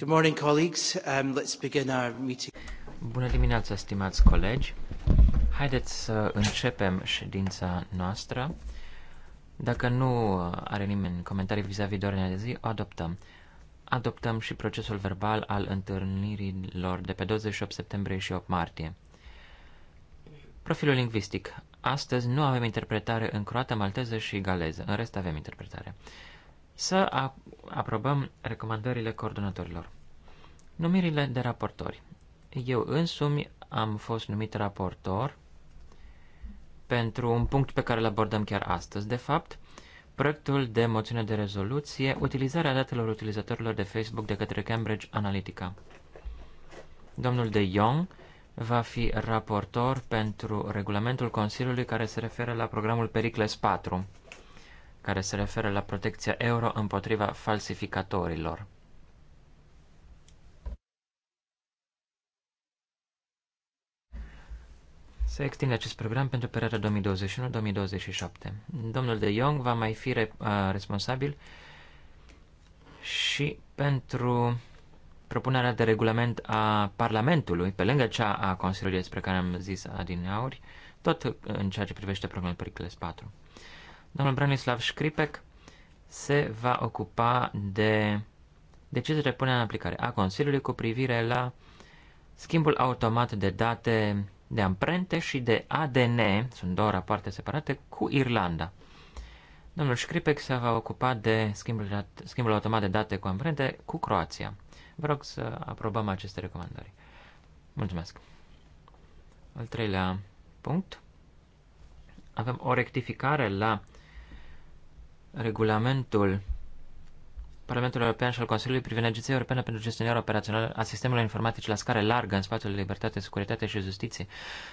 Good morning, colleagues. Um, let's begin our meeting. Bună dimineața, stimați colegi. Haideți să începem ședința noastră. Dacă nu uh, are nimeni comentarii vis-a-vis -vis de ordinea de zi, o adoptăm. Adoptăm și procesul verbal al întâlnirilor de pe 28 septembrie și 8 martie. Profilul lingvistic. Astăzi nu avem interpretare în croată, malteză și galeză. În rest avem interpretare să aprobăm recomandările coordonatorilor. Numirile de raportori. Eu însumi am fost numit raportor pentru un punct pe care îl abordăm chiar astăzi, de fapt, proiectul de moțiune de rezoluție, utilizarea datelor utilizatorilor de Facebook de către Cambridge Analytica. Domnul de Jong va fi raportor pentru regulamentul Consiliului care se referă la programul Pericles 4 care se referă la protecția euro împotriva falsificatorilor. Se extinde acest program pentru perioada 2021-2027. Domnul de Jong va mai fi re, a, uh, responsabil și pentru propunerea de regulament a Parlamentului, pe lângă cea a Consiliului despre care am zis adineauri, tot în ceea ce privește programul Pericles 4. Domnul Branislav Scripec se va ocupa de decizii de punere în aplicare a Consiliului cu privire la schimbul automat de date de amprente și de ADN, sunt două rapoarte separate, cu Irlanda. Domnul Scripec se va ocupa de schimbul, schimbul automat de date cu amprente cu Croația. Vă rog să aprobăm aceste recomandări. Mulțumesc. Al treilea punct. Avem o rectificare la regulamentul Parlamentului European și al Consiliului privind Agenția Europeană pentru gestionarea operațională a sistemelor informatice la scară largă în spațiul de libertate, securitate și justiție,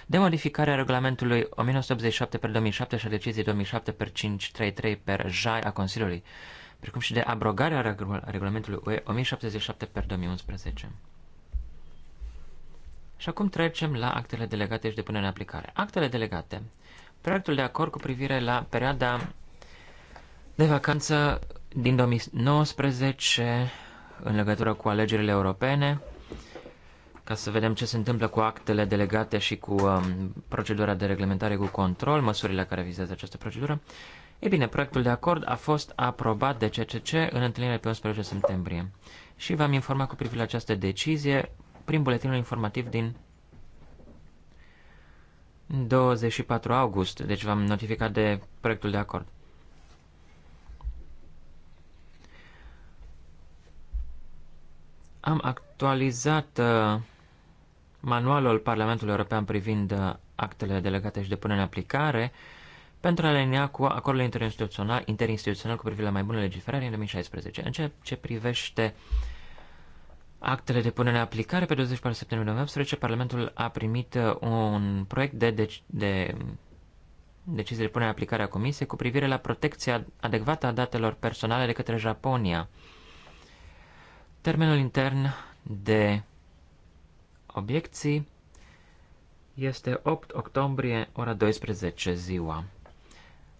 de modificare a regulamentului 1987 per 2007 și a deciziei 2007 per 533 per JAI a Consiliului, precum și de abrogarea regulamentului UE 1077 per 2011. Și acum trecem la actele delegate și de punere în aplicare. Actele delegate. Proiectul de acord cu privire la perioada de vacanță din 2019 în legătură cu alegerile europene, ca să vedem ce se întâmplă cu actele delegate și cu um, procedura de reglementare cu control, măsurile care vizează această procedură. Ei bine, proiectul de acord a fost aprobat de CCC în întâlnirea pe 11 septembrie și v-am informat cu privire la această decizie prin buletinul informativ din 24 august, deci v-am notificat de proiectul de acord. Am actualizat uh, manualul Parlamentului European privind uh, actele delegate și de punere în aplicare pentru a alinea cu acordul interinstituțional, interinstituțional cu privire la mai bună legiferare în 2016. În ceea ce privește actele de punere în aplicare, pe 24 septembrie 2018, Parlamentul a primit uh, un proiect de, de, deci, de decizie de punere în aplicare a Comisiei cu privire la protecția adecvată a datelor personale de către Japonia. Termenul intern de obiecții este 8 octombrie, ora 12 ziua.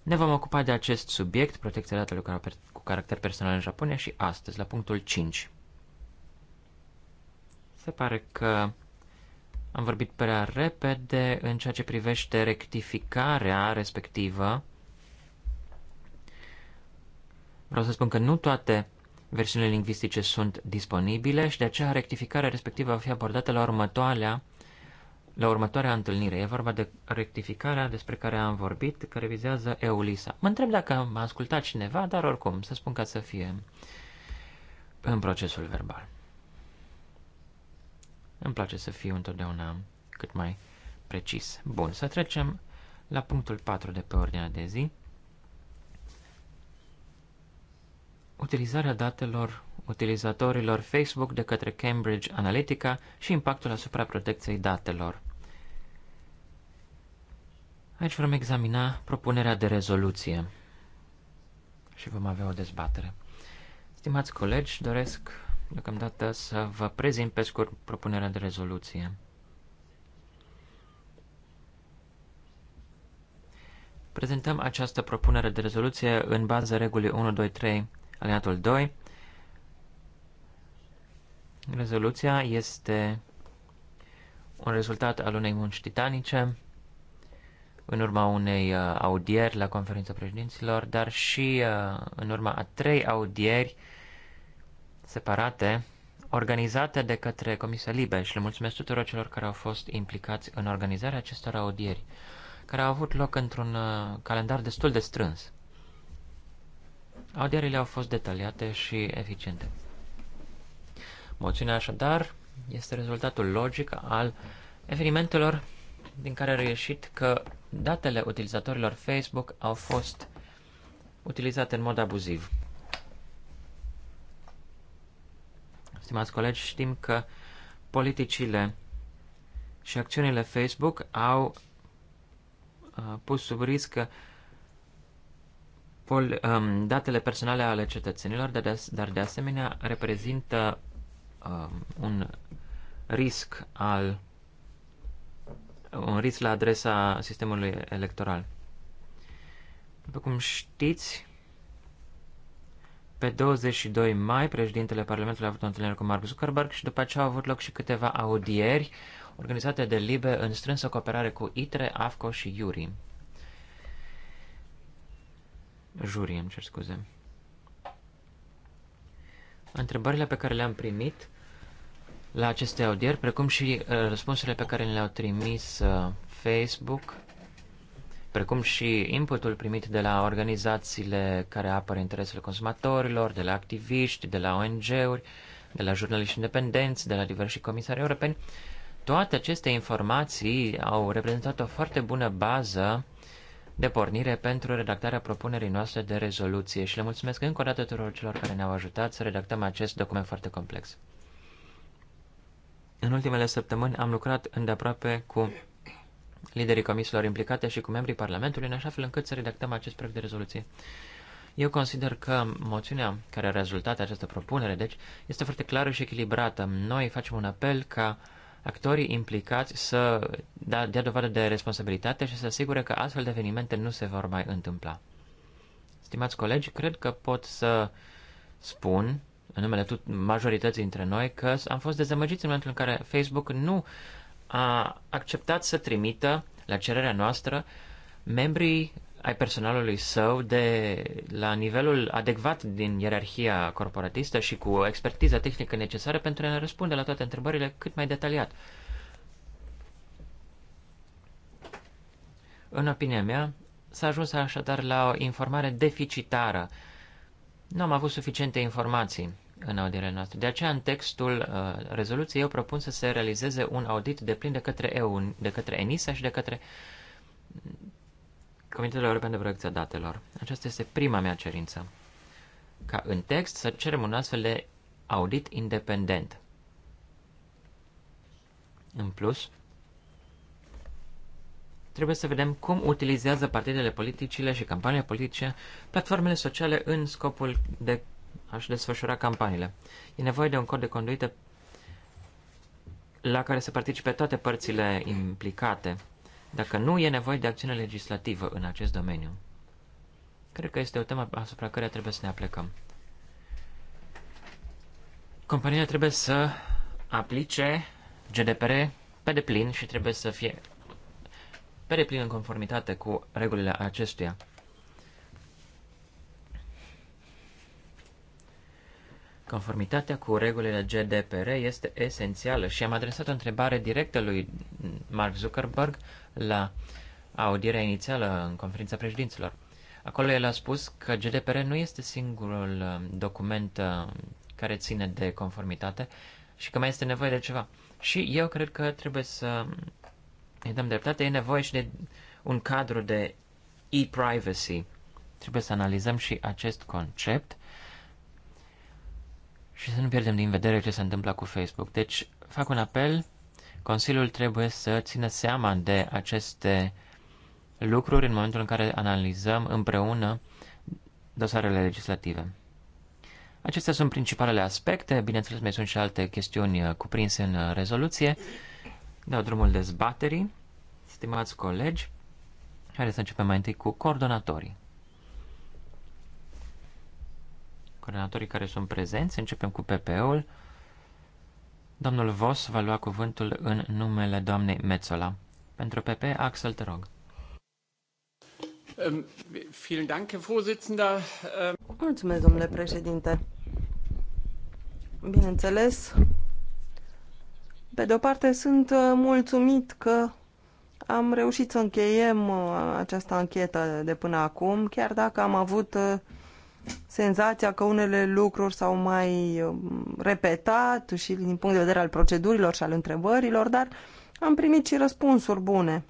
Ne vom ocupa de acest subiect, protecția datelor cu caracter personal în Japonia și astăzi, la punctul 5. Se pare că am vorbit prea repede în ceea ce privește rectificarea respectivă. Vreau să spun că nu toate versiunile lingvistice sunt disponibile și de aceea rectificarea respectivă va fi abordată la următoarea, la următoarea întâlnire. E vorba de rectificarea despre care am vorbit, care vizează EULISA. Mă întreb dacă m-a ascultat cineva, dar oricum, să spun ca să fie în procesul verbal. Îmi place să fiu întotdeauna cât mai precis. Bun, să trecem la punctul 4 de pe ordinea de zi. utilizarea datelor utilizatorilor Facebook de către Cambridge Analytica și impactul asupra protecției datelor. Aici vom examina propunerea de rezoluție și vom avea o dezbatere. Stimați colegi, doresc deocamdată să vă prezint pe scurt propunerea de rezoluție. Prezentăm această propunere de rezoluție în baza regulii 123 Aliatul 2. Rezoluția este un rezultat al unei munci titanice, în urma unei uh, audieri la conferința președinților, dar și uh, în urma a trei audieri separate, organizate de către Comisia Libe și le mulțumesc tuturor celor care au fost implicați în organizarea acestor audieri, care au avut loc într-un uh, calendar destul de strâns. Audierile au fost detaliate și eficiente. Moțiunea așadar este rezultatul logic al evenimentelor din care a reieșit că datele utilizatorilor Facebook au fost utilizate în mod abuziv. Stimați colegi, știm că politicile și acțiunile Facebook au uh, pus sub risc Pol, um, datele personale ale cetățenilor, dar de, dar de asemenea reprezintă um, un risc al un risc la adresa sistemului electoral. După cum știți, pe 22 mai, președintele Parlamentului a avut o întâlnire cu Mark Zuckerberg și după aceea au avut loc și câteva audieri organizate de LIBE în strânsă cooperare cu ITRE, AFCO și IURI jurie, îmi cer scuze. Întrebările pe care le-am primit la aceste audieri, precum și uh, răspunsurile pe care le-au trimis uh, Facebook, precum și inputul primit de la organizațiile care apără interesele consumatorilor, de la activiști, de la ONG-uri, de la jurnaliști independenți, de la diversi comisari europeni, toate aceste informații au reprezentat o foarte bună bază de pornire pentru redactarea propunerii noastre de rezoluție și le mulțumesc încă o dată tuturor celor care ne-au ajutat să redactăm acest document foarte complex. În ultimele săptămâni am lucrat îndeaproape cu liderii comisiilor implicate și cu membrii Parlamentului, în așa fel încât să redactăm acest proiect de rezoluție. Eu consider că moțiunea care a rezultat această propunere, deci, este foarte clară și echilibrată. Noi facem un apel ca uh, actorii implicați să da, dea dovadă de responsabilitate și să asigure că astfel de evenimente nu se vor mai întâmpla. Stimați colegi, cred că pot să spun, în numele tut- majorității dintre noi, că am fost dezamăgiți în momentul în care Facebook nu a acceptat să trimită, la cererea noastră, membrii ai personalului său de la nivelul adecvat din ierarhia corporatistă și cu expertiza tehnică necesară pentru a răspunde la toate întrebările cât mai detaliat. În opinia mea, s-a ajuns așadar la o informare deficitară. Nu am avut suficiente informații în audierea noastră. De aceea, în textul uh, rezoluției, eu propun să se realizeze un audit de plin de către, EU, de către ENISA și de către Comitetul European de Protecție a Datelor. Aceasta este prima mea cerință. Ca în text să cerem un astfel de audit independent. În plus, trebuie să vedem cum utilizează partidele politicile și campaniile politice platformele sociale în scopul de a-și desfășura campaniile. E nevoie de un cod de conduită la care să participe toate părțile implicate dacă nu e nevoie de acțiune legislativă în acest domeniu. Cred că este o temă asupra care trebuie să ne aplecăm. Compania trebuie să aplice GDPR pe deplin și trebuie să fie pe deplin în conformitate cu regulile acestuia. Conformitatea cu regulile GDPR este esențială și am adresat o întrebare directă lui Mark Zuckerberg la audierea inițială în conferința președinților. Acolo el a spus că GDPR nu este singurul um, document um, care ține de conformitate și că mai este nevoie de ceva. Și eu cred că trebuie să um, îi dăm dreptate, e nevoie și de un cadru de e-privacy. Trebuie să analizăm și acest concept și să nu pierdem din vedere ce se întâmplă cu Facebook. Deci, fac un apel Consiliul trebuie să țină seama de aceste lucruri în momentul în care analizăm împreună dosarele legislative. Acestea sunt principalele aspecte, bineînțeles mai sunt și alte chestiuni cuprinse în rezoluție. Dau drumul dezbaterii. Stimați colegi, haideți să începem mai întâi cu coordonatorii. Coordonatorii care sunt prezenți, începem cu PP-ul. Domnul Vos va lua cuvântul în numele doamnei Metzola. Pentru PP, Axel, te rog. Mulțumesc, domnule președinte. Bineînțeles, pe de o parte sunt uh, mulțumit că am reușit să încheiem uh, această anchetă de până acum, chiar dacă am avut uh, senzația că unele lucruri s-au mai um, repetat și din punct de vedere al procedurilor și al întrebărilor, dar am primit și răspunsuri bune.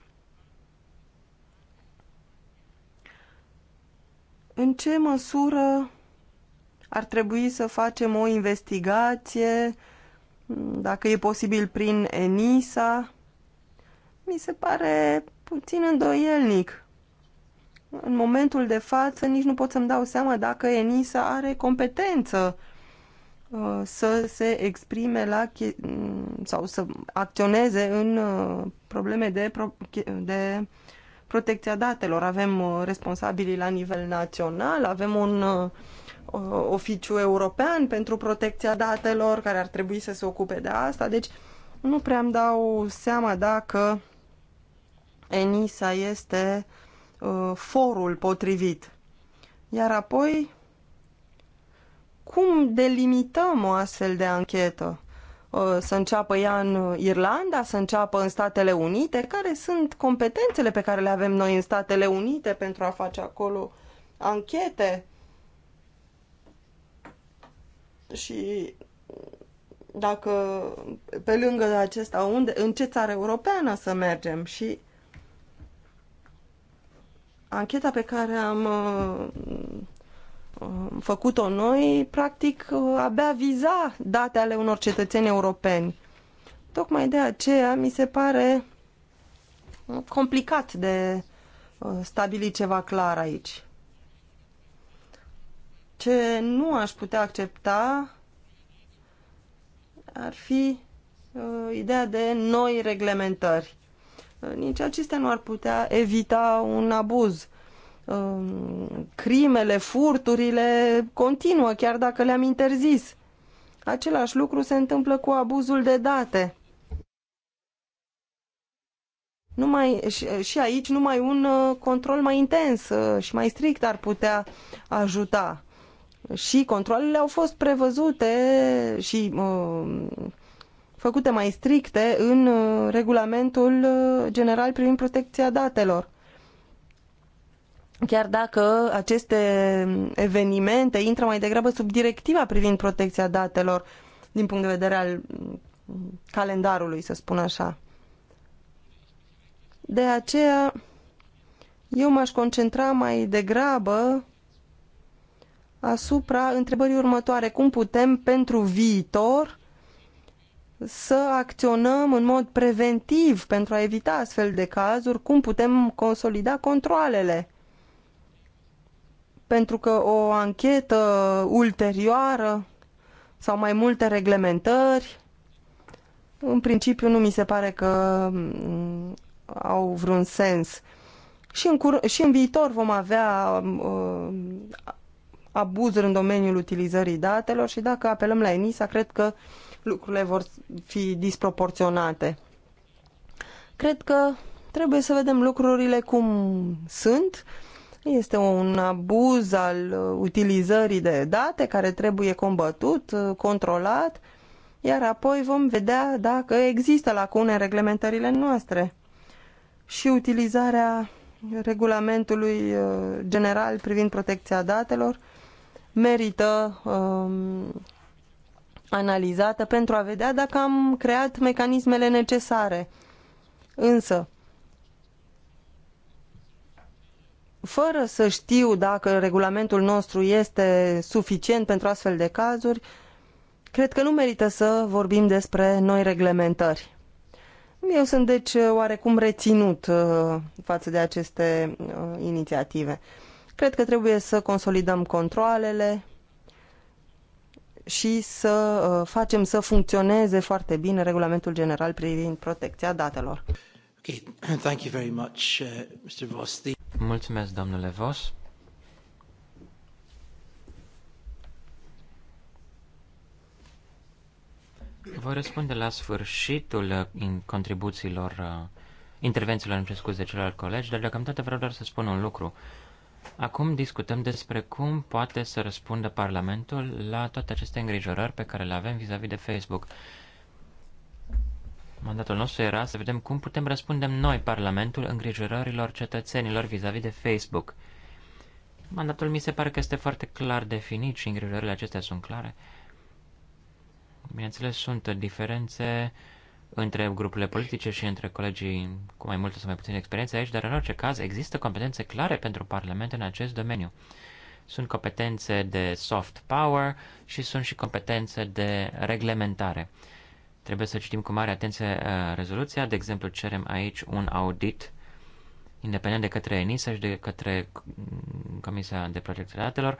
În ce măsură ar trebui să facem o investigație, mm, dacă e posibil prin ENISA? Mi se pare puțin îndoielnic în momentul de față nici nu pot să-mi dau seama dacă ENISA are competență uh, să se exprime la mm, sau să acționeze în uh, probleme de, pro, de protecția datelor. Avem uh, responsabili la nivel național, avem un oficiu european pentru protecția datelor care ar trebui să se ocupe de asta. Deci nu prea îmi dau seama dacă ENISA este uh, Uh, forul potrivit. Iar apoi, cum delimităm o astfel de anchetă? Uh, să înceapă ea în Irlanda, să înceapă în Statele Unite? Care sunt competențele pe care le avem noi în Statele Unite pentru a face acolo anchete? Și dacă pe lângă acesta, unde, în ce țară europeană să mergem? Și Ancheta pe care am uh, uh, făcut-o noi, practic, uh, abia viza date ale unor cetățeni europeni. Tocmai de aceea mi se pare complicat de stabilit ceva clar aici. Ce nu aș putea accepta ar fi uh, ideea de noi reglementări. Uh, nici acestea nu ar putea evita un abuz. Um, crimele, furturile continuă, chiar dacă le-am interzis. Același lucru se întâmplă cu abuzul de date. Numai, și aici numai un uh, control mai intens uh, și mai strict ar putea ajuta. Și controlele au fost prevăzute și uh, făcute mai stricte în uh, regulamentul uh, general privind protecția datelor. Chiar dacă aceste evenimente intră mai degrabă sub directiva privind protecția datelor din punct de vedere al mm, calendarului, să spun așa. De aceea, eu m-aș concentra mai degrabă asupra întrebării următoare. Cum putem, pentru viitor, să acționăm în mod preventiv pentru a evita astfel de cazuri, cum putem consolida controlele. Pentru că o anchetă ulterioară sau mai multe reglementări, în principiu nu mi se pare că mm, au vreun sens. Și în, cur- și în viitor vom avea mm, uh, abuzuri în domeniul utilizării datelor și dacă apelăm la ENISA, cred că uh, lucrurile vor fi disproporționate. Cred că trebuie să vedem lucrurile cum sunt. Este un abuz al utilizării de date care trebuie combătut, controlat, iar apoi vom vedea dacă există lacune în reglementările noastre. Și utilizarea regulamentului uh, general privind protecția datelor merită um, analizată pentru a vedea dacă am creat mecanismele necesare. Însă, fără să știu dacă regulamentul nostru este suficient pentru astfel de cazuri, cred că nu merită să vorbim despre noi reglementări. Eu sunt deci oarecum reținut uh, față de aceste uh, inițiative. Cred că trebuie să consolidăm controlele, și să uh, facem să funcționeze foarte bine regulamentul general privind protecția datelor. Okay. Thank you very much, uh, Mr. Voss. The... Mulțumesc, domnule Voss. Voi răspunde la sfârșitul în uh, contribuțiilor, uh, intervențiilor, îmi scuze, de celălalt colegi, dar deocamdată vreau doar să spun un lucru. Acum discutăm despre cum poate să răspundă Parlamentul la toate aceste îngrijorări pe care le avem vis-a-vis -vis de Facebook. Mandatul nostru era să vedem cum putem răspunde noi, Parlamentul, îngrijorărilor cetățenilor vis-a-vis -vis de Facebook. Mandatul mi se pare că este foarte clar definit și îngrijorările acestea sunt clare. Bineînțeles, sunt diferențe uh, între grupurile politice și între colegii cu mai multă sau mai puțină experiență aici, dar în orice caz există competențe clare pentru Parlament în acest domeniu. Sunt competențe de soft power și sunt și competențe de reglementare. Trebuie să citim cu mare atenție uh, rezoluția. De exemplu, cerem aici un audit independent de către ENISA și de către Comisia de Protecție Datelor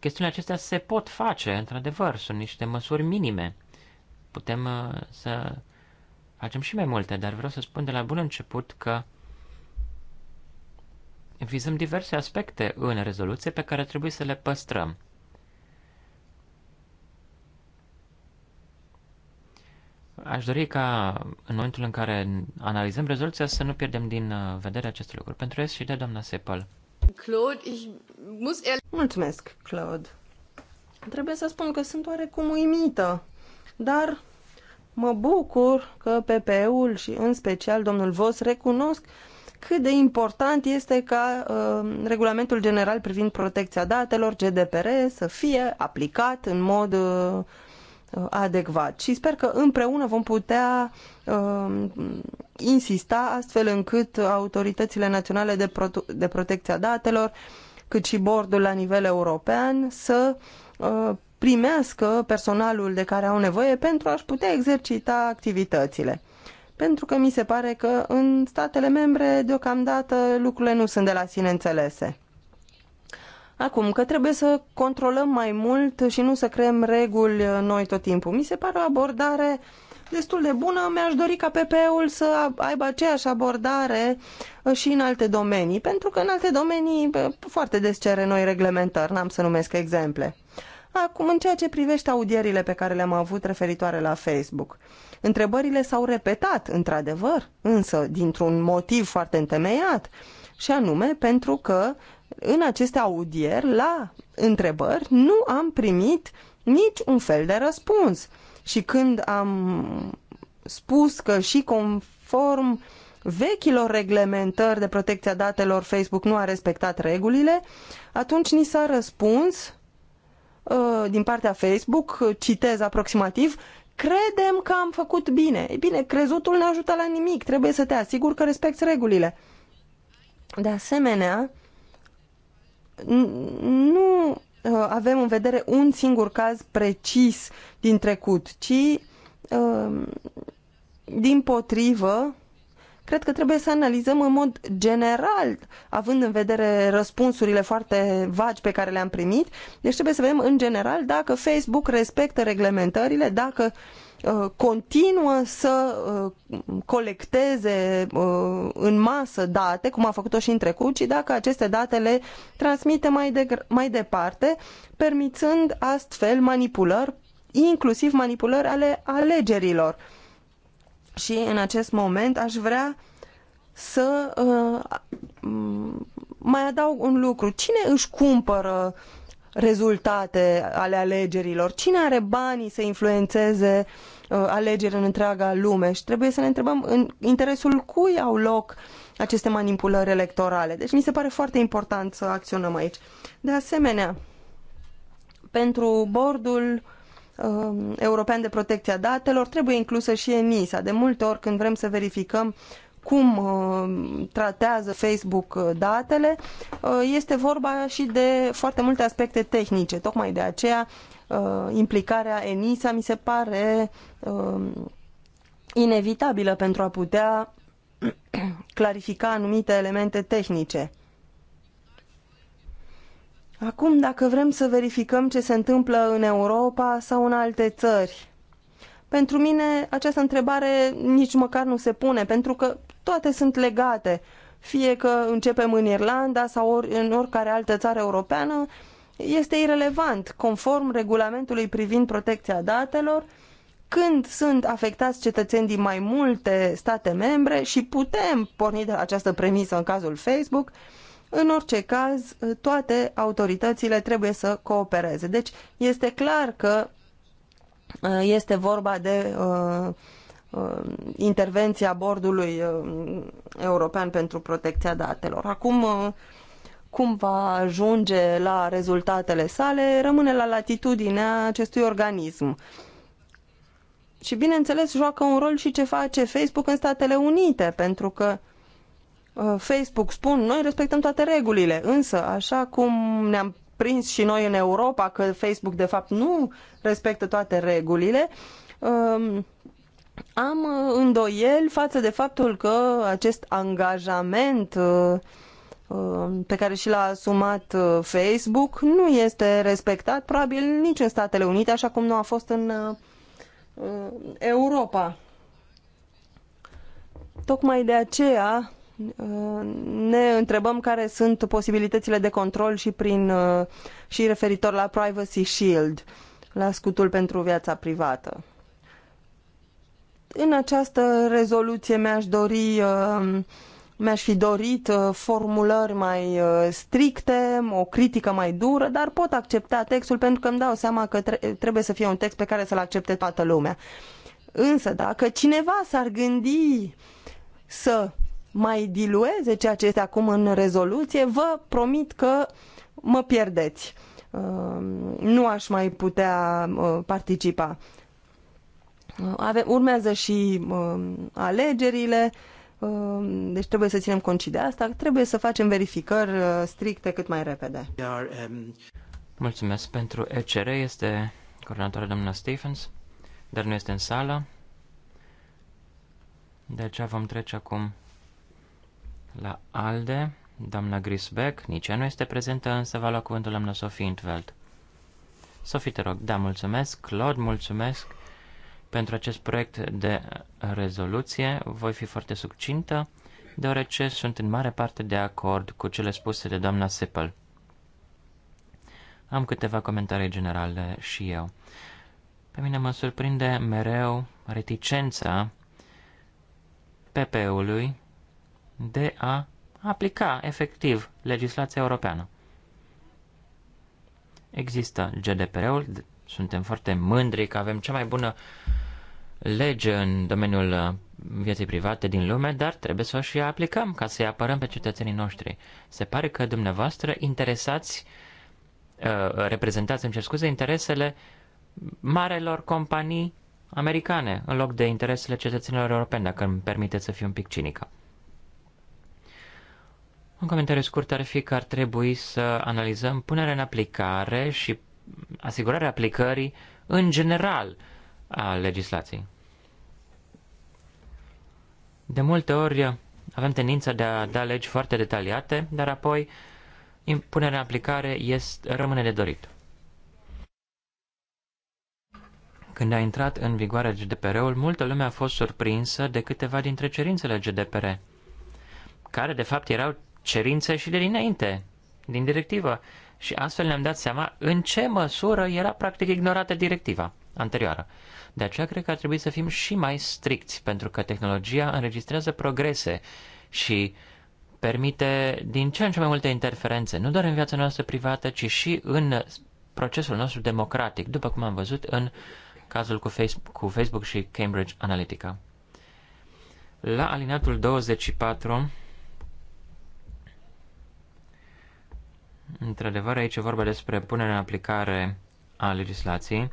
chestiunile acestea se pot face, într-adevăr, sunt niște măsuri minime. Putem uh, să facem și mai multe, dar vreau să spun de la bun început că vizăm diverse aspecte în rezoluție pe care trebuie să le păstrăm. Aș dori ca în momentul în care analizăm rezoluția să nu pierdem din uh, vedere acest lucru. Pentru S și de doamna Sepal. Claude, ich muss Mulțumesc, Claude. Trebuie să spun că sunt oarecum uimită, dar mă bucur că PP-ul și în special domnul Vos recunosc cât de important este ca uh, regulamentul general privind protecția datelor, GDPR, să fie aplicat în mod uh, Uh, adecvat. Și sper că împreună vom putea uh, insista astfel încât autoritățile naționale de, prote de protecție a datelor, cât și bordul la nivel european, să uh, primească personalul de care au nevoie pentru a-și putea exercita activitățile. Pentru că mi se pare că în statele membre deocamdată lucrurile nu sunt de la sine înțelese. Acum, că trebuie să controlăm mai mult și nu să creăm reguli uh, noi tot timpul. Mi se pare o abordare destul de bună. Mi-aș dori ca PP-ul să aibă aceeași abordare uh, și în alte domenii, pentru că în alte domenii uh, foarte des cere noi reglementări, n-am să numesc exemple. Acum, în ceea ce privește audierile pe care le-am avut referitoare la Facebook, întrebările s-au repetat, într-adevăr, însă dintr-un motiv foarte întemeiat și anume pentru că în aceste audieri, la întrebări, nu am primit nici un fel de răspuns. Și când am spus că și conform vechilor reglementări de protecția datelor Facebook nu a respectat regulile, atunci ni s-a răspuns uh, din partea Facebook, citez aproximativ, credem că am făcut bine. Ei bine, crezutul ne ajută la nimic, trebuie să te asiguri că respecti regulile. De asemenea, nu uh, avem în vedere un singur caz precis din trecut, ci uh, din potrivă, cred că trebuie să analizăm în mod general, având în vedere răspunsurile foarte vagi pe care le-am primit. Deci trebuie să vedem în general dacă Facebook respectă reglementările, dacă uh, Uh, continuă să uh, colecteze uh, în masă date, cum a făcut-o și în trecut, și dacă aceste date le transmite mai, de, mai departe, permițând astfel manipulări, inclusiv manipulări ale alegerilor. Și în acest moment aș vrea să uh, mai adaug un lucru. Cine își cumpără rezultate ale alegerilor? Cine are banii să influențeze uh, Uh, alegeri în întreaga lume și trebuie să ne întrebăm în interesul cui au loc aceste manipulări electorale. Deci mi se pare foarte important să acționăm aici. De asemenea, pentru bordul uh, european de protecție a datelor trebuie inclusă și ENISA. De multe ori când vrem să verificăm cum uh, tratează Facebook uh, datele, uh, este vorba și de foarte multe aspecte tehnice. Tocmai de aceea implicarea ENISA mi se pare inevitabilă pentru a putea clarifica anumite elemente tehnice. Acum, dacă vrem să verificăm ce se întâmplă în Europa sau în alte țări, pentru mine această întrebare nici măcar nu se pune, pentru că toate sunt legate. Fie că începem în Irlanda sau ori, în oricare altă țară europeană, este irelevant, conform regulamentului privind protecția datelor, când sunt afectați cetățeni din mai multe state membre și putem porni de la această premisă în cazul Facebook, în orice caz, toate autoritățile trebuie să coopereze. Deci este clar că Uh, este vorba de uh, uh, intervenția Bordului European pentru Protecția Datelor. Acum, cum va ajunge la rezultatele sale, rămâne la latitudinea acestui organism. Și bineînțeles joacă un rol și ce face Facebook în Statele Unite, pentru că Facebook spun, noi respectăm toate regulile, însă așa cum ne-am prins și noi în Europa că Facebook de fapt nu respectă toate regulile, um, am îndoieli față de faptul că acest angajament uh, uh, pe care și l-a asumat uh, Facebook nu este respectat probabil nici în Statele Unite, așa cum nu a fost în Europa. Tocmai de aceea Uh, ne întrebăm care sunt posibilitățile de control și, prin, uh, și referitor la Privacy Shield, la scutul pentru viața privată. În această rezoluție mi-aș dori uh, mi-aș fi dorit formulări mai stricte, o critică mai dură, dar pot accepta textul pentru că îmi dau seama că trebuie să fie un text pe care să-l accepte toată lumea. Însă dacă cineva s-ar gândi să mai dilueze ceea ce este acum în rezoluție, vă promit că mă pierdeți. Uh, nu aș mai putea uh, participa. Uh, ave, urmează și alegerile, deci trebuie să ținem cont și de asta, trebuie să facem verificări stricte cât mai repede. Mulțumesc pentru ECR, este coordonatoarea doamna Stephens, dar nu este în sală, de deci, aceea vom trece acum la ALDE, doamna Grisbeck, nici ea nu este prezentă, însă va lua cuvântul doamna Sophie Intveld. Sophie, te rog, da, mulțumesc. Claude, mulțumesc pentru acest proiect de rezoluție. Voi fi foarte succintă, deoarece sunt în mare parte de acord cu cele spuse de doamna Sippel. Am câteva comentarii generale și eu. Pe mine mă surprinde mereu reticența PP-ului de a aplica efectiv legislația europeană. Există GDPR-ul, suntem foarte mândri că avem cea mai bună lege în domeniul uh, vieții private din lume, dar trebuie să o și aplicăm ca să-i apărăm pe cetățenii noștri. Se pare că dumneavoastră interesați, uh, reprezentați, îmi cer scuze, interesele marelor companii americane în loc de interesele cetățenilor europeni, dacă îmi permiteți să fiu un pic cinică. Un comentariu scurt ar fi că ar trebui să analizăm punerea în aplicare și asigurarea aplicării în general a legislației. De multe ori avem tendința de a da legi foarte detaliate, dar apoi punerea în aplicare este, rămâne de dorit. Când a intrat în vigoare GDPR-ul, multă lume a fost surprinsă de câteva dintre cerințele GDPR, care de fapt erau cerințe și de dinainte, din directivă. Și astfel ne-am dat seama în ce măsură era practic ignorată directiva anterioară. De aceea cred că ar trebui să fim și mai stricți, pentru că tehnologia înregistrează progrese și permite din ce în ce mai multe interferențe, nu doar în viața noastră privată, ci și în procesul nostru democratic, după cum am văzut în cazul cu Facebook, cu Facebook și Cambridge Analytica. La alineatul 24 Într-adevăr, aici e vorba despre punerea în aplicare a legislației.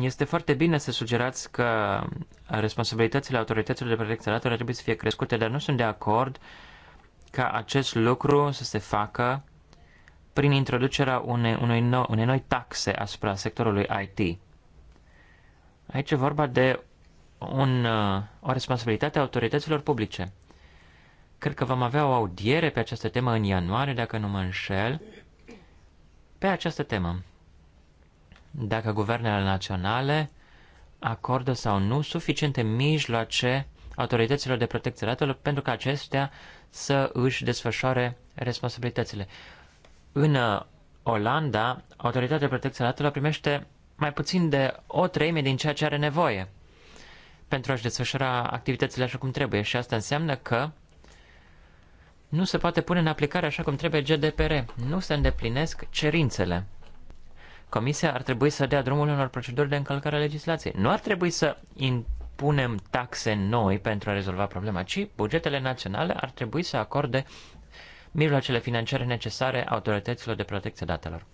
Este foarte bine să sugerați că responsabilitățile autorităților de protecție a datelor trebuie să fie crescute, dar nu sunt de acord ca acest lucru să se facă prin introducerea unei, unei, noi, unei noi taxe asupra sectorului IT. Aici e vorba de un, uh, o responsabilitate a autorităților publice. Cred că vom avea o audiere pe această temă în ianuarie, dacă nu mă înșel, pe această temă. Dacă guvernele naționale acordă sau nu suficiente mijloace autorităților de protecție datelor pentru ca acestea să își desfășoare responsabilitățile. În uh, Olanda, autoritatea de protecție datelor primește mai puțin de o treime din ceea ce are nevoie pentru a-și desfășura activitățile așa cum trebuie și asta înseamnă că nu se poate pune în aplicare așa cum trebuie GDPR. Nu se îndeplinesc cerințele. Comisia ar trebui să dea drumul unor proceduri de încălcare a legislației. Nu ar trebui să impunem taxe noi pentru a rezolva problema, ci bugetele naționale ar trebui să acorde mijloacele financiare necesare autorităților de protecție datelor.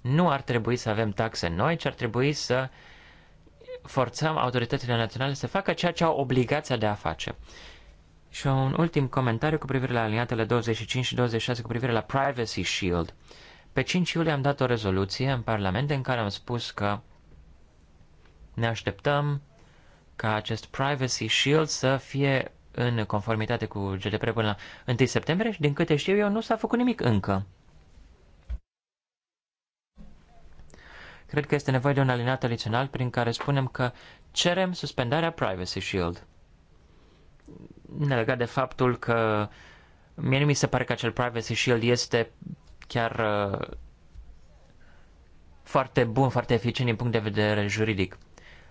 Nu ar trebui să avem taxe noi, ci ar trebui să forțăm autoritățile naționale să facă ceea ce au obligația de a face. Și un ultim comentariu cu privire la aliniatele 25 și 26 cu privire la Privacy Shield. Pe 5 iulie am dat o rezoluție în Parlament în care am spus că ne așteptăm ca acest Privacy Shield să fie în conformitate cu GDPR până la 1 septembrie și din câte știu eu nu s-a făcut nimic încă. Cred că este nevoie de un alinat adițional prin care spunem că cerem suspendarea Privacy Shield legat de faptul că mie nu mi se pare că acel Privacy Shield este chiar uh, foarte bun, foarte eficient din punct de vedere juridic.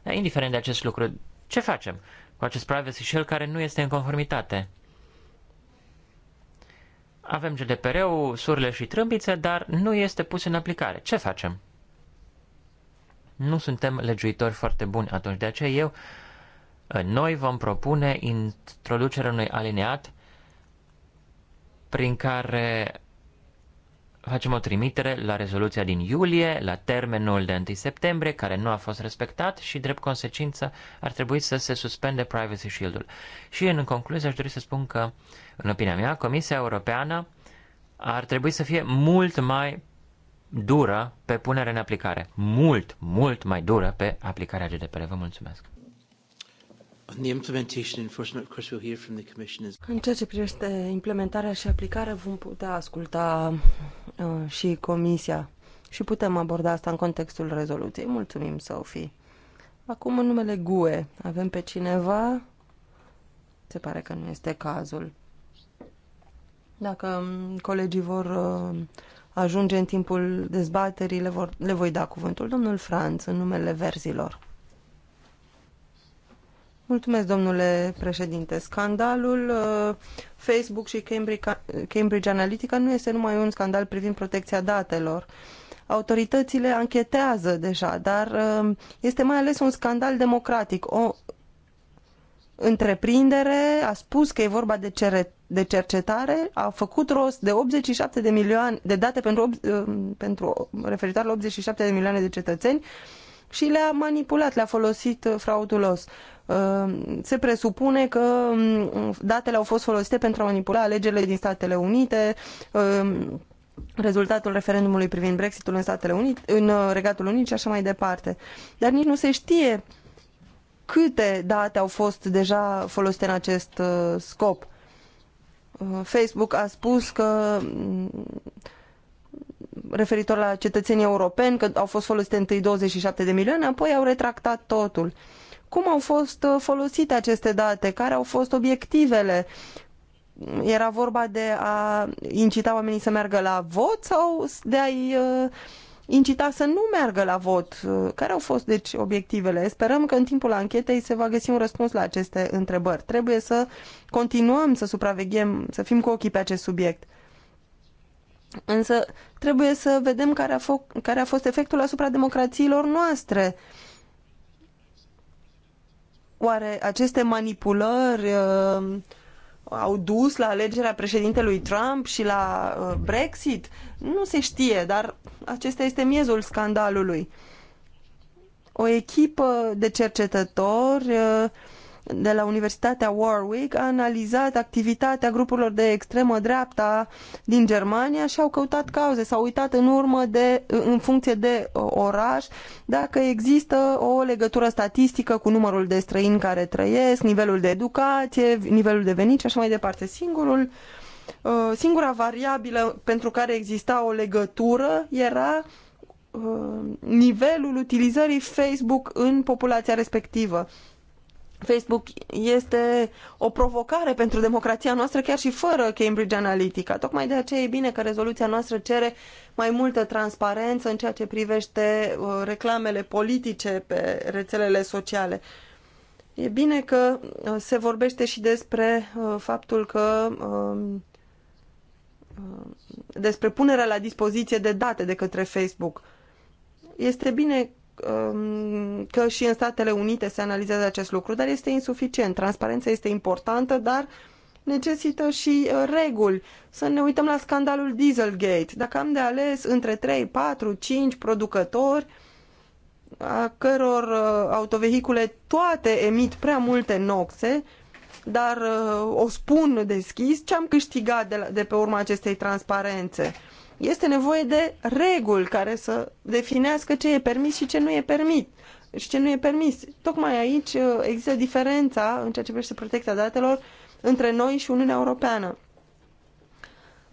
Dar indiferent de acest lucru, ce facem cu acest Privacy Shield care nu este în conformitate? Avem GDPR-ul, surile și trâmbițe, dar nu este pus în aplicare. Ce facem? Nu suntem legiuitori foarte buni atunci. De aceea eu uh, noi vom propune introducerea unui alineat prin care facem o trimitere la rezoluția din iulie, la termenul de 1 septembrie, care nu a fost respectat și, drept consecință, ar trebui să se suspende Privacy Shield-ul. Și, în concluzie, aș dori să spun că, în opinia mea, Comisia Europeană ar trebui să fie mult mai dură pe punere în aplicare. Mult, mult mai dură pe aplicarea GDPR. Vă mulțumesc! On the implementation enforcement, of course, we'll hear from the commissioners. În ceea ce privește implementarea și aplicarea, vom putea asculta uh, și comisia și putem aborda asta în contextul rezoluției. Mulțumim, Sophie. Acum, în numele GUE, avem pe cineva? Se pare că nu este cazul. Dacă um, colegii vor uh, ajunge în timpul dezbaterii, le, vor, le voi da cuvântul. Domnul Franț, în numele verzilor. Mulțumesc, domnule președinte. Scandalul uh, Facebook și Cambridge, Cambridge Analytica nu este numai un scandal privind protecția datelor. Autoritățile anchetează deja, dar uh, este mai ales un scandal democratic. O întreprindere a spus că e vorba de, cere, de cercetare, a făcut rost de 87 de milioane de date pentru, uh, pentru referitor la 87 de milioane de cetățeni și le-a manipulat, le-a folosit fraudulos. Uh, Ehm, se presupune că mm, datele au fost folosite pentru a manipula alegerile din Statele Unite, ehm, rezultatul referendumului privind Brexitul în Statele Unite, în uh, Regatul Unit și așa mai departe. Dar nici nu se știe câte date au fost deja folosite în acest uh, scop. Uh, Facebook a spus că mm, referitor la cetățenii europeni, că au fost folosite întâi 27 de milioane, apoi au retractat totul. Uh, cum au fost uh, folosite aceste date? Care au fost obiectivele? Era vorba de a incita oamenii să meargă la vot sau de a-i uh, incita să nu meargă la vot? Uh, care au fost, deci, obiectivele? Sperăm că în timpul anchetei se va găsi un răspuns la aceste întrebări. Trebuie să continuăm să supraveghem, să fim cu ochii pe acest subiect. Însă trebuie să vedem care a, care a fost efectul asupra democrațiilor noastre. Uh, Oare aceste manipulări uh, au dus la alegerea președintelui Trump și la uh, Brexit? Nu se știe, dar acesta este miezul scandalului. O echipă de cercetători uh, de la Universitatea Warwick a analizat activitatea grupurilor de extremă dreapta din Germania și au căutat cauze, s-au uitat în urmă de, în funcție de oraș dacă există o legătură statistică cu numărul de străini care trăiesc, nivelul de educație, nivelul de venit și așa mai departe. Singurul uh, singura variabilă pentru care exista o legătură era uh, nivelul utilizării Facebook în populația respectivă. Facebook este o provocare pentru democrația noastră chiar și fără Cambridge Analytica. Tocmai de aceea e bine că rezoluția noastră cere mai multă transparență în ceea ce privește uh, reclamele politice pe rețelele sociale. E bine că uh, se vorbește și despre uh, faptul că um, despre punerea la dispoziție de date de către Facebook. Este bine Um, că și în Statele Unite se analizează acest lucru, dar este insuficient. Transparența este importantă, dar necesită și uh, reguli. Să ne uităm la scandalul Dieselgate. Dacă am de ales între 3, 4, 5 producători a căror uh, autovehicule toate emit prea multe noxe, dar uh, o spun deschis, ce am câștigat de, la, de pe urma acestei transparențe? este nevoie de reguli care să definească ce e permis și ce nu e permis. Și ce nu e permis. Tocmai aici uh, există diferența în ceea ce privește protecția datelor între noi și Uniunea Europeană.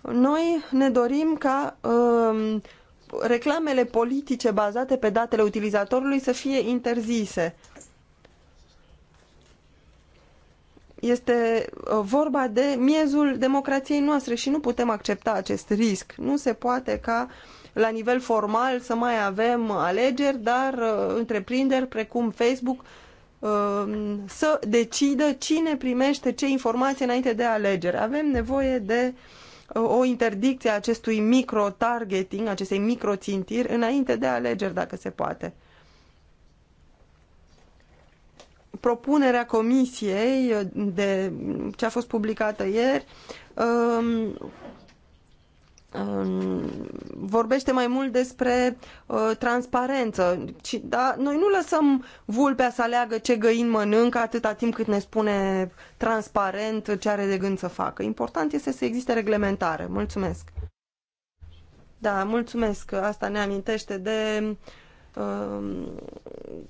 Noi ne dorim ca um, reclamele politice bazate pe datele utilizatorului să fie interzise. Este uh, vorba de miezul democrației noastre și nu putem accepta acest risc. Nu se poate ca la nivel formal să mai avem alegeri, dar uh, întreprinderi precum Facebook uh, să decidă cine primește ce informații înainte de alegeri. Avem nevoie de o interdicție a acestui micro-targeting, acestei micro-țintiri, înainte de alegeri, dacă se poate. propunerea comisiei uh, de ce a fost publicată ieri um, um, vorbește mai mult despre uh, transparență. Ci, da, noi nu lăsăm vulpea să aleagă ce găin mănâncă atâta timp cât ne spune transparent ce are de gând să facă. Important este să existe reglementare. Mulțumesc! Da, mulțumesc. Asta ne amintește de Um,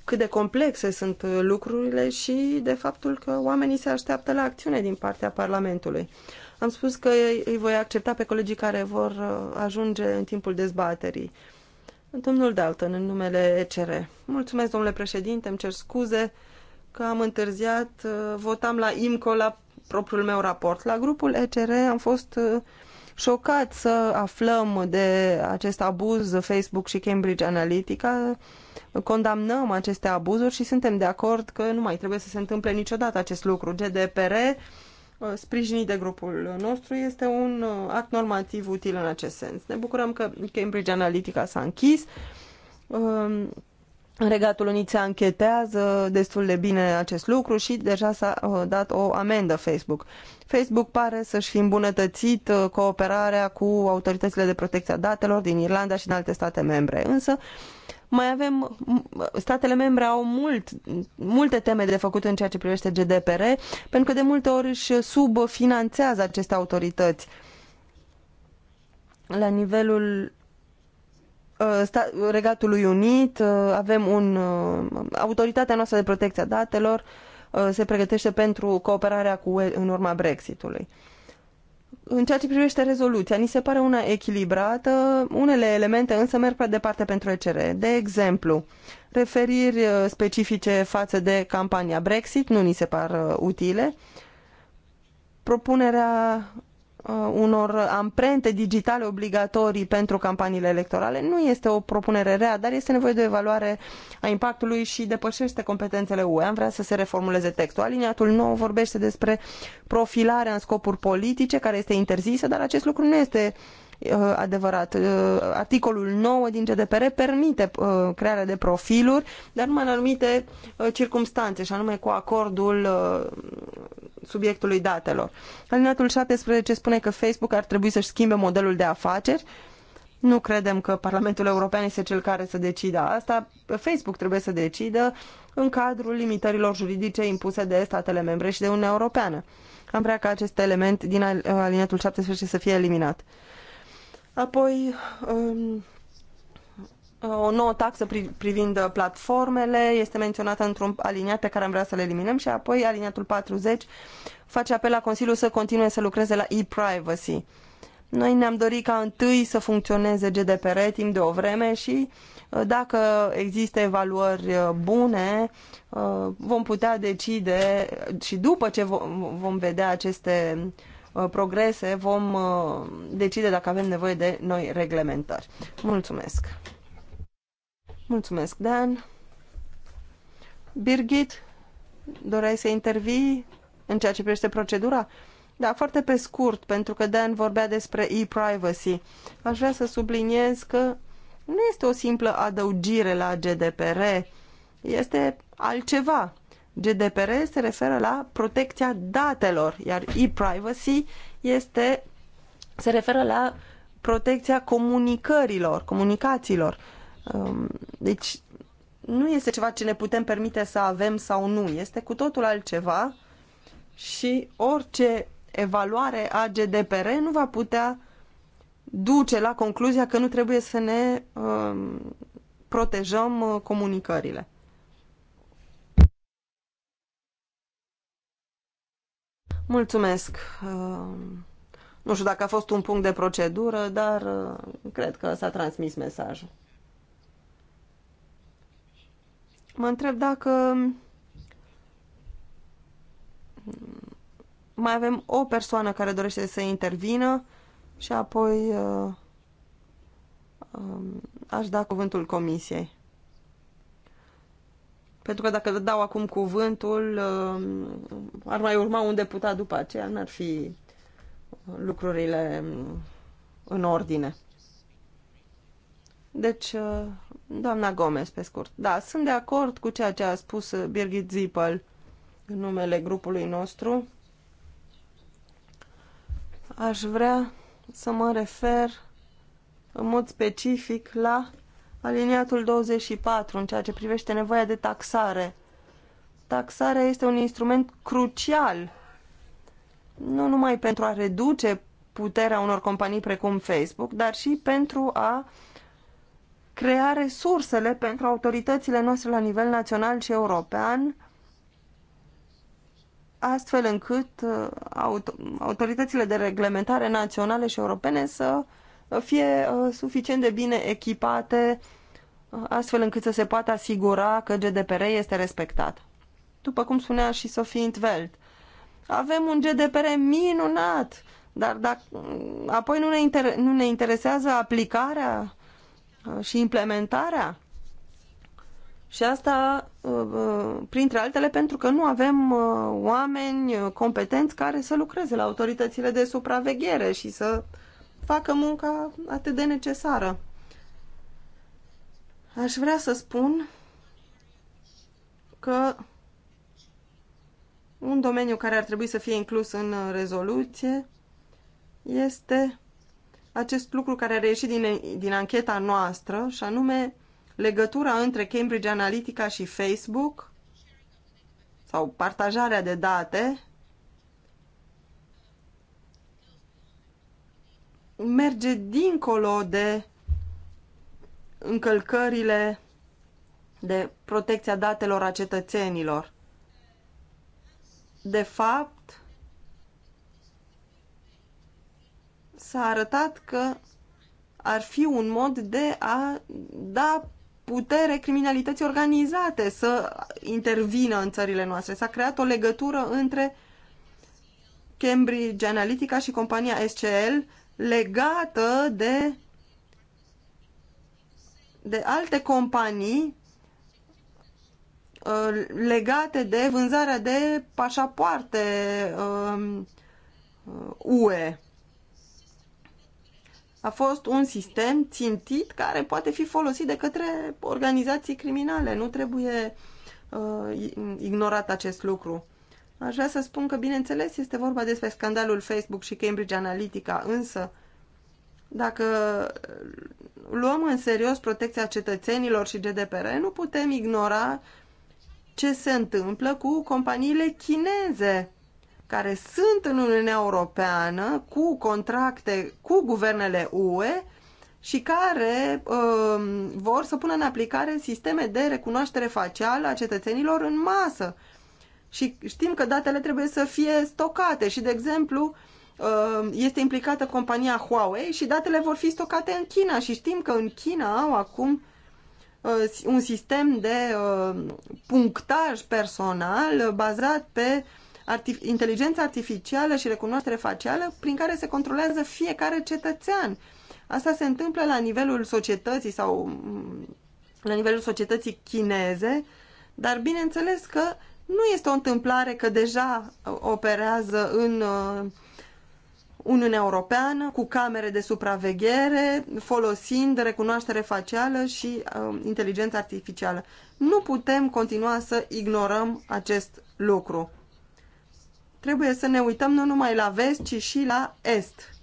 cât de complexe sunt lucrurile și de faptul că oamenii se așteaptă la acțiune din partea Parlamentului. Am spus că îi voi accepta pe colegii care vor uh, ajunge în timpul dezbaterii. Domnul Dalton, în numele ECR. Mulțumesc, domnule președinte, îmi cer scuze că am întârziat. Uh, votam la IMCO la propriul meu raport. La grupul ECR am fost uh, șocat să aflăm de acest abuz Facebook și Cambridge Analytica. Condamnăm aceste abuzuri și suntem de acord că nu mai trebuie să se întâmple niciodată acest lucru. GDPR, uh, sprijinit de grupul nostru, este un uh, act normativ util în acest sens. Ne bucurăm că Cambridge Analytica s-a închis um, Regatul Unit se anchetează destul de bine acest lucru și deja s-a uh, dat o amendă Facebook. Facebook pare să-și fi îmbunătățit uh, cooperarea cu autoritățile de protecție a datelor din Irlanda și în alte state membre. Însă mai avem, statele membre au mult, multe teme de făcut în ceea ce privește GDPR, pentru că de multe ori își subfinanțează aceste autorități. La nivelul Uh, Regatului Unit, uh, avem un, uh, autoritatea noastră de protecție a datelor se pregătește pentru cooperarea cu UE în urma Brexitului. În ceea ce privește rezoluția, ni se pare una echilibrată, unele elemente însă merg prea departe pentru ECR. De exemplu, referiri specifice față de campania Brexit nu ni se par utile. Propunerea Uh, unor amprente digitale obligatorii pentru campaniile electorale nu este o propunere rea, dar este nevoie de o evaluare a impactului și depășește competențele UE. Am vrea să se reformuleze textul. Aliniatul nou vorbește despre profilarea în scopuri politice, care este interzisă, dar acest lucru nu este uh, Uh, adevărat. Uh, articolul 9 din GDPR permite uh, crearea de profiluri, dar numai în anumite circunstanțe, și anume cu acordul subiectului datelor. Alineatul 17 spune că Facebook ar trebui să-și schimbe modelul de afaceri. Nu credem că Parlamentul European este cel care să decidă asta. Facebook trebuie să decidă în cadrul limitărilor juridice impuse de statele membre și de Uniunea Europeană. Am vrea ca acest element din alineatul 17 să fie eliminat. Apoi, um, o nouă taxă privind platformele este menționată într-un aliniat pe care am vrea să-l eliminăm și apoi aliniatul 40 face apel la Consiliu să continue să lucreze la e-privacy. Noi ne-am dorit ca întâi să funcționeze GDPR timp de o vreme și uh, dacă există evaluări uh, bune, uh, vom putea decide și după ce vom vedea aceste uh, Uh, progrese vom uh, decide dacă avem nevoie de noi reglementări. Mulțumesc! Mulțumesc, Dan! Birgit, doreai să intervii în ceea ce privește procedura? Da, foarte pe scurt, pentru că Dan vorbea despre e-privacy. Aș vrea să subliniez că nu este o simplă adăugire la GDPR, este altceva. GDPR se referă la protecția datelor, iar e-privacy este, se referă la protecția comunicărilor, comunicațiilor. Um, deci nu este ceva ce ne putem permite să avem sau nu, este cu totul altceva și orice evaluare a GDPR nu va putea duce la concluzia că nu trebuie să ne um, protejăm uh, comunicările. Mulțumesc. Uh, nu știu dacă a fost un punct de procedură, dar uh, cred că s-a transmis mesajul. Mă întreb dacă mm, mai avem o persoană care dorește să intervină și apoi uh, um, aș da cuvântul comisiei pentru că dacă dau acum cuvântul, um, ar mai urma un deputat după aceea, n-ar fi lucrurile um, în ordine. Deci, uh, doamna Gomez, pe scurt. Da, sunt de acord cu ceea ce a spus Birgit Zippel în numele grupului nostru. Aș vrea să mă refer în mod specific la aliniatul 24 în ceea ce privește nevoia de taxare. Taxarea este un instrument crucial, nu numai pentru a reduce puterea unor companii precum Facebook, dar și pentru a crea resursele pentru autoritățile noastre la nivel național și european, astfel încât uh, autoritățile de reglementare naționale și europene să uh, fie uh, suficient de bine echipate uh, astfel încât să se poată asigura că GDPR este respectat. După cum spunea și Sofie Intveld, avem un GDPR minunat, dar dacă, mm, apoi nu ne, inter, nu ne interesează aplicarea uh, și implementarea. Și asta, printre altele, pentru că nu avem oameni competenți care să lucreze la autoritățile de supraveghere și să facă munca atât de necesară. Aș vrea să spun că un domeniu care ar trebui să fie inclus în rezoluție este acest lucru care a reieșit din, din ancheta noastră, și anume legătura între Cambridge Analytica și Facebook sau partajarea de date merge dincolo de încălcările de protecția datelor a cetățenilor. De fapt, s-a arătat că ar fi un mod de a da putere criminalității organizate să intervină în țările noastre. S-a creat o legătură între Cambridge Analytica și compania SCL legată de, de alte companii uh, legate de vânzarea de pașapoarte UE. Um, uh, A fost un sistem țintit care poate fi folosit de către organizații criminale. Nu trebuie uh, ignorat acest lucru. Aș vrea să spun că, bineînțeles, este vorba despre scandalul Facebook și Cambridge Analytica, însă dacă luăm în serios protecția cetățenilor și GDPR, nu putem ignora ce se întâmplă cu companiile chineze care sunt în Uniunea Europeană cu contracte cu guvernele UE și care um, vor să pună în aplicare sisteme de recunoaștere facială a cetățenilor în masă și știm că datele trebuie să fie stocate și, de exemplu, uh, este implicată compania Huawei și datele vor fi stocate în China și știm că în China au acum uh, un sistem de uh, punctaj personal bazat pe artif- inteligența artificială și recunoaștere facială prin care se controlează fiecare cetățean. Asta se întâmplă la nivelul societății sau mm, la nivelul societății chineze, dar bineînțeles că nu este o întâmplare că deja operează în uh, Uniunea Europeană cu camere de supraveghere, folosind recunoaștere facială și uh, inteligență artificială. Nu putem continua să ignorăm acest lucru. Trebuie să ne uităm nu numai la vest, ci și la est.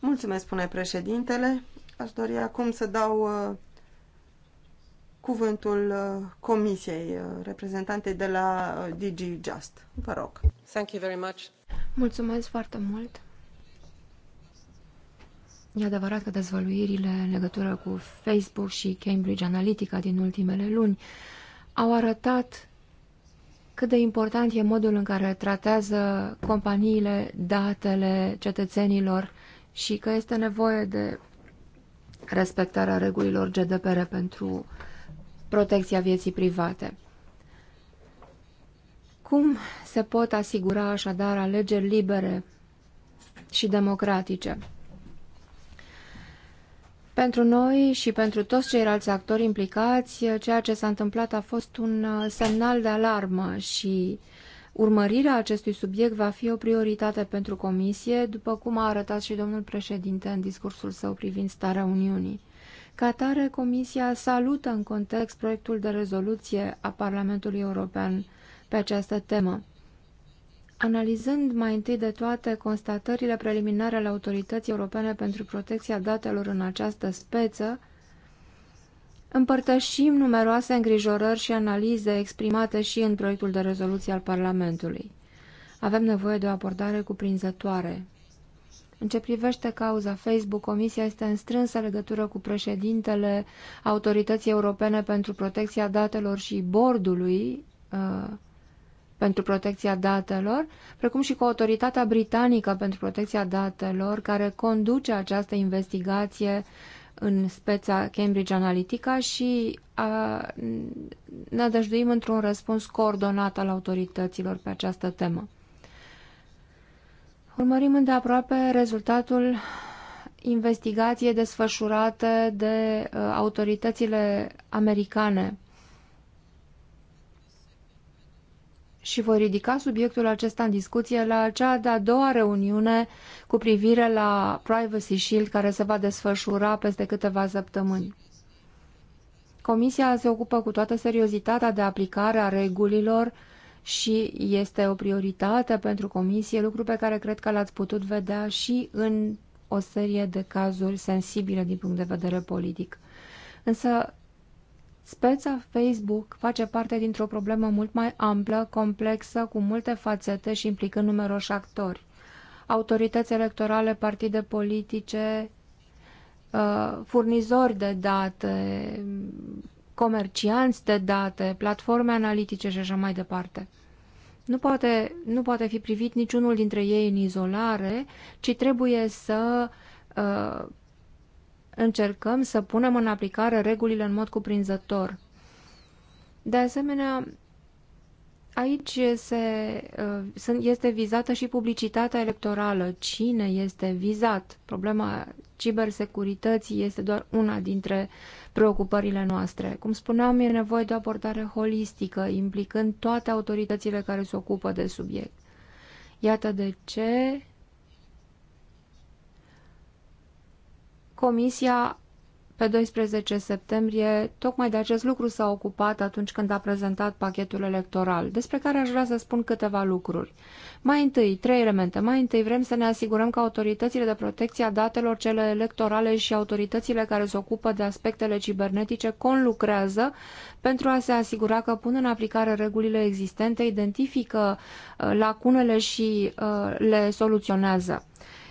Mulțumesc, spune președintele. Aș dori acum să dau uh, cuvântul uh, comisiei uh, reprezentante de la uh, DG Just. Vă rog. Thank you very much. Mulțumesc foarte mult. E adevărat că dezvăluirile în legătură cu Facebook și Cambridge Analytica din ultimele luni au arătat cât de important e modul în care tratează companiile datele cetățenilor și că este nevoie de respectarea regulilor GDPR pentru protecția vieții private. Cum se pot asigura așadar alegeri libere și democratice? Pentru noi și pentru toți ceilalți actori implicați, ceea ce s-a întâmplat a fost un uh, semnal de alarmă și urmărirea acestui subiect va fi o prioritate pentru Comisie, după cum a arătat și domnul președinte în discursul său privind starea Uniunii. Ca tare, Comisia salută în context proiectul de rezoluție a Parlamentului European pe această temă. Analizând mai întâi de toate constatările preliminare ale Autorității Europene pentru Protecția Datelor în această speță, împărtășim numeroase îngrijorări și analize exprimate și în proiectul de rezoluție al Parlamentului. Avem nevoie de o abordare cuprinzătoare. În ce privește cauza Facebook, Comisia este în strânsă legătură cu președintele Autorității Europene pentru Protecția Datelor și bordului uh, pentru protecția datelor, precum și cu Autoritatea Britanică pentru Protecția Datelor, care conduce această investigație în speța Cambridge Analytica și a, ne adăjduim într-un răspuns coordonat al autorităților pe această temă. Urmărim îndeaproape rezultatul investigației desfășurate de uh, autoritățile americane și voi ridica subiectul acesta în discuție la cea de-a doua reuniune cu privire la Privacy Shield care se va desfășura peste câteva săptămâni. Comisia se ocupă cu toată seriozitatea de aplicare a regulilor și este o prioritate pentru comisie, lucru pe care cred că l-ați putut vedea și în o serie de cazuri sensibile din punct de vedere politic. Însă, speța Facebook face parte dintr-o problemă mult mai amplă, complexă, cu multe fațete și implicând numeroși actori. Autorități electorale, partide politice, uh, furnizori de date, comercianți de date, platforme analitice și așa mai departe. Nu poate, nu poate fi privit niciunul dintre ei în izolare, ci trebuie să uh, încercăm să punem în aplicare regulile în mod cuprinzător. De asemenea, aici se, uh, este vizată și publicitatea electorală. Cine este vizat? Problema cibersecurității este doar una dintre uh, preocupările noastre. Cum spuneam, e nevoie de o abordare holistică, implicând toate autoritățile care se ocupă de subiect. Iată de ce Comisia pe 12 septembrie, tocmai de acest lucru s-a ocupat atunci când a prezentat pachetul electoral, despre care aș vrea să spun câteva lucruri. Mai întâi, trei elemente. Mai întâi vrem să ne asigurăm că autoritățile de protecție a datelor cele electorale și autoritățile care se ocupă de aspectele cibernetice conlucrează pentru a se asigura că pun în aplicare regulile existente, identifică uh, lacunele și uh, le soluționează.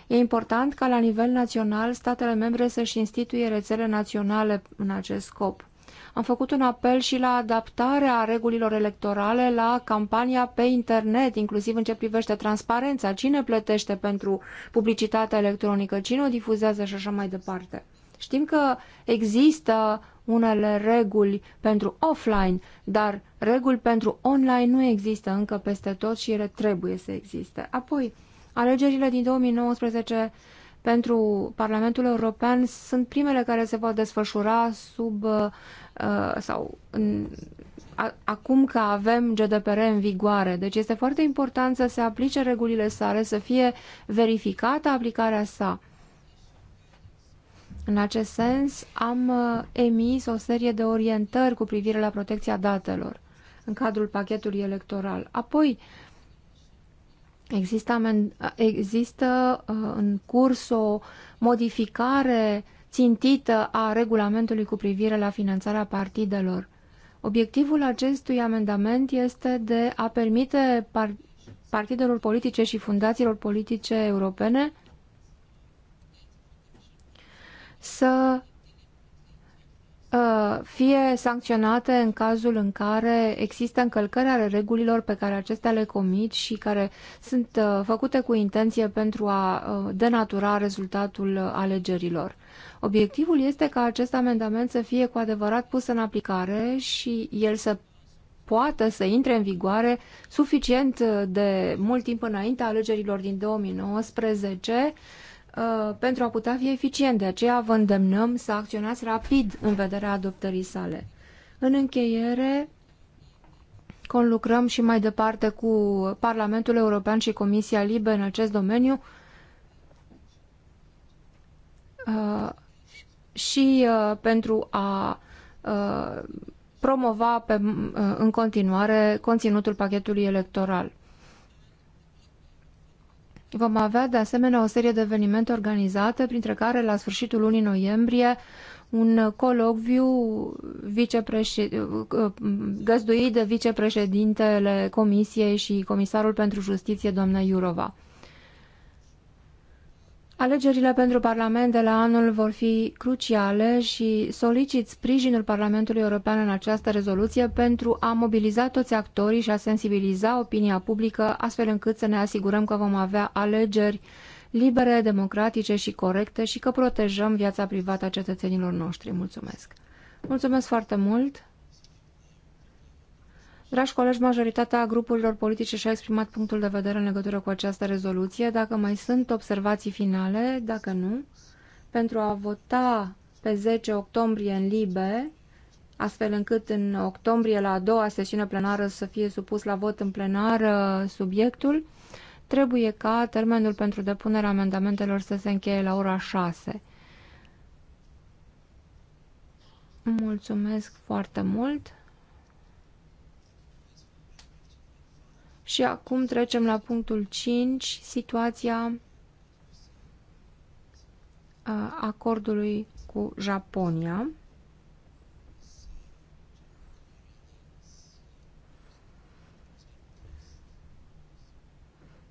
E important ca la nivel național statele membre să-și instituie rețele naționale în acest scop. Am făcut un apel și la adaptarea regulilor electorale la campania pe internet, inclusiv în ce privește transparența, cine plătește pentru publicitatea electronică, cine o difuzează și așa mai departe. Știm că există unele reguli pentru offline, dar reguli pentru online nu există încă peste tot și ele trebuie să existe. Apoi, Alegerile din 2019 pentru Parlamentul European sunt primele care se pot desfășura sub uh, sau în, a, acum că avem GDPR în vigoare. Deci este foarte important să se aplice regulile sale, să fie verificată aplicarea sa. În acest sens, am uh, emis o serie de orientări cu privire la protecția datelor în cadrul pachetului electoral. Apoi, uh, Există, amen- există uh, în curs o modificare țintită a regulamentului cu privire la finanțarea partidelor. Obiectivul acestui amendament este de a permite par partidelor politice și fundațiilor politice europene să Uh, fie sancționate în cazul în care există încălcări ale regulilor pe care acestea le comit și care sunt uh, făcute cu intenție pentru a uh, denatura rezultatul alegerilor. Obiectivul este ca acest amendament să fie cu adevărat pus în aplicare și el să poată să intre în vigoare suficient de mult timp înainte alegerilor din 2019 Uh, pentru a putea fi eficient. De aceea vă îndemnăm să acționați rapid în vederea adoptării sale. În încheiere, conlucrăm și mai departe cu Parlamentul European și Comisia Libe în acest domeniu uh, și uh, pentru a uh, promova pe, uh, în continuare conținutul pachetului electoral. Vom avea de asemenea o serie de evenimente organizate, printre care la sfârșitul lunii noiembrie un colocviu uh, găzduit de vicepreședintele Comisiei și Comisarul pentru Justiție, doamna Iurova. Alegerile pentru Parlament de la anul vor fi cruciale și solicit sprijinul Parlamentului European în această rezoluție pentru a mobiliza toți actorii și a sensibiliza opinia publică, astfel încât să ne asigurăm că vom avea alegeri libere, democratice și corecte și că protejăm viața privată a cetățenilor noștri. Mulțumesc! Mulțumesc foarte mult! Dragi colegi, majoritatea grupurilor politice și-a exprimat punctul de vedere în legătură cu această rezoluție. Dacă mai sunt observații finale, dacă nu, pentru a vota pe 10 octombrie în Libe, astfel încât în octombrie la a doua sesiune plenară să fie supus la vot în plenară subiectul, trebuie ca termenul pentru depunerea amendamentelor să se încheie la ora 6. Mulțumesc foarte mult! Și acum trecem la punctul 5, situația acordului cu Japonia.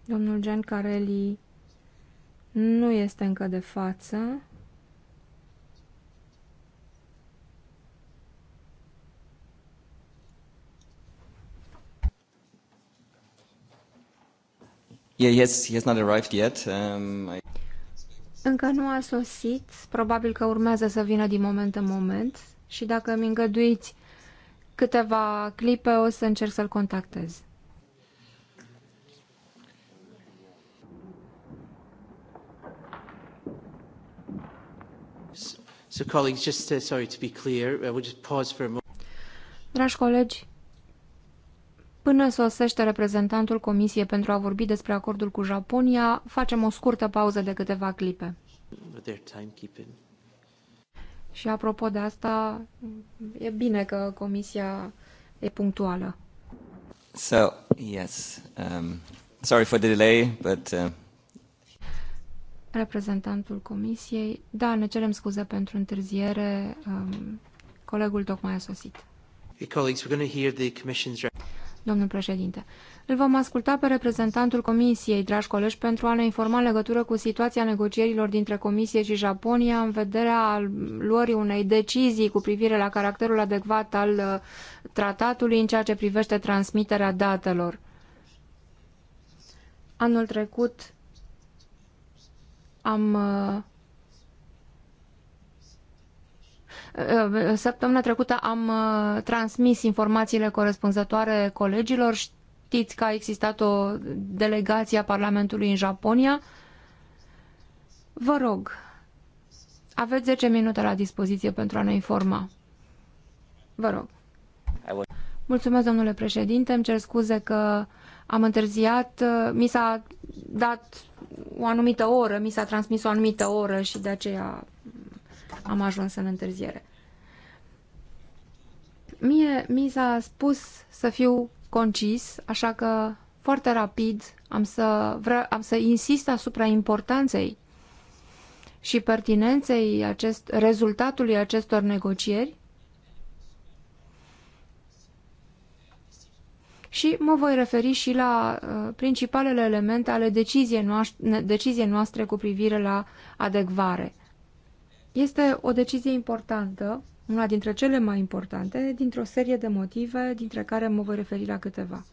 Domnul Jean-Carelli nu este încă de față. Yeah, he has, he has not arrived yet. Um, I... Încă nu a sosit, probabil că urmează să vină din moment în moment și dacă îmi îngăduiți câteva clipe, o să încerc să-l contactez. So colleagues, just to, sorry to be clear, uh, we'll just pause for a moment. Dragi colegi, Până sosește reprezentantul Comisiei pentru a vorbi despre acordul cu Japonia, facem o scurtă pauză de câteva clipe. Și apropo de asta, e bine că Comisia e punctuală. So, yes, um, sorry for the delay, but... Uh... Reprezentantul Comisiei, da, ne cerem scuze pentru întârziere, um, colegul tocmai a sosit. Hey, colleagues, we're going to hear the commission's... Domnul președinte, îl vom asculta pe reprezentantul Comisiei, dragi colegi, pentru a ne informa în legătură cu situația negocierilor dintre Comisie și Japonia în vederea luării unei decizii cu privire la caracterul adecvat al uh, tratatului în ceea ce privește transmiterea datelor. Anul trecut am uh, Uh, săptămâna trecută am uh, transmis informațiile corespunzătoare colegilor. Știți că a existat o delegație a Parlamentului în Japonia. Vă rog, aveți 10 minute la dispoziție pentru a ne informa. Vă rog. Mulțumesc, domnule președinte. Îmi cer scuze că am întârziat. Uh, mi s-a dat o anumită oră, mi s-a transmis o anumită oră și de aceea am ajuns în întârziere. Mie mi s-a spus să fiu concis, așa că foarte rapid am să, vre- am să insist asupra importanței și pertinenței acest, rezultatului acestor negocieri și mă voi referi și la uh, principalele elemente ale deciziei noastre, deciziei noastre cu privire la adecvare. Este o decizie importantă, una dintre cele mai importante, dintr-o serie de motive, dintre care mă voi referi la câteva.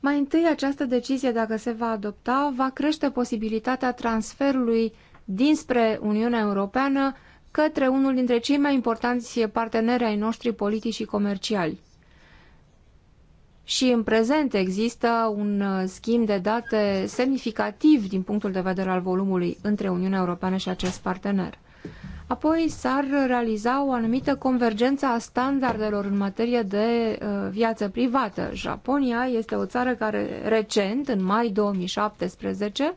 Mai întâi, această decizie, dacă se va adopta, va crește posibilitatea transferului dinspre Uniunea Europeană către unul dintre cei mai importanți parteneri ai noștri politici și comerciali, și în prezent există un uh, schimb de date semnificativ din punctul de vedere al volumului între Uniunea Europeană și acest partener. Apoi s-ar realiza o anumită convergență a standardelor în materie de uh, viață privată. Japonia este o țară care recent, în mai 2017,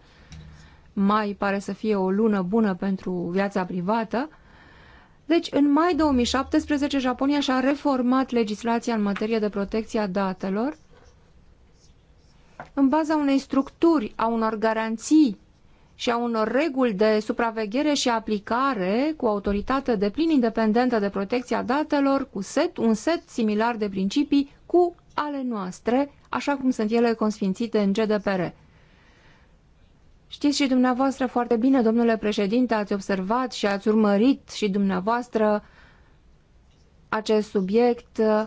mai pare să fie o lună bună pentru viața privată, uh, deci, în mai 2017, Japonia și-a reformat legislația în materie de protecție a datelor în baza unei structuri, a unor garanții și a unor reguli de supraveghere și aplicare cu autoritate de plin independentă de protecția datelor, cu set, un set similar de principii cu ale noastre, așa cum sunt ele consfințite în GDPR. Știți și dumneavoastră foarte bine, domnule președinte, ați observat și ați urmărit și dumneavoastră acest subiect uh,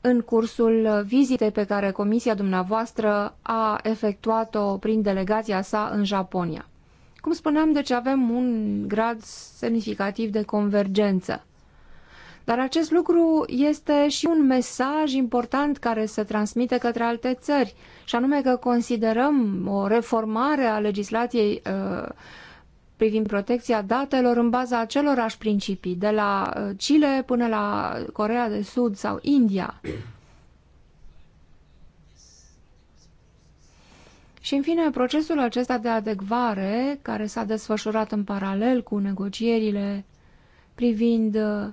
în cursul vizitei pe care comisia dumneavoastră a efectuat-o prin delegația sa în Japonia. Cum spuneam, deci avem un grad semnificativ de convergență. Dar acest lucru este și un mesaj important care se transmite către alte țări – și anume că considerăm o reformare a legislației uh, privind protecția datelor în baza acelorași principii, de la uh, Chile până la Corea de Sud sau India. Și, în fine, procesul acesta de adecvare, care s-a desfășurat în paralel cu negocierile privind uh,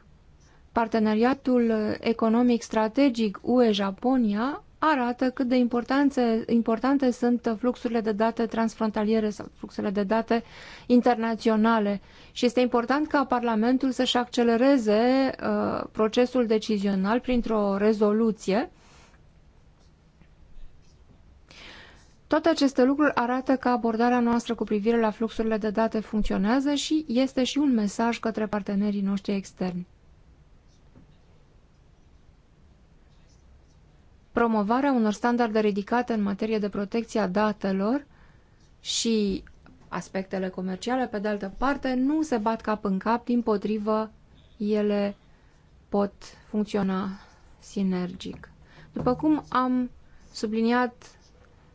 parteneriatul economic strategic UE-Japonia, arată cât de importante, importante sunt fluxurile de date transfrontaliere sau fluxurile de date internaționale. Și este important ca Parlamentul să-și accelereze uh, procesul decizional printr-o rezoluție. Toate aceste lucruri arată că abordarea noastră cu privire la fluxurile de date funcționează și este și un mesaj către partenerii noștri externi. promovarea unor standarde ridicate în materie de protecție a datelor și aspectele comerciale, pe de altă parte, nu se bat cap în cap, din potrivă, ele pot funcționa sinergic. După cum am subliniat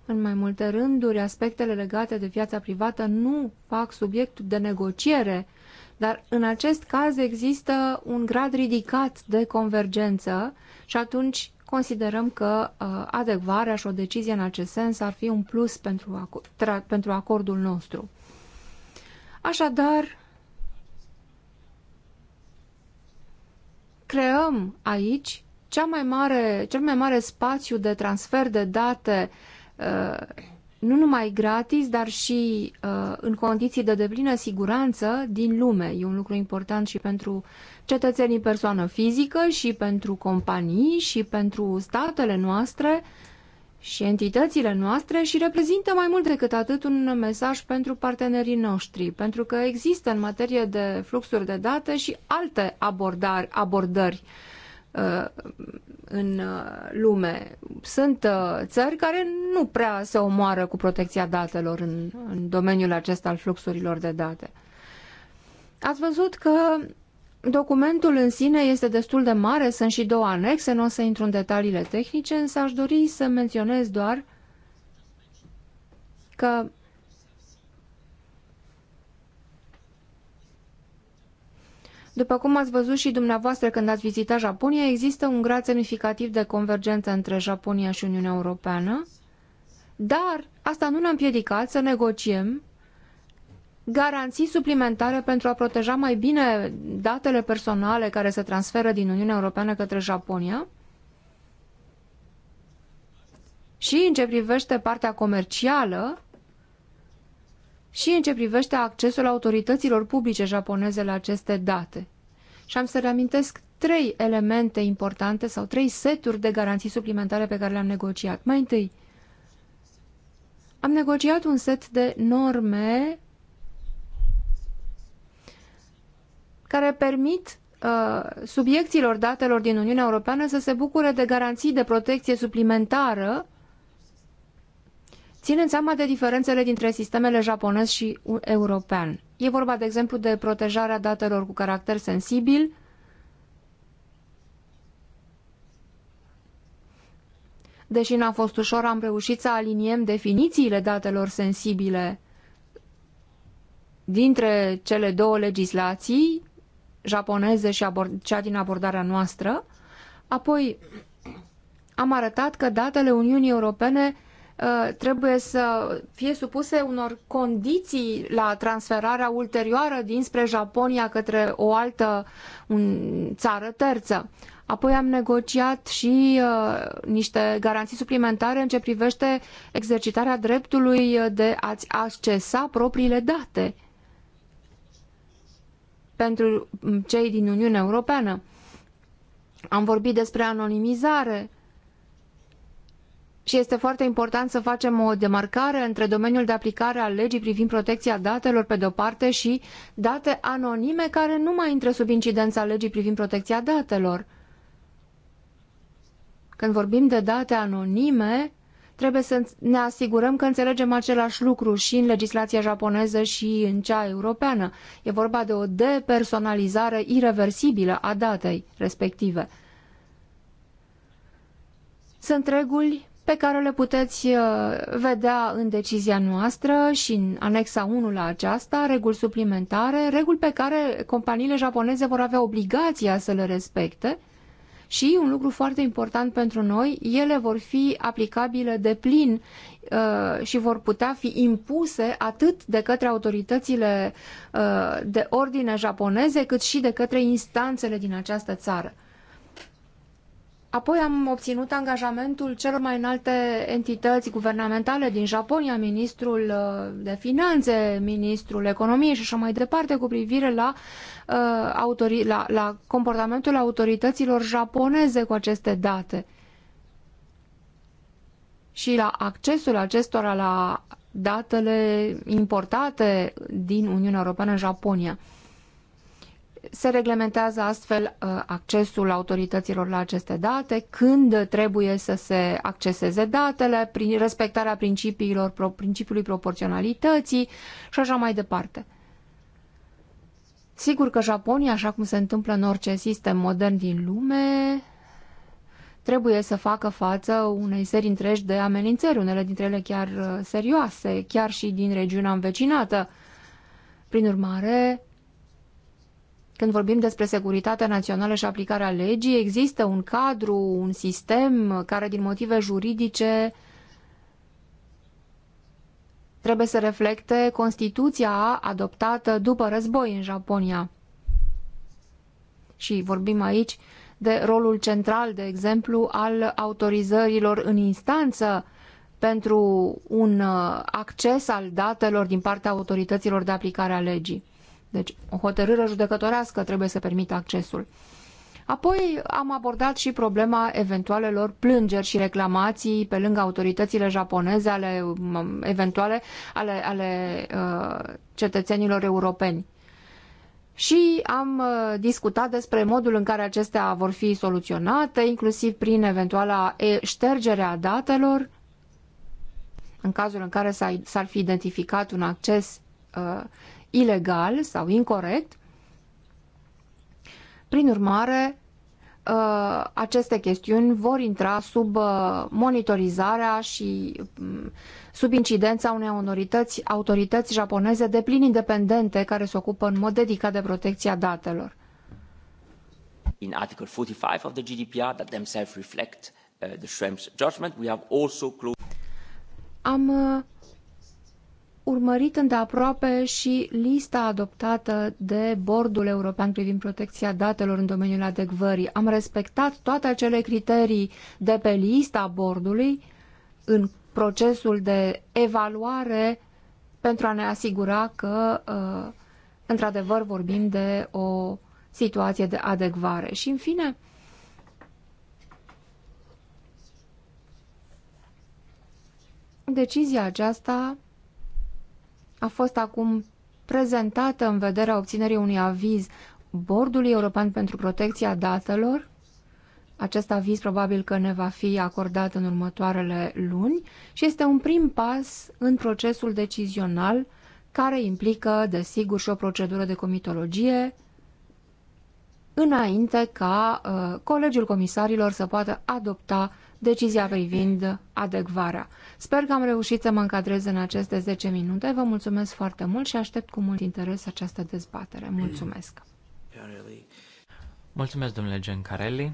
în mai multe rânduri, aspectele legate de viața privată nu fac subiectul de negociere, dar în acest caz există un grad ridicat de convergență și atunci considerăm că uh, adecvarea și o decizie în acest sens ar fi un plus pentru, aco pentru acordul nostru. Așadar, creăm aici cea mai mare, cel mai mare spațiu de transfer de date uh, nu numai gratis, dar și uh, în condiții de deplină siguranță din lume. E un lucru important și pentru cetățenii persoană fizică, și pentru companii, și pentru statele noastre și entitățile noastre și reprezintă mai mult decât atât un mesaj pentru partenerii noștri, pentru că există în materie de fluxuri de date și alte abordari, abordări uh, Uh, în uh, lume. Sunt uh, țări care nu prea se omoară cu protecția datelor în, în domeniul acesta al fluxurilor de date. Ați văzut că documentul în sine este destul de mare, sunt și două anexe, nu o să intru în detaliile tehnice, însă aș dori să menționez doar că După cum ați văzut și dumneavoastră când ați vizitat Japonia, există un grad semnificativ de convergență între Japonia și Uniunea Europeană, dar asta nu ne-a împiedicat să negociem garanții suplimentare pentru a proteja mai bine datele personale care se transferă din Uniunea Europeană către Japonia. Și în ce privește partea comercială, și în ce privește accesul autorităților publice japoneze la aceste date. Și am să reamintesc trei elemente importante sau trei seturi de garanții suplimentare pe care le-am negociat. Mai întâi, am negociat un set de norme care permit uh, subiecților datelor din Uniunea Europeană să se bucure de garanții de protecție suplimentară ținând seama de diferențele dintre sistemele japonez și european. E vorba, de exemplu, de protejarea datelor cu caracter sensibil, Deși n-a fost ușor, am reușit să aliniem definițiile datelor sensibile dintre cele două legislații, japoneze și cea din abordarea noastră. Apoi am arătat că datele Uniunii Europene Uh, trebuie să fie supuse unor condiții la transferarea ulterioară dinspre Japonia către o altă un, țară terță. Apoi am negociat și uh, niște garanții suplimentare în ce privește exercitarea dreptului de a-ți accesa propriile date pentru cei din Uniunea Europeană. Am vorbit despre anonimizare, și este foarte important să facem o demarcare între domeniul de aplicare al legii privind protecția datelor pe de-o parte și date anonime care nu mai intră sub incidența legii privind protecția datelor. Când vorbim de date anonime, trebuie să ne asigurăm că înțelegem același lucru și în legislația japoneză și în cea europeană. E vorba de o depersonalizare irreversibilă a datei respective. Sunt reguli pe care le puteți uh, vedea în decizia noastră și în anexa 1 la aceasta, reguli suplimentare, reguli pe care companiile japoneze vor avea obligația să le respecte și, un lucru foarte important pentru noi, ele vor fi aplicabile de plin uh, și vor putea fi impuse atât de către autoritățile uh, de ordine japoneze, cât și de către instanțele din această țară. Apoi am obținut angajamentul celor mai înalte entități guvernamentale din Japonia, ministrul uh, de finanțe, ministrul economiei și așa mai departe, cu privire la, uh, la, la comportamentul autorităților japoneze cu aceste date și la accesul acestora la datele importate din Uniunea Europeană în Japonia. Se reglementează astfel uh, accesul autorităților la aceste date, când trebuie să se acceseze datele, prin respectarea principiilor, principiului proporționalității și așa mai departe. Sigur că Japonia, așa cum se întâmplă în orice sistem modern din lume, trebuie să facă față unei serii întregi de amenințări, unele dintre ele chiar uh, serioase, chiar și din regiunea învecinată. Prin urmare, când vorbim despre securitatea națională și aplicarea legii, există un cadru, un sistem care din motive juridice trebuie să reflecte Constituția adoptată după război în Japonia. Și vorbim aici de rolul central, de exemplu, al autorizărilor în instanță pentru un uh, acces al datelor din partea autorităților de aplicare a legii. Deci o hotărâre judecătorească trebuie să permită accesul. Apoi am abordat și problema eventualelor plângeri și reclamații pe lângă autoritățile japoneze ale eventuale ale, ale uh, cetățenilor europeni. Și am uh, discutat despre modul în care acestea vor fi soluționate, inclusiv prin eventuala ștergere a datelor, în cazul în care s-ar fi identificat un acces uh, ilegal sau incorrect. Prin urmare, uh, aceste chestiuni vor intra sub uh, monitorizarea și mm, sub incidența unei autorități, autorități japoneze de plin independente care se ocupă în mod dedicat de protecția datelor. In Article 45 of the GDPR that themselves reflect uh, the Schrems judgment, we have also closed... Am uh, urmărit îndeaproape și lista adoptată de Bordul European privind protecția datelor în domeniul adecvării. Am respectat toate acele criterii de pe lista Bordului în procesul de evaluare pentru a ne asigura că, uh, într-adevăr, vorbim de o situație de adecvare. Și, în fine, decizia aceasta a fost acum prezentată în vederea obținerii unui aviz Bordului European pentru Protecția Datelor. Acest aviz probabil că ne va fi acordat în următoarele luni și este un prim pas în procesul decizional care implică, desigur, și o procedură de comitologie înainte ca uh, Colegiul Comisarilor să poată adopta decizia privind adecvarea. Sper că am reușit să mă încadrez în aceste 10 minute. Vă mulțumesc foarte mult și aștept cu mult interes această dezbatere. Mulțumesc! Mulțumesc, domnule Gencarelli.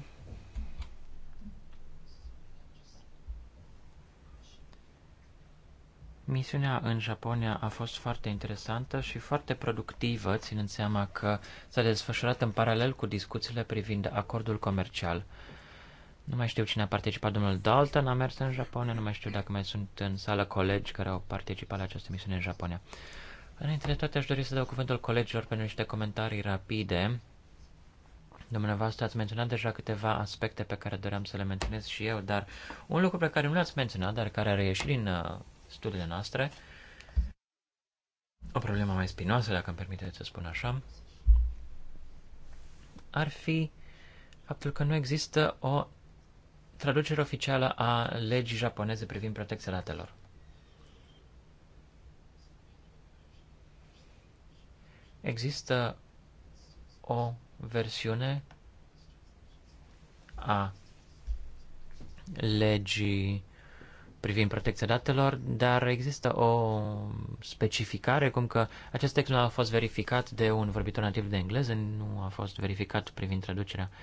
Misiunea în Japonia a fost foarte interesantă și foarte productivă, ținând seama că s-a desfășurat în paralel cu discuțiile privind acordul comercial. Nu mai știu cine a participat, domnul Dalton a mers în Japonia, nu mai știu dacă mai sunt în sală colegi care au participat la această misiune în Japonia. Înainte de toate, aș dori să dau cuvântul colegilor pentru niște comentarii rapide. Dumneavoastră ați menționat deja câteva aspecte pe care doream să le menționez și eu, dar un lucru pe care nu l-ați menționat, dar care a reieșit din uh, studiile noastre, o problemă mai spinoasă, dacă îmi permiteți să spun așa, ar fi faptul că nu există o traducere oficială a legii japoneze privind protecția datelor. Există o versiune a legii privind protecția datelor, dar există o specificare cum că acest text nu a fost verificat de un vorbitor nativ de engleză, nu a fost verificat privind traducerea uh,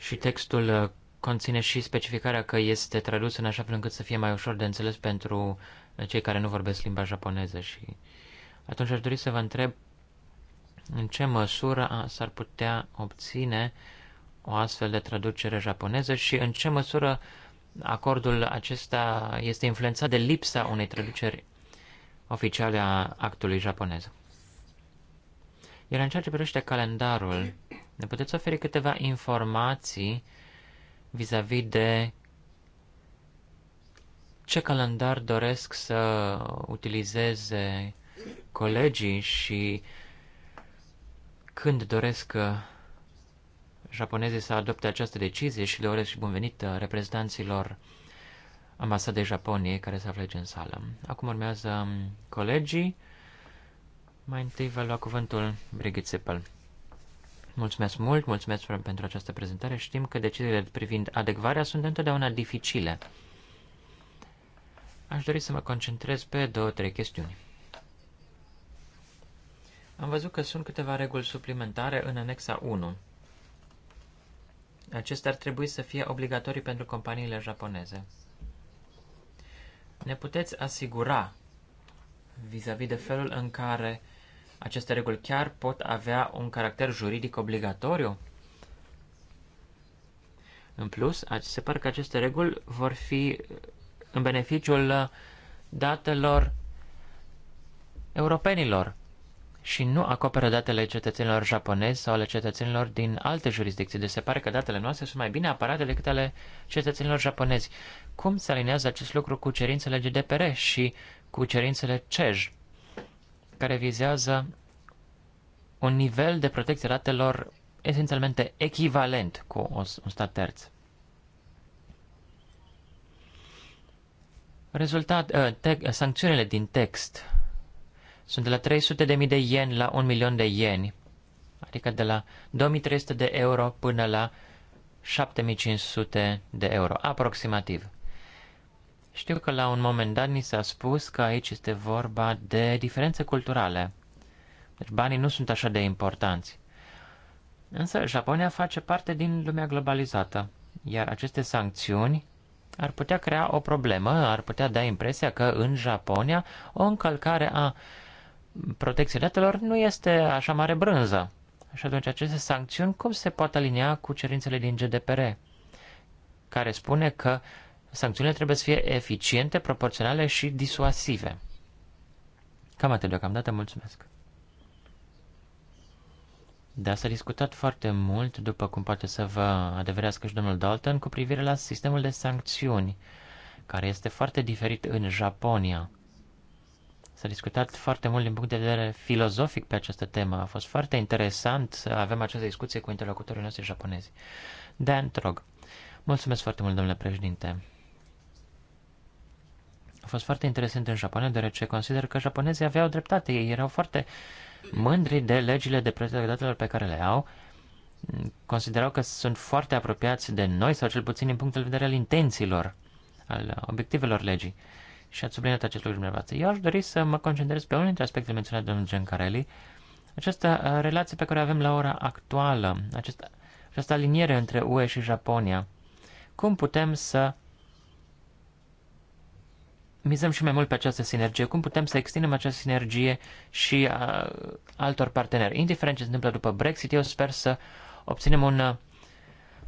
Și textul uh, conține și specificarea că este tradus în așa fel încât să fie mai ușor de înțeles pentru uh, cei care nu vorbesc limba japoneză. Și atunci aș dori să vă întreb în ce măsură s-ar putea obține o astfel de traducere japoneză și în ce măsură acordul acesta este influențat de lipsa unei traduceri oficiale a actului japonez. Iar în ceea ce privește calendarul ne puteți oferi câteva informații vis-a-vis -vis de ce calendar doresc să utilizeze colegii și când doresc japonezii să adopte această decizie și le urez și bun venit reprezentanților ambasadei Japoniei care se află aici în sală. Acum urmează colegii. Mai întâi va lua cuvântul Brigitte Seppel. Mulțumesc mult, mulțumesc pentru această prezentare. Știm că deciziile privind adecvarea sunt întotdeauna dificile. Aș dori să mă concentrez pe două, trei chestiuni. Am văzut că sunt câteva reguli suplimentare în anexa 1. Acestea ar trebui să fie obligatorii pentru companiile japoneze. Ne puteți asigura vis-a-vis -vis de felul în care aceste reguli chiar pot avea un caracter juridic obligatoriu? În plus, se pare că aceste reguli vor fi în beneficiul uh, datelor europenilor și nu acoperă datele cetățenilor japonezi sau ale cetățenilor din alte jurisdicții. Deci se pare că datele noastre sunt mai bine aparate decât ale cetățenilor japonezi. Cum se alinează acest lucru cu cerințele GDPR și cu cerințele CEJ? care vizează un nivel de protecție datelor esențialmente echivalent cu un stat terț. Rezultat, uh, te- sancțiunile din text sunt de la 300 de mii de yen la 1 milion de yeni, adică de la 2300 de euro până la 7500 de euro, aproximativ. Știu că la un moment dat ni s-a spus că aici este vorba de diferențe culturale. Deci banii nu sunt așa de importanți. Însă Japonia face parte din lumea globalizată, iar aceste sancțiuni ar putea crea o problemă, ar putea da impresia că în Japonia o încălcare a protecției datelor nu este așa mare brânză. Și atunci aceste sancțiuni cum se pot alinia cu cerințele din GDPR, care spune că sancțiunile trebuie să fie eficiente, proporționale și disuasive. Cam atât deocamdată, mulțumesc. Da, s-a discutat foarte mult, după cum poate să vă adeverească și domnul Dalton, cu privire la sistemul de sancțiuni, care este foarte diferit în Japonia. S-a discutat foarte mult din punct de vedere filozofic pe această temă. A fost foarte interesant să avem această discuție cu interlocutorii noștri japonezi. Dan Trog. Mulțumesc foarte mult, domnule președinte. A fost foarte interesant în Japonia, deoarece consider că japonezii aveau dreptate. Ei erau foarte mândri de legile de protecție datelor pe care le au. Considerau că sunt foarte apropiați de noi, sau cel puțin din punctul de vedere al intențiilor, al obiectivelor legii. Și ați subliniat acest lucru dumneavoastră. Eu aș dori să mă concentrez pe unul dintre aspectele menționate de domnul Giancarelli, această uh, relație pe care o avem la ora actuală, această, această aliniere între UE și Japonia. Cum putem să mizăm și mai mult pe această sinergie. Cum putem să extindem această sinergie și a, uh, altor parteneri? Indiferent ce se întâmplă după Brexit, eu sper să obținem un uh,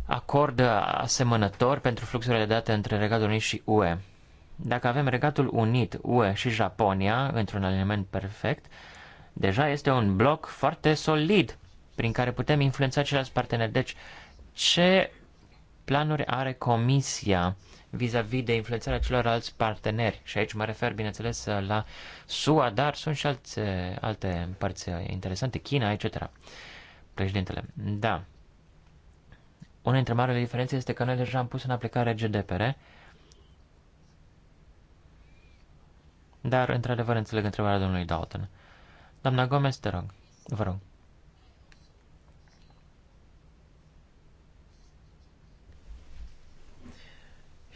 acord asemănător pentru fluxurile de date între Regatul Unit și UE. Dacă avem Regatul Unit, UE și Japonia într-un element perfect, deja este un bloc foarte solid prin care putem influența ceilalți parteneri. Deci, ce planuri are Comisia vis-a-vis -vis de influențarea celor alți parteneri. Și aici mă refer, bineînțeles, la SUA, dar sunt și alte, alte părți interesante, China, etc. Președintele, da. Una dintre marile diferențe este că noi deja am pus în aplicare GDPR, dar, într-adevăr, înțeleg întrebarea domnului Dalton. Doamna Gomez, te rog, vă rog.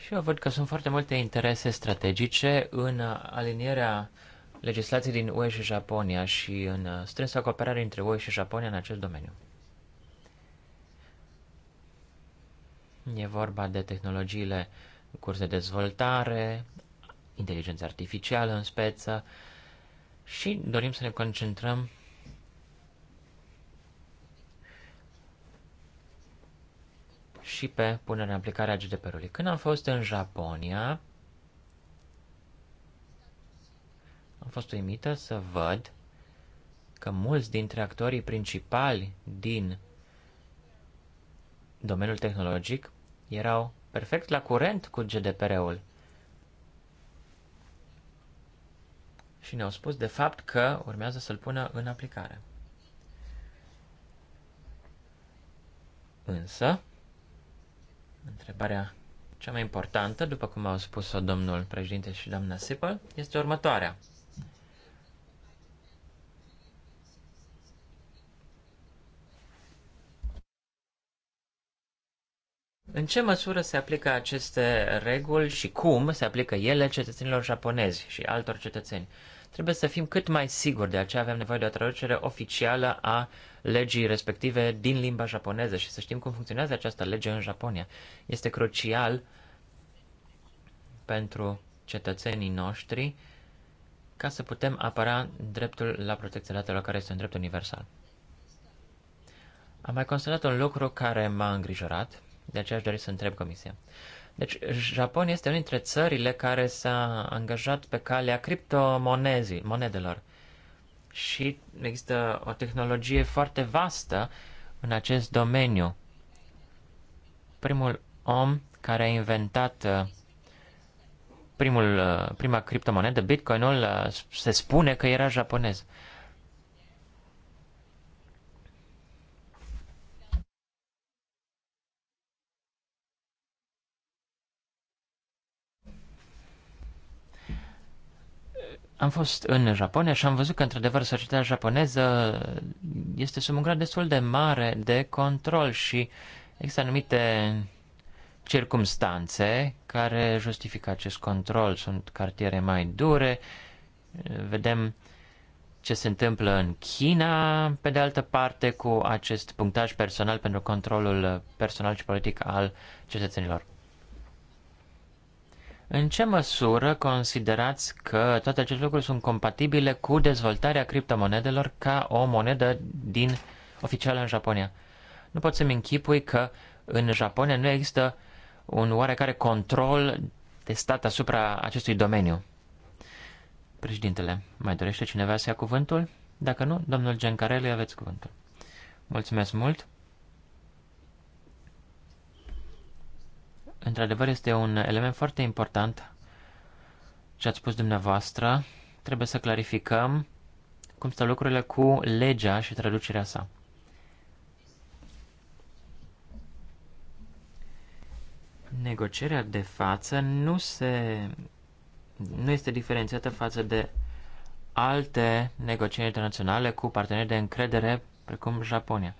Și eu văd că sunt foarte multe interese strategice în alinierea legislației din UE și Japonia și în strânsa cooperare între UE și Japonia în acest domeniu. E vorba de tehnologiile în curs de dezvoltare, inteligența artificială în speță și dorim să ne concentrăm și pe punerea în aplicare a GDPR-ului. Când am fost în Japonia, am fost uimită să văd că mulți dintre actorii principali din domeniul tehnologic erau perfect la curent cu GDPR-ul. Și ne-au spus de fapt că urmează să-l pună în aplicare. Însă, Întrebarea cea mai importantă, după cum au spus-o domnul președinte și doamna Sipăl, este următoarea. În ce măsură se aplică aceste reguli și cum se aplică ele cetățenilor japonezi și altor cetățeni? Uh, Trebuie să fim cât mai siguri, de aceea avem nevoie de o traducere oficială a legii respective din limba japoneză și să știm cum funcționează această lege în Japonia. Este crucial pentru cetățenii noștri ca să putem apăra dreptul la protecție datelor, care este un drept universal. Am mai constatat un lucru care m-a îngrijorat, de aceea aș dori să întreb Comisia. Deci Japonia este una dintre țările care s-a angajat pe calea criptomonezii, monedelor. Și există o tehnologie foarte vastă în acest domeniu. Primul om care a inventat uh, primul, uh, prima criptomonedă, Bitcoinul, uh, se spune că era japonez. Am fost în Japonia și am văzut că, într-adevăr, societatea japoneză este sub un grad destul de mare de control și există anumite circumstanțe care justifică acest control. Sunt cartiere mai dure, vedem ce se întâmplă în China, pe de altă parte, cu acest punctaj personal pentru controlul personal și politic al cetățenilor. În ce măsură considerați că toate aceste lucruri sunt compatibile cu dezvoltarea criptomonedelor ca o monedă din oficială în Japonia? Nu pot să-mi închipui că în Japonia nu există un oarecare control de stat asupra acestui domeniu. Președintele, mai dorește cineva să ia cuvântul? Dacă nu, domnul Gencarelli, aveți cuvântul. Mulțumesc mult! într-adevăr, este un element foarte important ce ați spus dumneavoastră. Trebuie să clarificăm cum stau lucrurile cu legea și traducerea sa. Negocierea de față nu se nu este diferențiată față de alte negocieri internaționale cu parteneri de încredere, precum Japonia.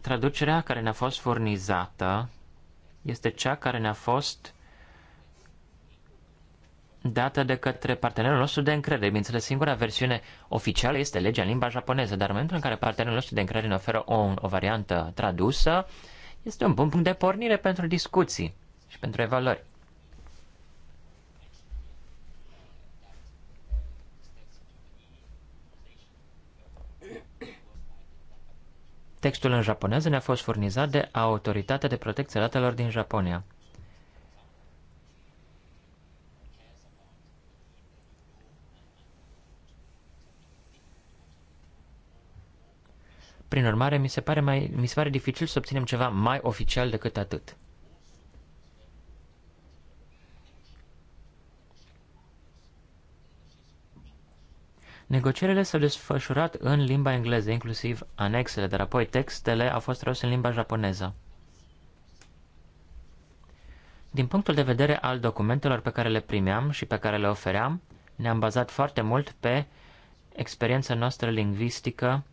Traducerea care ne-a fost furnizată este cea care ne-a fost dată de către partenerul nostru de încredere. Bineînțeles, singura versiune oficială este legea în limba japoneză, dar în momentul în care partenerul nostru de încredere ne oferă o, o variantă tradusă, este un bun punct de pornire pentru discuții și pentru evaluări. Textul în japoneză ne-a fost furnizat de Autoritatea de Protecție Datelor din Japonia. Prin urmare, mi se pare, mai, mi se pare dificil să obținem ceva mai oficial decât atât. Negocierile s-au desfășurat în limba engleză, inclusiv anexele, dar apoi textele au fost traduse în limba japoneză. Din punctul de vedere al documentelor pe care le primeam și pe care le ofeream, ne-am bazat foarte mult pe experiența noastră lingvistică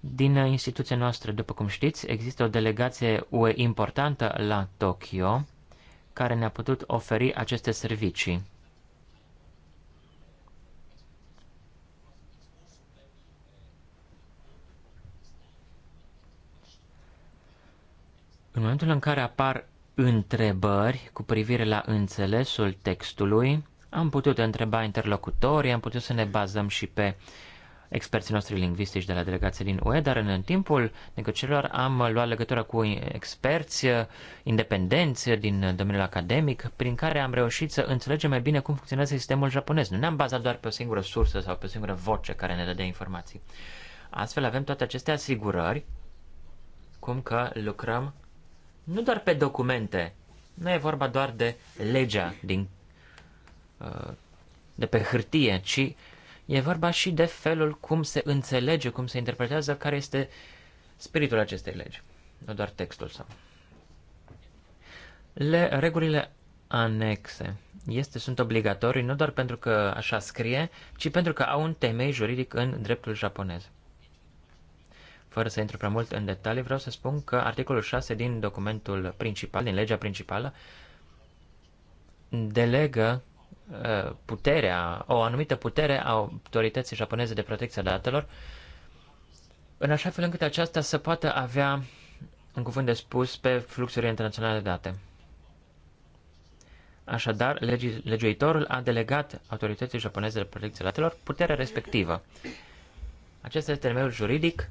din instituția noastră. După cum știți, există o delegație UE importantă la Tokyo care ne-a putut oferi aceste servicii. În momentul în care apar întrebări cu privire la înțelesul textului, am putut întreba interlocutorii, am putut să ne bazăm și pe experții noștri lingvistici de la delegația din UE, dar în timpul negocierilor am luat legătura cu experți independenți din domeniul academic, prin care am reușit să înțelegem mai bine cum funcționează sistemul japonez. Nu ne-am bazat doar pe o singură sursă sau pe o singură voce care ne dădea informații. Astfel avem toate aceste asigurări cum că lucrăm nu doar pe documente. Nu e vorba doar de legea din, uh, de pe hârtie, ci e vorba și de felul cum se înțelege, cum se interpretează, care este spiritul acestei legi, nu doar textul său. Le, regulile anexe este, sunt obligatorii nu doar pentru că așa scrie, ci pentru că au un temei juridic în dreptul japonez. Fără să intru prea mult în detalii, vreau să spun că articolul 6 din documentul principal, din legea principală, delegă uh, puterea, o anumită putere a autorității japoneze de protecție a datelor, în așa fel încât aceasta să poată avea un cuvânt de spus pe fluxurile internaționale de date. Așadar, legi, legiuitorul a delegat autorității japoneze de protecție a datelor puterea respectivă. Acesta este termenul juridic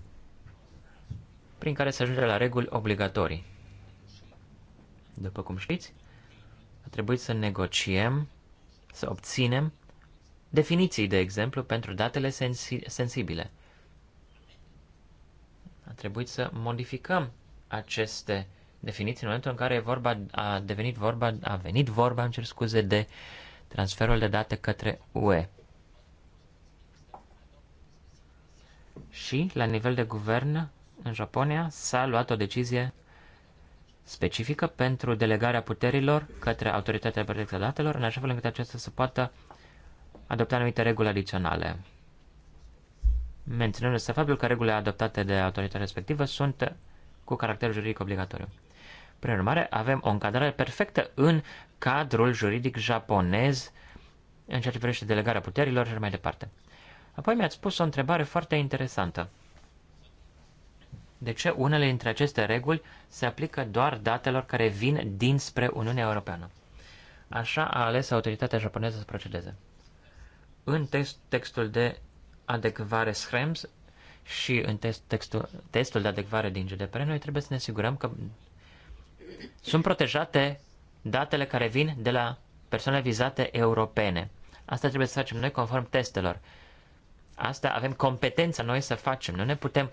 prin care se ajunge la reguli obligatorii. După cum știți, a trebuit să negociem, să obținem definiții, de exemplu, pentru datele sensi- sensibile. A trebuit să modificăm aceste definiții în momentul în care e vorba, a devenit vorba, a venit vorba, îmi cer scuze, de transferul de date către UE. Și, la nivel de guvern, în Japonia s-a luat o decizie specifică pentru delegarea puterilor către Autoritatea de Protecție a Datelor, în așa fel încât aceasta să poată adopta anumite reguli adiționale. Menținându-se faptul că regulile adoptate de autoritatea respectivă sunt cu caracter juridic obligatoriu. Prin urmare, avem o încadrare perfectă în cadrul juridic japonez în ceea ce privește delegarea puterilor și mai departe. Apoi mi-ați pus o întrebare foarte interesantă de ce unele dintre aceste reguli se aplică doar datelor care vin dinspre Uniunea Europeană. Așa a ales autoritatea japoneză să procedeze. În text, textul de adecvare SHREMS și în test, textul, testul de adecvare din GDPR, noi trebuie să ne asigurăm că sunt protejate datele care vin de la persoane vizate europene. Asta trebuie să facem noi conform testelor. Asta avem competența noi să facem. Nu ne putem uh,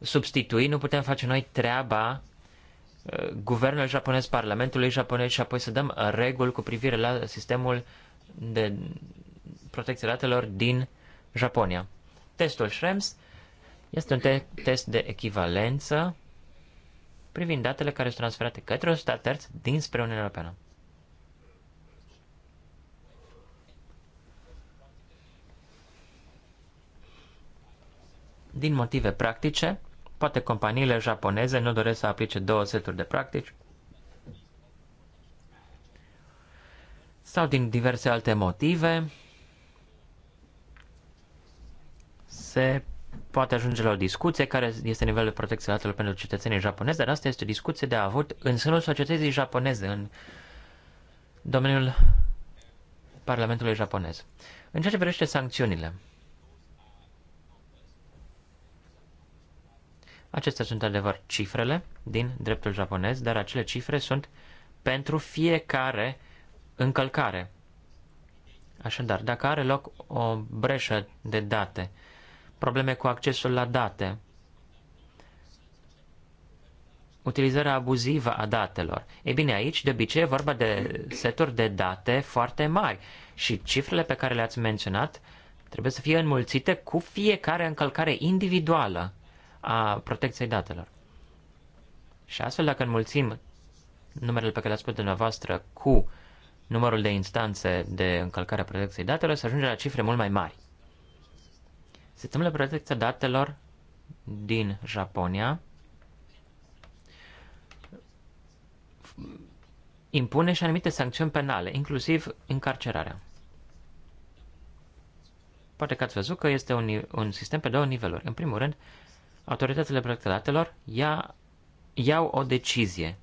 substitui, nu putem face noi treaba uh, guvernul japonez, parlamentului japonez și apoi să dăm reguli cu privire la sistemul de protecție datelor din Japonia. Testul Schrems este un te- test de echivalență privind datele care sunt transferate către un stat terț dinspre Uniunea Europeană. Din motive practice, Poate companiile japoneze nu doresc să aplice două seturi de practici sau din diverse alte motive se poate ajunge la o discuție care este nivelul de protecție datelor pentru cetățenii japonezi, dar asta este o discuție de a avut în sânul societății japoneze, în domeniul Parlamentului japonez. În ceea ce privește sancțiunile, Acestea sunt adevăr cifrele din dreptul japonez, dar acele cifre sunt pentru fiecare încălcare. Așadar, dacă are loc o breșă de date, probleme cu accesul la date, utilizarea abuzivă a datelor. Ei bine, aici de obicei e vorba de seturi de date foarte mari și cifrele pe care le-ați menționat trebuie să fie înmulțite cu fiecare încălcare individuală a protecției datelor. Și astfel, dacă înmulțim numerele pe care le-ați spus dumneavoastră cu numărul de instanțe de încălcare a protecției datelor, se ajunge la cifre mult mai mari. Sistemul de protecție datelor din Japonia impune și anumite sancțiuni penale, inclusiv încarcerarea. Poate că ați văzut că este un, un sistem pe două niveluri. În primul rând, autoritățile proiectelatelor ia, iau o decizie.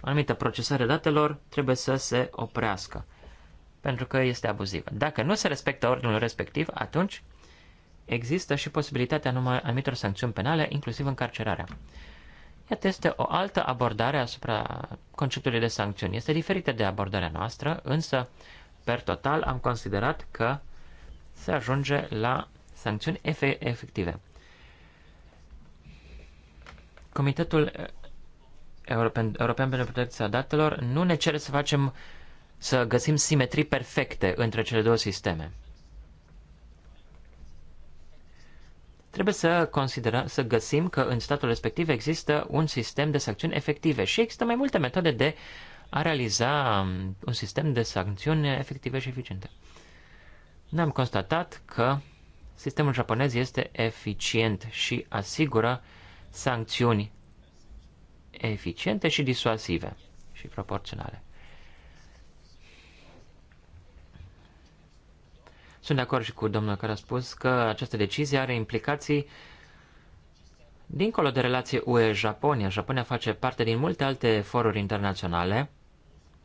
Anumită procesare datelor trebuie să se oprească, pentru că este abuzivă. Dacă nu se respectă ordinul respectiv, atunci există și posibilitatea numai anumitor sancțiuni penale, inclusiv încarcerarea. Iată, este o altă abordare asupra conceptului de sancțiuni. Este diferită de abordarea noastră, însă, per total, am considerat că se ajunge la sancțiuni efective. Comitetul eh, European, European pentru Protecția Datelor nu ne cere să facem să găsim simetrii perfecte între cele două sisteme. Trebuie să considerăm, să găsim că în statul respectiv există un sistem de sancțiuni efective și există mai multe metode de a realiza mm, un sistem de sancțiuni efective și eficiente. Noi am constatat că sistemul japonez este eficient și asigură uh, sancțiuni eficiente și disuasive și proporționale. Sunt de acord și cu domnul care a spus că această decizie are implicații dincolo de relație UE-Japonia. Japonia face parte din multe alte foruri internaționale.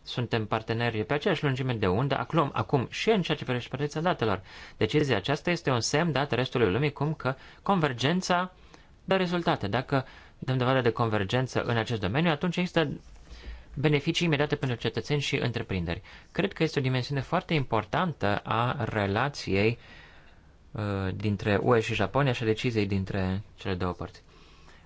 Suntem parteneri pe aceeași lungime de undă, acum, acum și în ceea ce privește protecția datelor. Decizia aceasta este un semn dat restului lumii cum că convergența dă rezultate. Dacă dăm dovadă de convergență în acest domeniu, atunci există beneficii imediate pentru cetățeni și întreprinderi. Cred că este o dimensiune foarte importantă a relației uh, dintre UE și Japonia și a deciziei dintre cele două părți.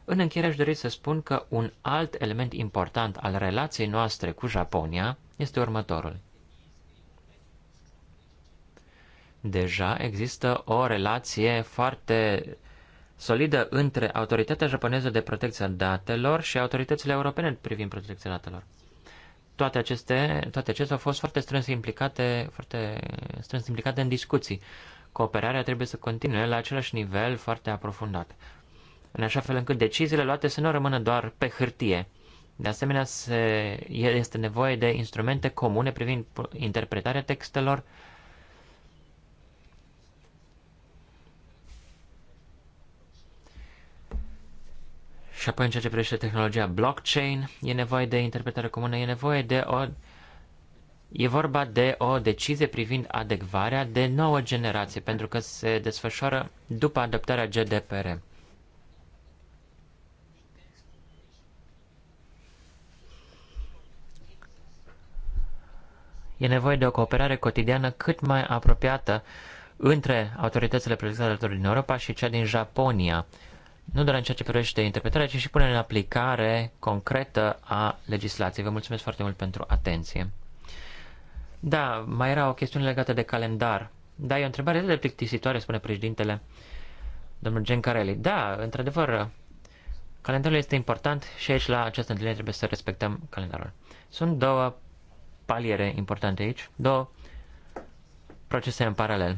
În încheiere aș dori să spun că un alt element important al relației noastre cu Japonia este următorul. Deja există o relație foarte solidă între Autoritatea Japoneză de Protecție a Datelor și autoritățile europene privind protecția datelor. Toate, aceste, toate acestea au fost foarte strâns implicate, foarte strâns implicate în discuții. Cooperarea trebuie să continue la același nivel foarte aprofundat, în așa fel încât deciziile luate să nu rămână doar pe hârtie. De asemenea, se, este nevoie de instrumente comune privind interpretarea textelor, Și apoi în ceea ce privește tehnologia blockchain, e nevoie de interpretare comună, e nevoie de o... E vorba de o decizie privind adecvarea de nouă generație, pentru că se desfășoară după adoptarea GDPR. E nevoie de o cooperare cotidiană cât mai apropiată între autoritățile predictatorilor din Europa și cea din Japonia, nu doar în ceea ce privește interpretarea, ci și punerea în aplicare concretă a legislației. Vă mulțumesc foarte mult pentru atenție. Da, mai era o chestiune legată de calendar. Da, e o întrebare de plictisitoare, spune președintele, domnul Gencarelli. Da, într-adevăr, calendarul este important și aici la această întâlnire trebuie să respectăm calendarul. Sunt două paliere importante aici, două procese în paralel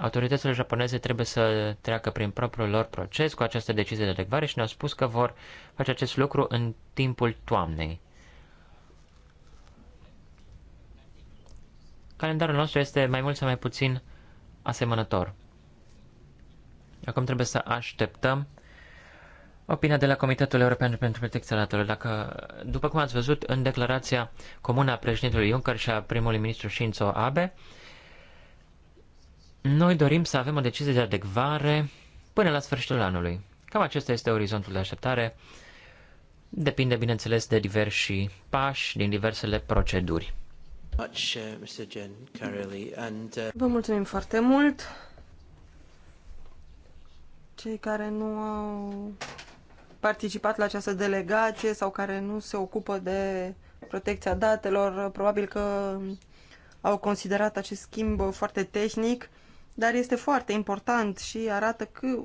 autoritățile japoneze trebuie să treacă prin propriul lor proces cu această decizie de legvare și ne-au spus că vor face acest lucru în timpul toamnei. Calendarul nostru este mai mult sau mai puțin asemănător. Acum trebuie să așteptăm opinia de la Comitetul European pentru Protecția Datelor. Dacă, după cum ați văzut în declarația comună a președintelui Juncker și a primului ministru Shinzo Abe, uh, noi dorim să avem o decizie de adecvare până la sfârșitul anului. Cam acesta este orizontul de așteptare. Depinde, bineînțeles, de diversi pași din diversele proceduri. Uh, uh, Vă mulțumim foarte mult. Cei care nu au participat la această delegație sau care nu se ocupă de protecția datelor, probabil că au considerat acest schimb foarte tehnic dar este foarte important și arată că,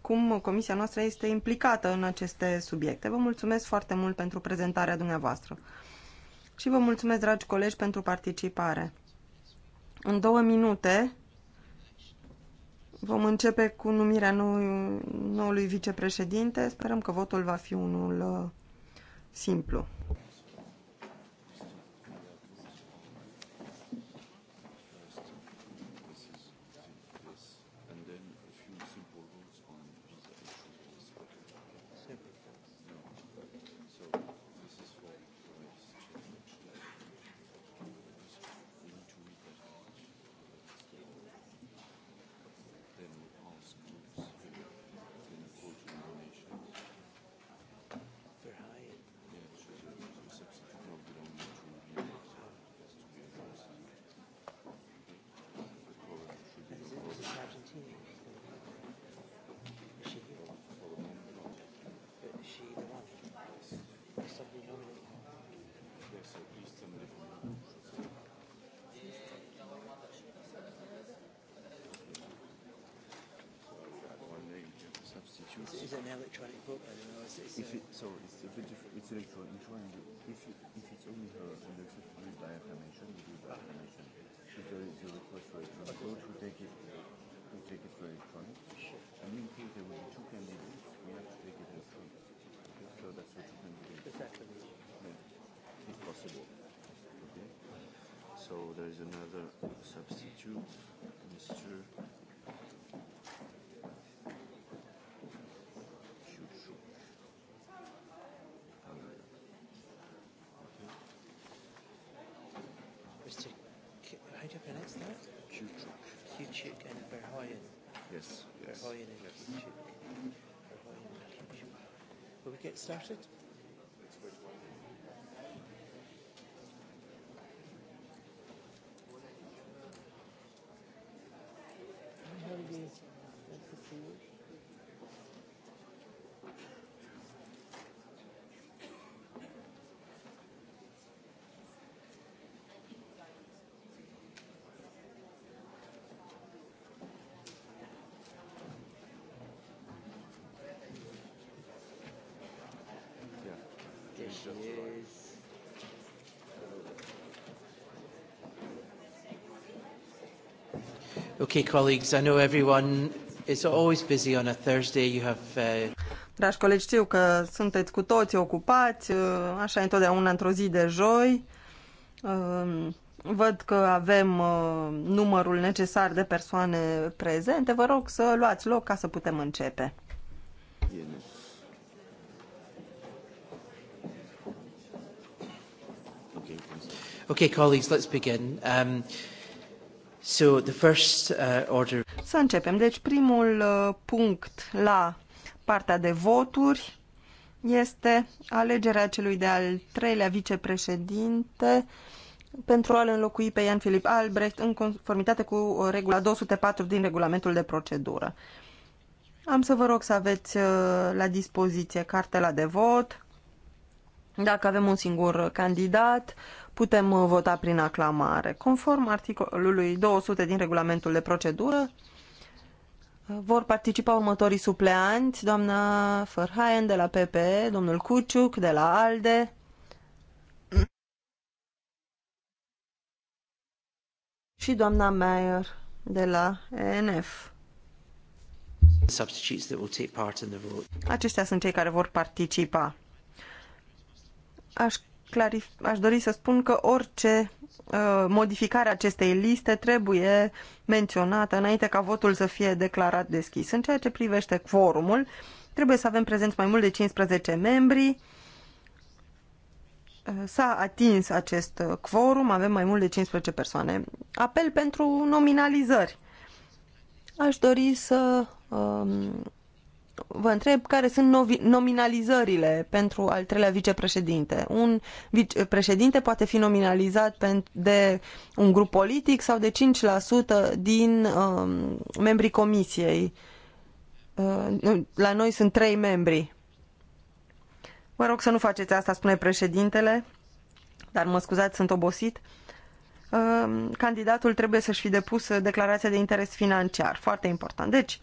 cum comisia noastră este implicată în aceste subiecte. Vă mulțumesc foarte mult pentru prezentarea dumneavoastră și vă mulțumesc, dragi colegi, pentru participare. În două minute vom începe cu numirea noului vicepreședinte. Sperăm că votul va fi unul uh, simplu. an electronic book, I don't know. It's, it's, if it, so it's a bit It's electronic. If, you, if it's only her and the by affirmation, you do by affirmation. If there is a request for electronic okay. we take it. We take it for electronic. And in case there will be two candidates, we have to take it Okay. So that's what you can do. Yeah. If possible. Okay. So there is another substitute, Mr. get started. Okay, colleagues, I know everyone is always busy on a Thursday. You have uh... Dragi colegi, știu că sunteți cu toți ocupați, uh, așa întotdeauna într-o zi de joi. Um, văd că avem uh, numărul necesar de persoane prezente. Vă rog să luați loc ca să putem începe. Okay, colleagues, let's begin. Um, so the first uh, order. Să începem. Deci primul uh, punct la partea de voturi este alegerea celui de-al treilea vicepreședinte pentru a-l înlocui pe Ian Filip Albrecht în conformitate cu uh, regula 204 din regulamentul de procedură. Am să vă rog să aveți uh, la dispoziție cartela de vot. Dacă avem un singur candidat, putem uh, vota prin aclamare. Conform articolului 200 din regulamentul de procedură, uh, vor participa următorii supleanți, doamna Fărhaien de la PPE, domnul Cuciuc de la ALDE, și doamna Meyer de la ENF. Aceștia sunt cei care vor participa. Aș clarif- aș dori să spun că orice uh, modificare a acestei liste trebuie menționată înainte ca votul să fie declarat deschis. În ceea ce privește quorumul, trebuie să avem prezenți mai mult de 15 membri. Uh, s-a atins acest uh, quorum, avem mai mult de 15 persoane. Apel pentru nominalizări. Aș dori să um, vă întreb care sunt nominalizările pentru al treilea vicepreședinte. Un vicepreședinte poate fi nominalizat de un grup politic sau de 5% din um, membrii comisiei. Uh, la noi sunt trei membri. Vă rog să nu faceți asta, spune președintele, dar mă scuzați, sunt obosit uh, candidatul trebuie să-și fi depus declarația de interes financiar. Foarte important. Deci,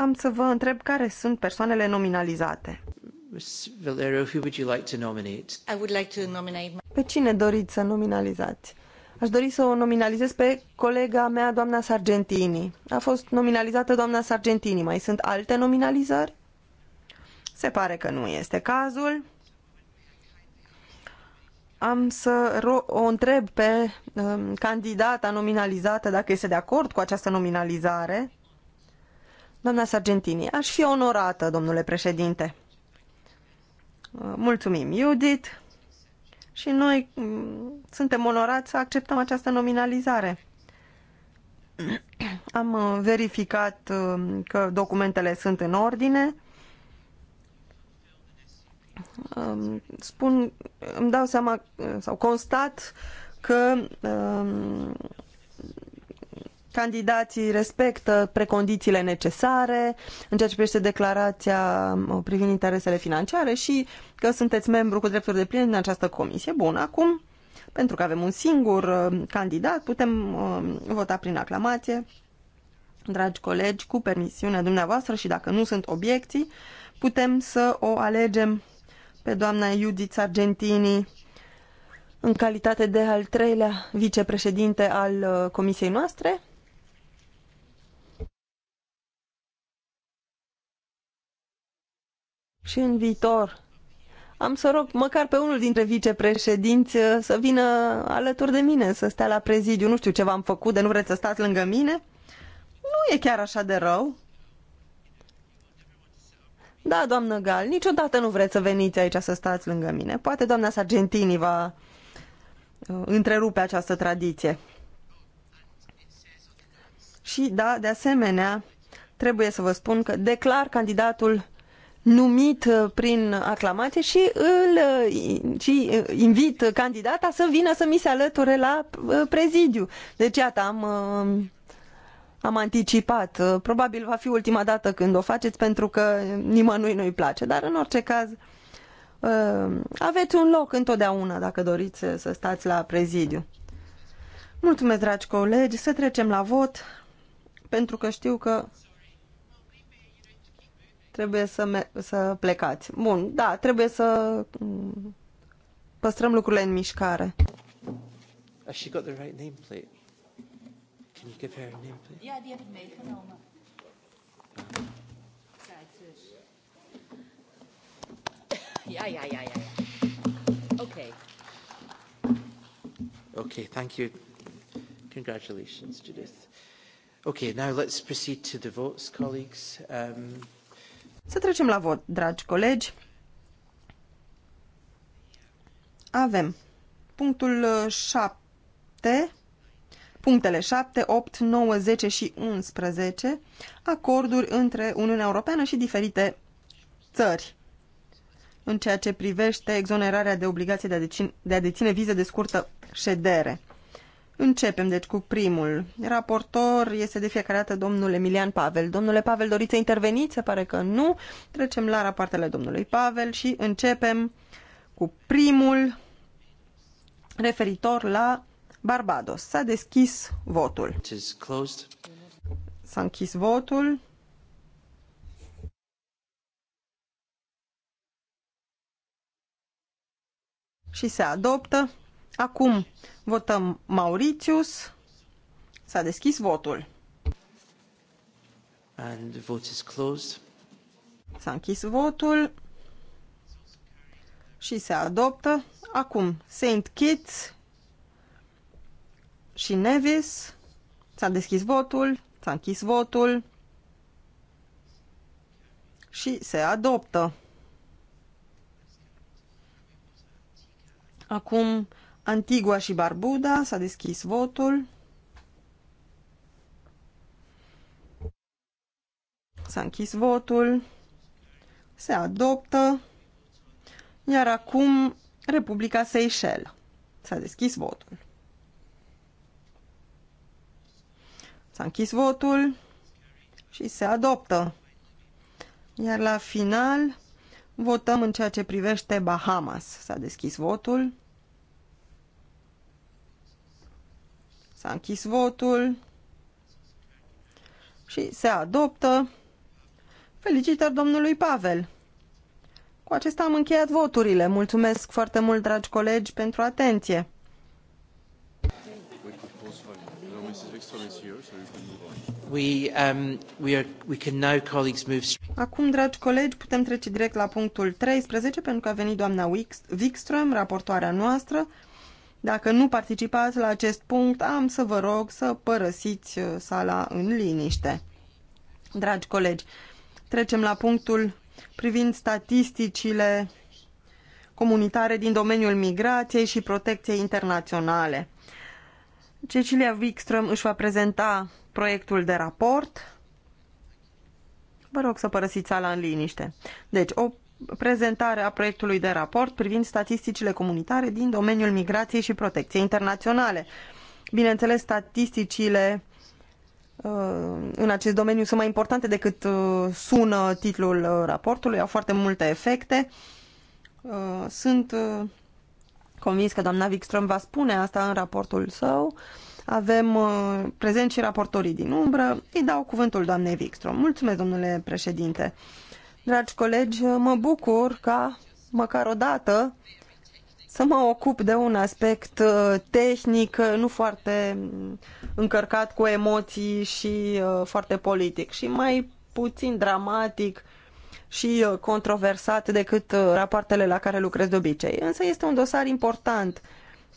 am să vă întreb care sunt persoanele nominalizate. Ms. Pe cine doriți să nominalizați? Aș dori să o nominalizez pe colega mea, doamna Sargentini. A fost nominalizată doamna Sargentini. Mai sunt alte nominalizări? Se pare că nu este cazul. Am să o întreb pe um, candidata nominalizată dacă este de acord cu această nominalizare. Doamna Sargentini, aș fi onorată, domnule președinte. Mulțumim, Judith. Și noi mm, suntem onorați să acceptăm această nominalizare. Am uh, verificat uh, că documentele sunt în ordine. Um, spun, îmi dau seama uh, sau constat că um, candidații respectă precondițiile necesare în ceea ce privește declarația privind interesele financiare și că sunteți membru cu drepturi de plin în această comisie. Bun, acum, pentru că avem un singur uh, candidat, putem uh, vota prin aclamație. Dragi colegi, cu permisiunea dumneavoastră și dacă nu sunt obiecții, putem să o alegem pe doamna Judith Argentini în calitate de al treilea vicepreședinte al uh, comisiei noastre și în viitor. Am să rog măcar pe unul dintre vicepreședinți uh, să vină alături de mine, să stea la prezidiu. Nu știu ce v-am făcut, de nu vreți să stați lângă mine? Nu e chiar așa de rău. Da, doamnă Gal, niciodată nu vreți să veniți aici să stați lângă mine. Poate doamna Sargentini va uh, întrerupe această tradiție. Și da, de asemenea, trebuie să vă spun că declar candidatul numit uh, prin aclamație și îl uh, și uh, invit candidata să vină să mi se alăture la prezidiu. Deci iată, am, am anticipat. Probabil va fi ultima dată când o faceți pentru că nimănui nu-i place, dar în orice caz aveți un loc întotdeauna dacă doriți să stați la prezidiu. Mulțumesc, dragi colegi, să trecem la vot pentru că știu că Trebuie să, să plecați. Bun, da, trebuie să mm, păstrăm lucrurile în mișcare. Has she got the right nameplate? Can you give her a nameplate? Ja, die heb ik meegenomen. Kijk dus. Ja, ja, ja, ja. Okay. Okay, thank you. Congratulations, Judith. Okay, now let's proceed to the votes, colleagues. Um, să trecem la vot, dragi colegi. Avem punctul 7, uh, punctele 7, 8, 9, 10 și 11, acorduri între Uniunea Europeană și diferite țări în ceea ce privește exonerarea de obligație de a, deține, de a deține vize de scurtă ședere. Începem, deci, cu primul. Raportor este de fiecare dată domnul Emilian Pavel. Domnule Pavel, doriți să interveniți? Se pare că nu. Trecem la rapoartele domnului Pavel și începem cu primul referitor la Barbados. S-a deschis votul. S-a închis votul. Și se adoptă Acum votăm Mauritius. S-a deschis votul. And the vote is closed. S-a închis votul și se adoptă. Acum St. Kitts și Nevis. S-a deschis votul, s-a închis votul și se adoptă. Acum Antigua și Barbuda, s-a deschis votul. S-a închis votul. Se adoptă. Iar acum Republica Seychelles. S-a deschis votul. S-a închis votul și se adoptă. Iar la final votăm în ceea ce privește Bahamas. S-a deschis votul. S-a închis votul și se adoptă. Felicitări domnului Pavel! Cu acesta am încheiat voturile. Mulțumesc foarte mult, dragi colegi, pentru atenție. Um, Acum, dragi colegi, putem trece direct la punctul 13, pentru că a venit doamna Wikström, raportoarea noastră, dacă nu participați la acest punct, am să vă rog să părăsiți uh, sala în liniște. Dragi colegi, trecem la punctul privind statisticile comunitare din domeniul migrației și protecției internaționale. Cecilia Wikström își va prezenta proiectul de raport. Vă rog să părăsiți sala în liniște. Deci, o prezentare a proiectului de raport privind statisticile comunitare din domeniul migrației și protecției internaționale. Bineînțeles, statisticile uh, în acest domeniu sunt mai importante decât uh, sună titlul uh, raportului, au foarte multe efecte. Sunt convins că doamna Wikström va spune asta în raportul său. Avem prezent și raportorii din umbră. Îi dau cuvântul doamnei Wikström. Mulțumesc, domnule președinte. Dragi colegi, mă bucur ca măcar o dată să mă ocup de un aspect uh, tehnic, uh, nu foarte încărcat cu emoții și uh, foarte politic și mai puțin dramatic și controversat decât rapoartele la care lucrez de obicei. Însă este un dosar important,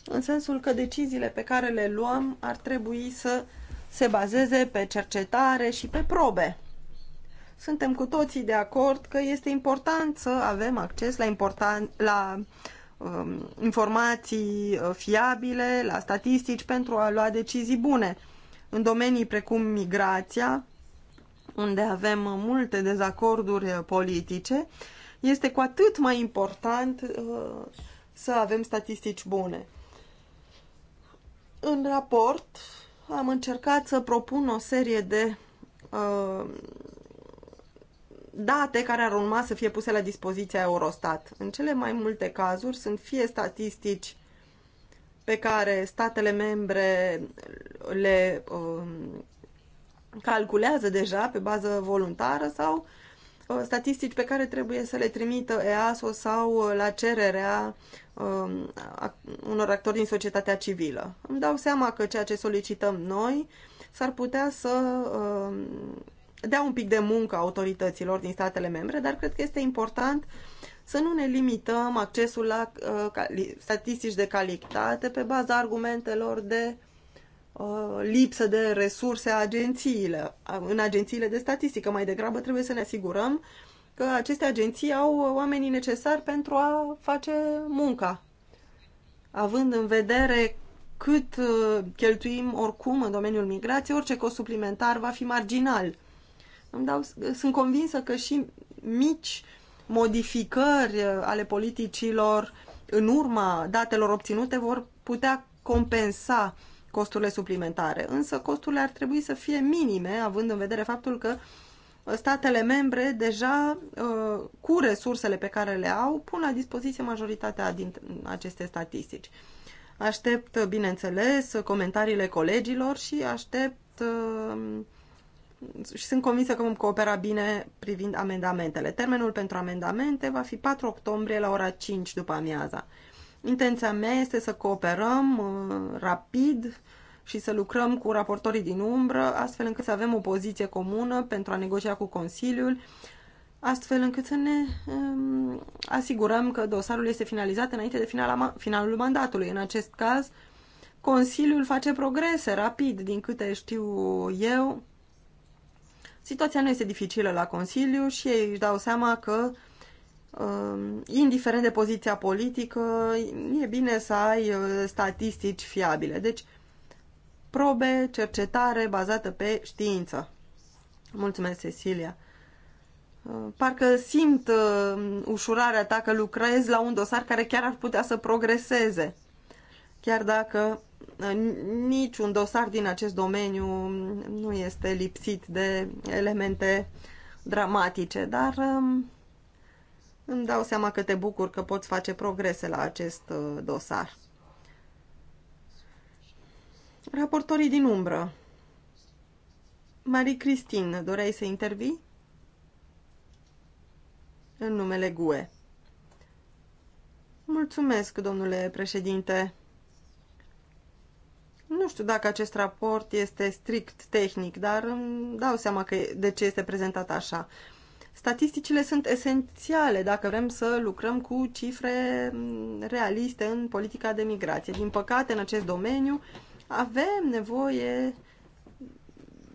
în sensul că deciziile pe care le luăm ar trebui să se bazeze pe cercetare și pe probe. Suntem cu toții de acord că este important să avem acces la, important, la um, informații uh, fiabile, la statistici pentru a lua decizii bune. În domenii precum migrația, unde avem multe dezacorduri politice, este cu atât mai important uh, să avem statistici bune. În raport am încercat să propun o serie de uh, date care ar urma să fie puse la dispoziția Eurostat. În cele mai multe cazuri sunt fie statistici pe care statele membre le um, calculează deja pe bază voluntară sau uh, statistici pe care trebuie să le trimită EASO sau uh, la cererea um, a, unor actori din societatea civilă. Îmi dau seama că ceea ce solicităm noi s-ar putea să um, dea un pic de muncă autorităților din statele membre, dar cred că este important să nu ne limităm accesul la uh, statistici de calitate pe baza argumentelor de uh, lipsă de resurse a agențiile, în agențiile de statistică. Mai degrabă trebuie să ne asigurăm că aceste agenții au oamenii necesari pentru a face munca. Având în vedere cât uh, cheltuim oricum în domeniul migrației, orice cost suplimentar va fi marginal. Îmi dau, sunt convinsă că și mici modificări uh, ale politicilor în urma datelor obținute vor putea compensa costurile suplimentare. Însă costurile ar trebui să fie minime, având în vedere faptul că uh, statele membre deja uh, cu resursele pe care le au pun la dispoziție majoritatea din aceste statistici. Aștept, bineînțeles, comentariile colegilor și aștept și sunt convinsă că vom coopera bine privind amendamentele. Termenul pentru amendamente va fi 4 octombrie la ora 5 după amiaza. Intenția mea este să cooperăm uh, rapid și să lucrăm cu raportorii din umbră, astfel încât să avem o poziție comună pentru a negocia cu Consiliul, astfel încât să ne um, asigurăm că dosarul este finalizat înainte de finala, finalul mandatului. În acest caz, Consiliul face progrese rapid, din câte știu eu, Situația nu este dificilă la Consiliu și ei își dau seama că, um, indiferent de poziția politică, e bine să ai uh, statistici fiabile. Deci, probe, cercetare bazată pe știință. Mulțumesc, Cecilia. Uh, parcă simt uh, ușurarea ta că lucrezi la un dosar care chiar ar putea să progreseze chiar dacă uh, niciun dosar din acest domeniu nu este lipsit de elemente dramatice, dar um, îmi dau seama că te bucur că poți face progrese la acest uh, dosar. Raportorii din umbră. Marie Cristine, doreai să intervii? În numele GUE. Mulțumesc, domnule președinte. Nu știu dacă acest raport este strict tehnic, dar îmi dau seama că de ce este prezentat așa. Statisticile sunt esențiale dacă vrem să lucrăm cu cifre mm, realiste în politica de migrație. Din păcate, în acest domeniu avem nevoie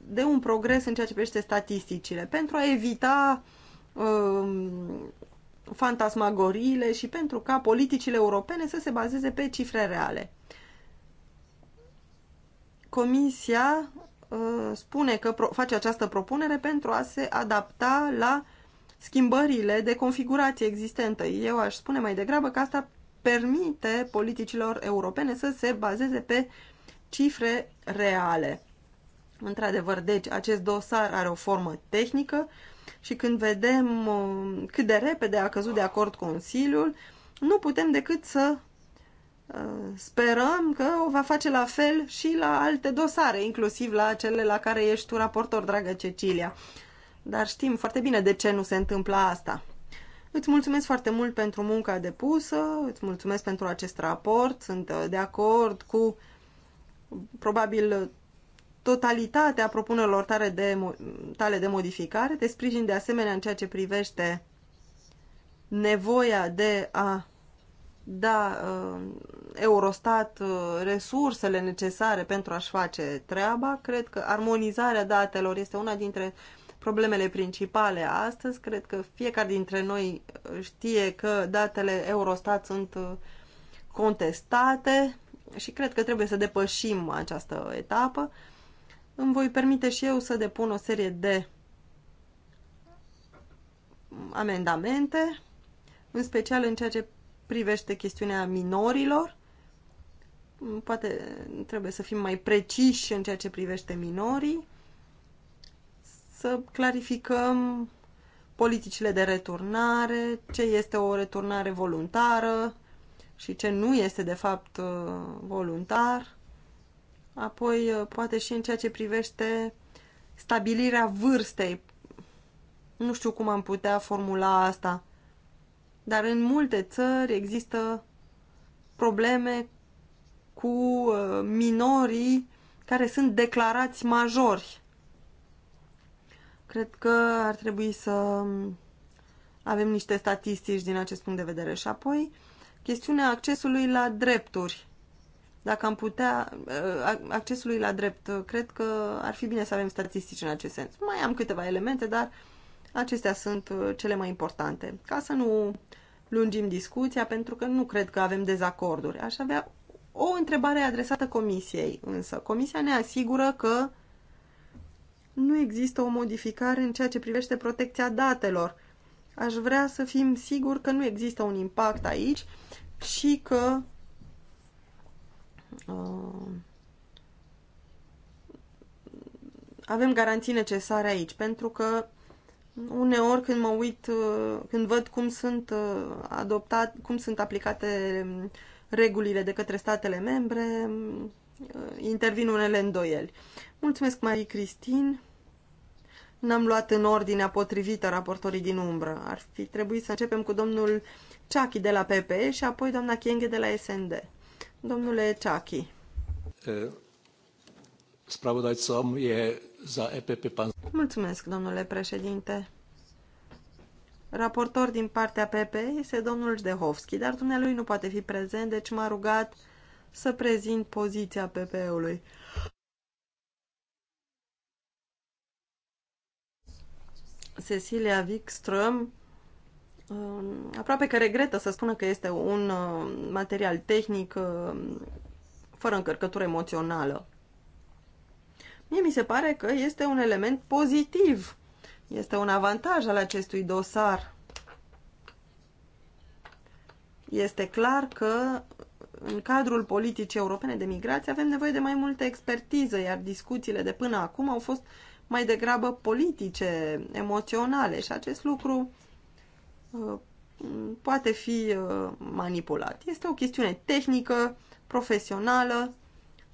de un progres în ceea ce privește statisticile pentru a evita um, fantasmagoriile și pentru ca politicile europene să se bazeze pe cifre reale. Comisia uh, spune că face această propunere pentru a se adapta la schimbările de configurație existentă. Eu aș spune mai degrabă că asta permite politicilor europene să se bazeze pe cifre reale. Într-adevăr, deci acest dosar are o formă tehnică și când vedem uh, cât de repede a căzut de acord Consiliul, nu putem decât să Sperăm că o va face la fel și la alte dosare, inclusiv la cele la care ești tu raportor, dragă Cecilia. Dar știm foarte bine de ce nu se întâmplă asta. Îți mulțumesc foarte mult pentru munca depusă, îți mulțumesc pentru acest raport, sunt uh, de acord cu probabil totalitatea propunerilor tale de, tale de modificare, te sprijin de asemenea în ceea ce privește nevoia de a da uh, Eurostat uh, resursele necesare pentru a-și face treaba. Cred că armonizarea datelor este una dintre problemele principale astăzi. Cred că fiecare dintre noi știe că datele Eurostat sunt uh, contestate și cred că trebuie să depășim această etapă. Îmi voi permite și eu să depun o serie de amendamente, în special în ceea ce privește chestiunea minorilor, poate trebuie să fim mai preciși în ceea ce privește minorii, să clarificăm politicile de returnare, ce este o returnare voluntară și ce nu este de fapt uh, voluntar. Apoi, uh, poate și în ceea ce privește stabilirea vârstei. Nu știu cum am putea formula asta dar în multe țări există probleme cu uh, minorii care sunt declarați majori. Cred că ar trebui să um, avem niște statistici din acest punct de vedere. Și apoi, chestiunea accesului la drepturi. Dacă am putea, uh, accesului la drept, cred că ar fi bine să avem statistici în acest sens. Mai am câteva elemente, dar uh, Acestea sunt uh, cele mai importante. Ca să nu lungim discuția, pentru că nu cred că avem dezacorduri. Aș avea o întrebare adresată comisiei, însă. Comisia ne asigură că nu există o modificare în ceea ce privește protecția datelor. Aș vrea să fim siguri că nu există un impact aici și că uh, avem garanții necesare aici, pentru că uneori când mă uit, uh, când văd cum sunt uh, adoptate, cum sunt aplicate um, regulile de către statele membre, um, uh, intervin unele îndoieli. Mulțumesc, Marie Cristin. N-am luat în ordinea potrivită raportorii din umbră. Ar fi trebuit să începem cu domnul Chaki de la PPE și apoi doamna Chienghe de la SND. Domnule Chaki spravodajcom je za EPP pan... Mulțumesc, domnule președinte. Raportor din partea PP este domnul Jdehovski, dar dumnealui nu poate fi prezent, deci m-a rugat să prezint poziția PP-ului. Cecilia Wikström um, aproape că regretă să spună că este un uh, material tehnic uh, fără încărcătură emoțională. Mie mi se pare că este un element pozitiv. Este un avantaj al acestui dosar. Este clar că în cadrul politicii europene de migrație avem nevoie de mai multă expertiză, iar discuțiile de până acum au fost mai degrabă politice, emoționale și acest lucru uh, poate fi uh, manipulat. Este o chestiune tehnică, profesională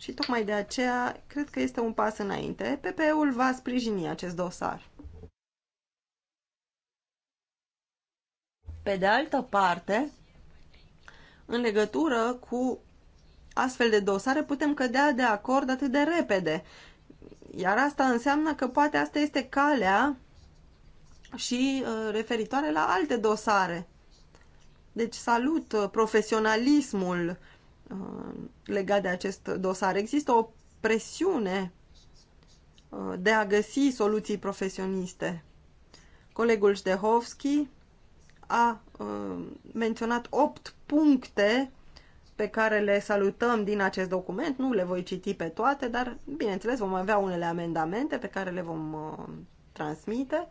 și tocmai de aceea cred că este un pas înainte. PPE-ul va sprijini acest dosar. Pe de altă parte, în legătură cu astfel de dosare, putem cădea de acord atât de repede. Iar asta înseamnă că poate asta este calea și uh, referitoare la alte dosare. Deci salut uh, profesionalismul Uh, legat de acest dosar. Există o presiune uh, de a găsi soluții profesioniste. Colegul Ștehovski a uh, menționat opt puncte pe care le salutăm din acest document. Nu le voi citi pe toate, dar, bineînțeles, vom avea unele amendamente pe care le vom transmite.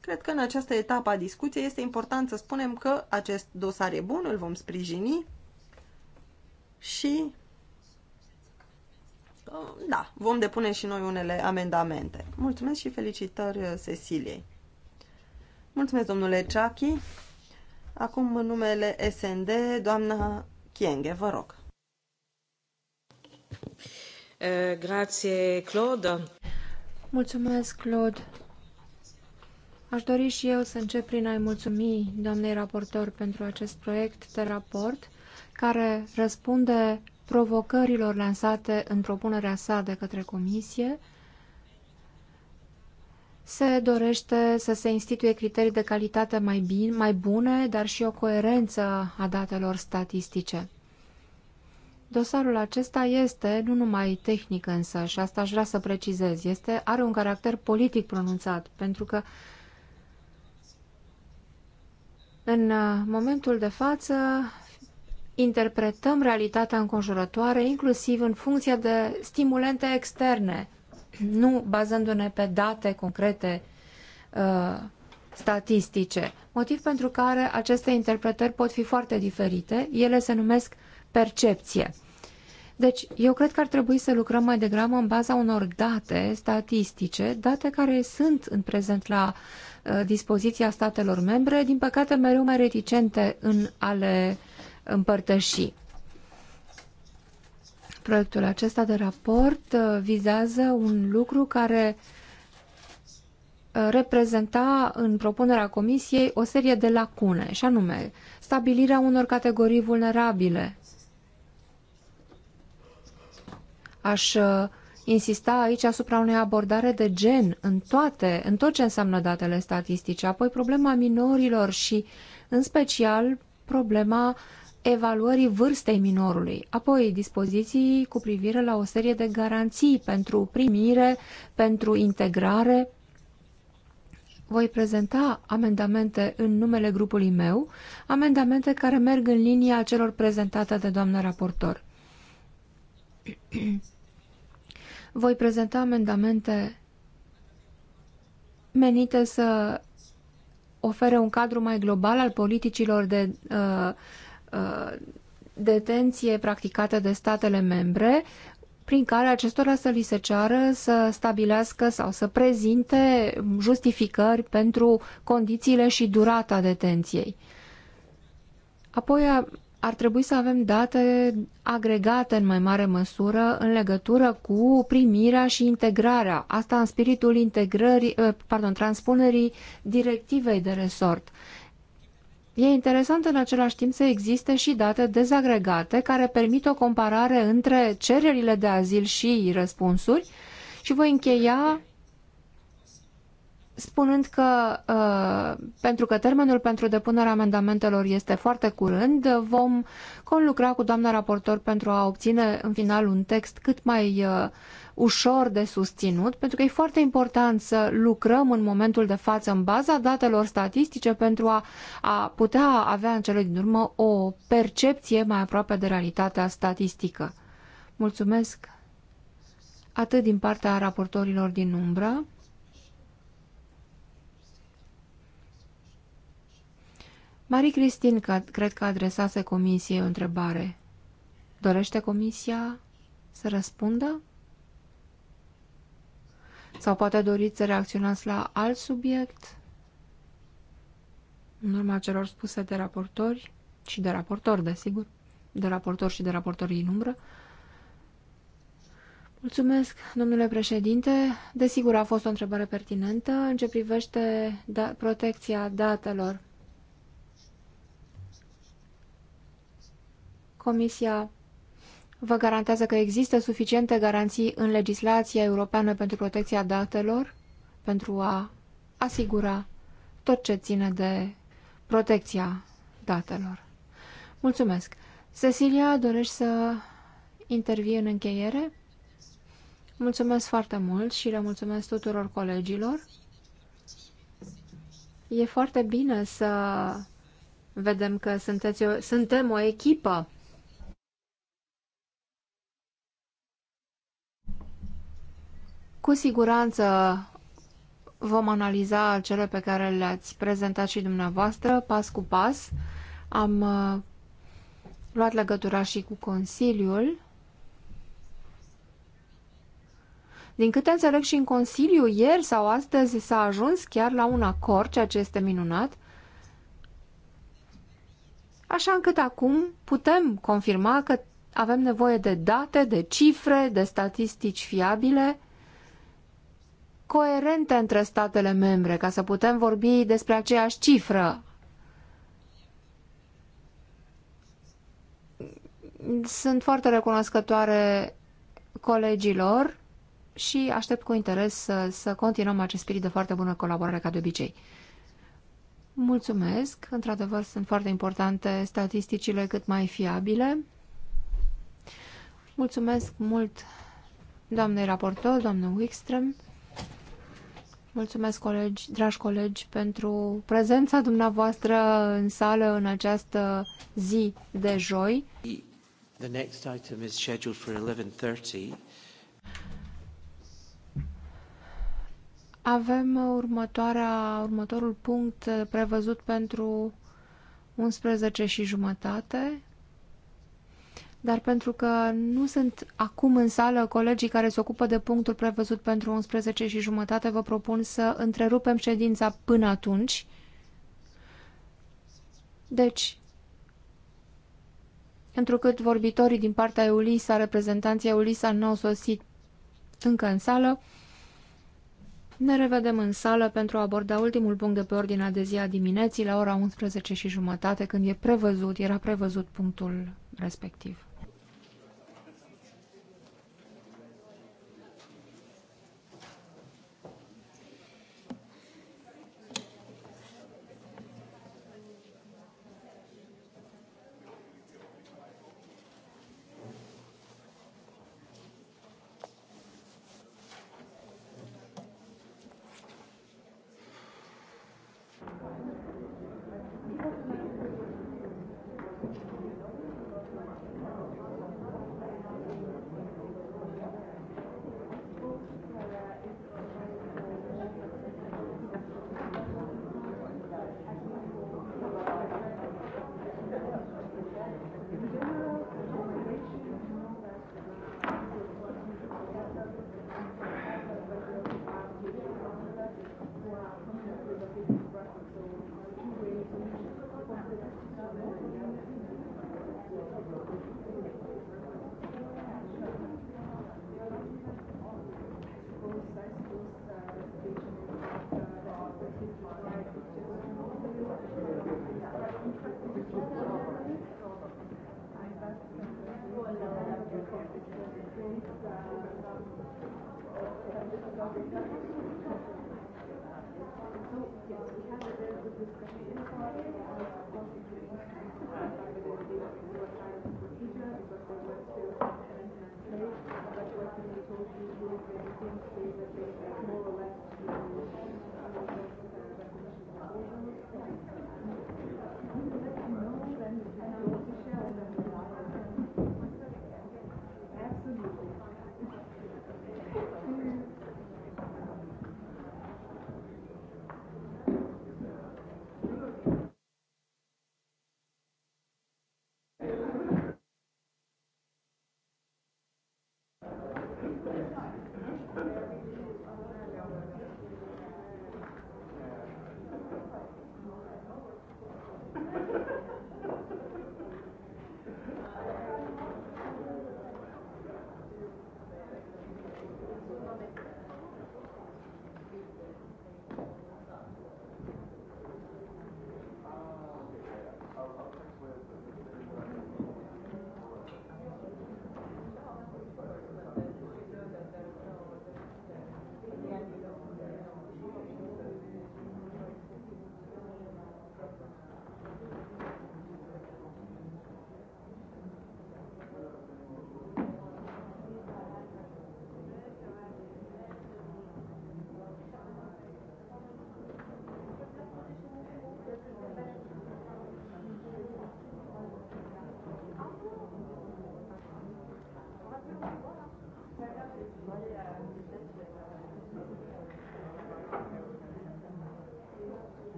Cred că în această etapă a discuției este important să spunem că acest dosar e bun, îl vom sprijini și um, da, vom depune și noi unele amendamente. Mulțumesc și felicitări uh, Ceciliei. Mulțumesc, domnule Ceachi. Acum, în numele SND, doamna Chienghe, vă rog. Uh, grație, Claude. Mulțumesc, Claude. Aș dori și eu să încep prin a-i mulțumi doamnei raportor pentru acest proiect de raport care răspunde provocărilor lansate în propunerea sa de către Comisie, se dorește să se instituie criterii de calitate mai, bine, mai bune, dar și o coerență a datelor statistice. Dosarul acesta este nu numai tehnic însă, și asta aș vrea să precizez, este, are un caracter politic pronunțat, pentru că în uh, momentul de față interpretăm realitatea înconjurătoare inclusiv în funcție de stimulente externe, nu bazându-ne pe date concrete uh, statistice, motiv pentru care aceste interpretări pot fi foarte diferite, ele se numesc percepție. Deci, eu cred că ar trebui să lucrăm mai degrabă în baza unor date statistice, date care sunt în prezent la uh, dispoziția statelor membre, din păcate mereu mai reticente în ale uh, împărtăși. Proiectul acesta de raport uh, vizează un lucru care uh, reprezenta în propunerea comisiei o serie de lacune, și anume stabilirea unor categorii vulnerabile. Aș uh, insista aici asupra unei abordare de gen în toate, în tot ce înseamnă datele statistice, apoi problema minorilor și, în special, problema uh, evaluării vârstei minorului, apoi dispoziții cu privire la o serie de garanții pentru primire, pentru integrare. Voi prezenta amendamente în numele grupului meu, amendamente care merg în linia celor prezentate de doamna raportor. Voi prezenta amendamente menite să ofere un cadru mai global al politicilor de uh, Uh, detenție practicată de statele membre, prin care acestora să li se ceară să stabilească sau să prezinte justificări pentru condițiile și durata detenției. Apoi ar trebui să avem date agregate în mai mare măsură în legătură cu primirea și integrarea. Asta în spiritul integrării, uh, pardon, transpunerii directivei de resort. E interesant în același timp să existe și date dezagregate care permit o comparare între cererile de azil și răspunsuri și voi încheia spunând că, uh, pentru că termenul pentru depunerea amendamentelor este foarte curând, vom conlucra cu doamna raportor pentru a obține în final un text cât mai uh, ușor de susținut, pentru că e foarte important să lucrăm în momentul de față în baza datelor statistice pentru a, a putea avea în cele din urmă o percepție mai aproape de realitatea statistică. Mulțumesc atât din partea raportorilor din umbră, Marie Cristin cred că adresase comisiei o întrebare. Dorește comisia să răspundă? Sau poate doriți să reacționați la alt subiect? În urma celor spuse de raportori și de raportor, desigur, de raportor și de raportori în umbră. Mulțumesc, domnule președinte. Desigur, a fost o întrebare pertinentă în ce privește da protecția datelor. Comisia vă garantează că există suficiente garanții în legislația europeană pentru protecția datelor, pentru a asigura tot ce ține de protecția datelor. Mulțumesc! Cecilia, dorești să intervii în încheiere? Mulțumesc foarte mult și le mulțumesc tuturor colegilor. E foarte bine să vedem că sunteți o, suntem o echipă Cu siguranță vom analiza cele pe care le-ați prezentat și dumneavoastră, pas cu pas. Am uh, luat legătura și cu Consiliul. Din câte înțeleg și în Consiliu, ieri sau astăzi s-a ajuns chiar la un acord, ceea ce este minunat, așa încât acum putem confirma că avem nevoie de date, de cifre, de statistici fiabile, coerente între statele membre, ca să putem vorbi despre aceeași cifră. Sunt foarte recunoscătoare colegilor și aștept cu interes să, să continuăm acest spirit de foarte bună colaborare ca de obicei. Mulțumesc! Într-adevăr, sunt foarte importante statisticile cât mai fiabile. Mulțumesc mult doamnei raportor, doamnă Wickström. Mulțumesc, colegi, dragi colegi, pentru prezența dumneavoastră în sală în această zi de joi. The next item is scheduled for 11:30. Avem următoarea, următorul punct prevăzut pentru 11 și jumătate dar pentru că nu sunt acum în sală colegii care se ocupă de punctul prevăzut pentru 11 și jumătate, vă propun să întrerupem ședința până atunci. Deci, întrucât vorbitorii din partea Eulisa, reprezentanții Eulisa, nu au sosit încă în sală, ne revedem în sală pentru a aborda ultimul punct de pe ordinea de zi a dimineții la ora 11 și jumătate, când e prevăzut, era prevăzut punctul respectiv.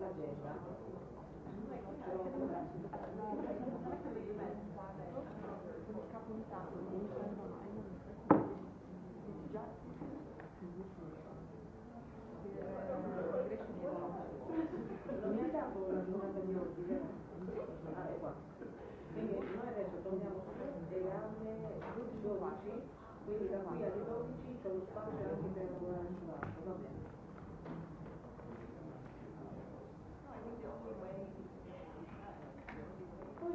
Thank you.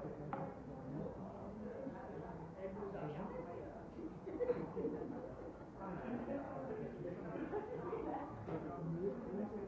Thank you.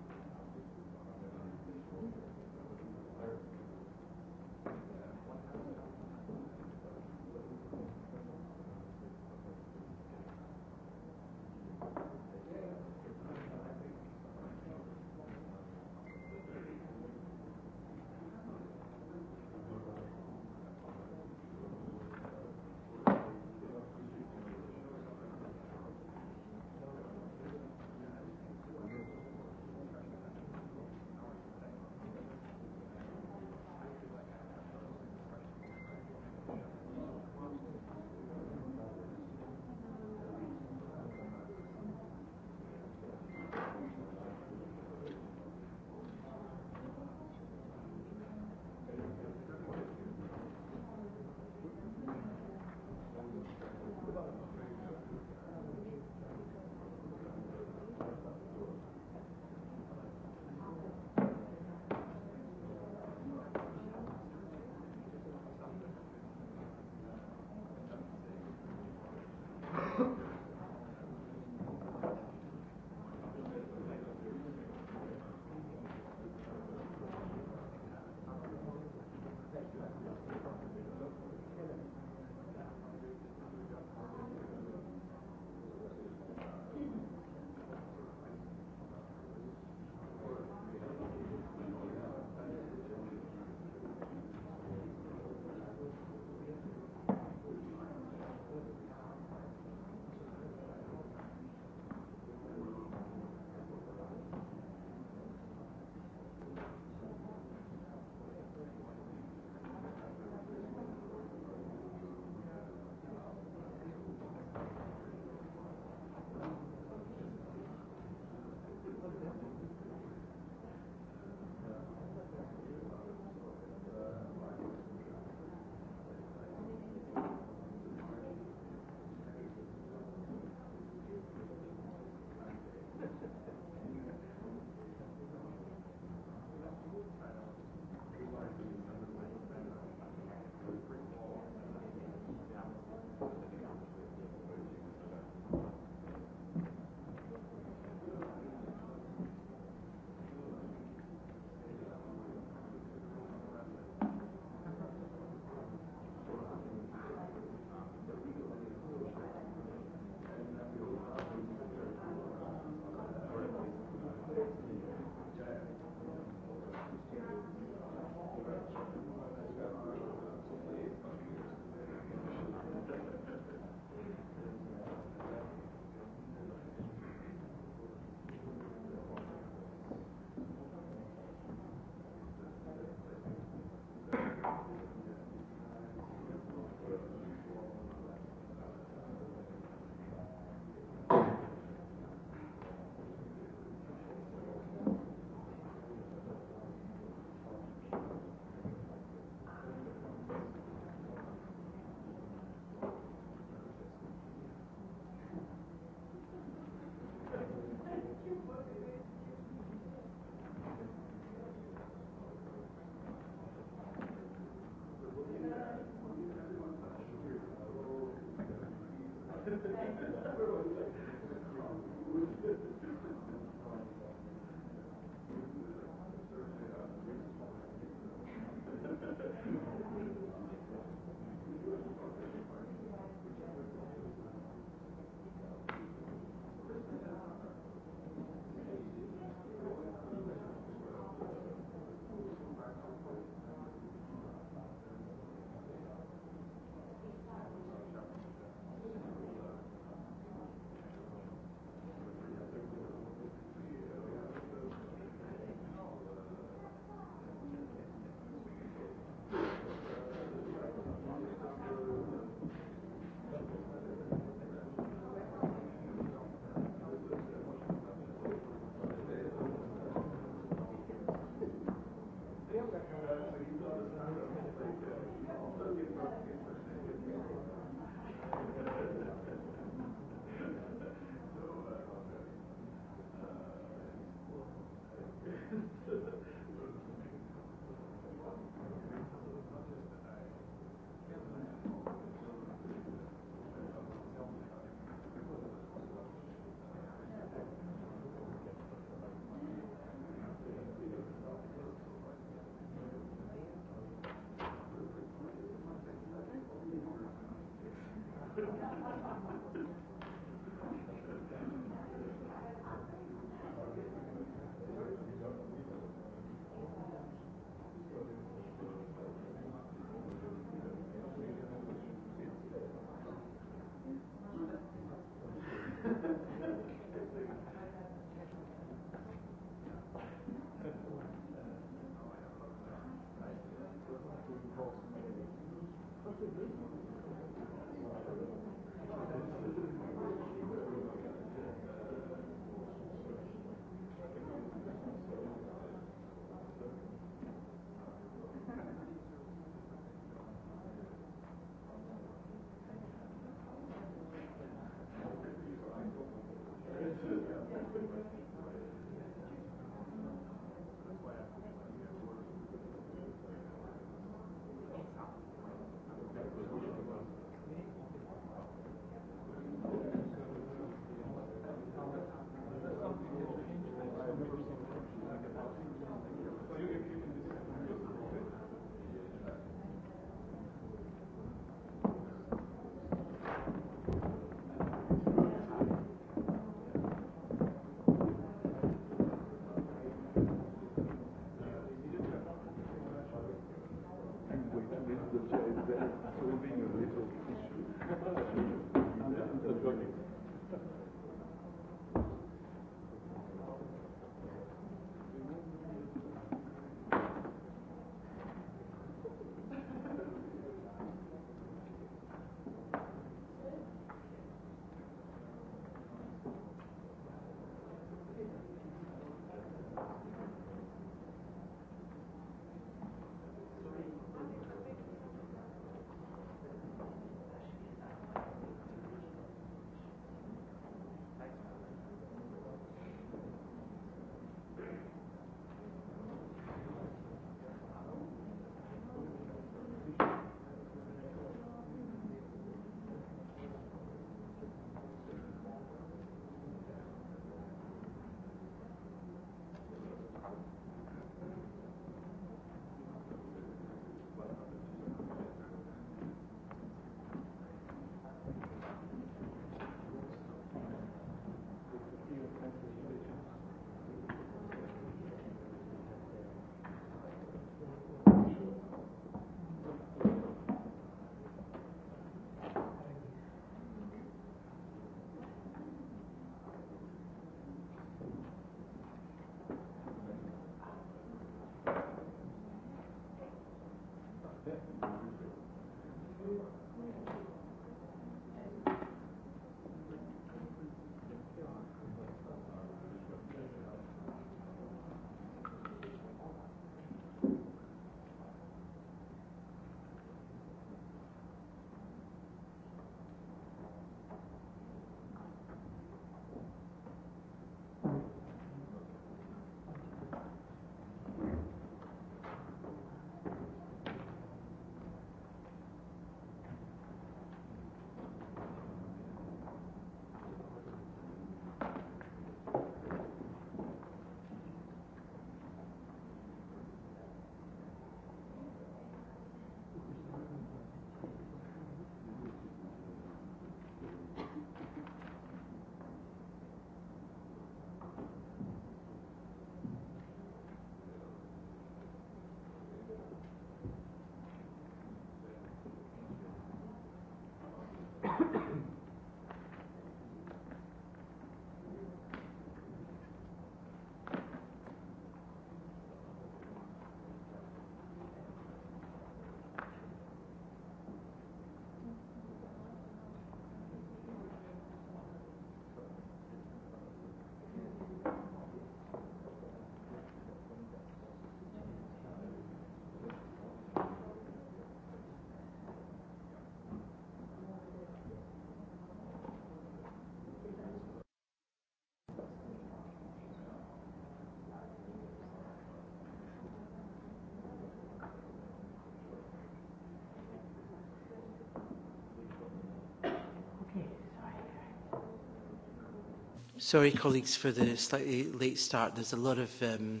Sorry, colleagues, for the slightly late start. There's a lot of um,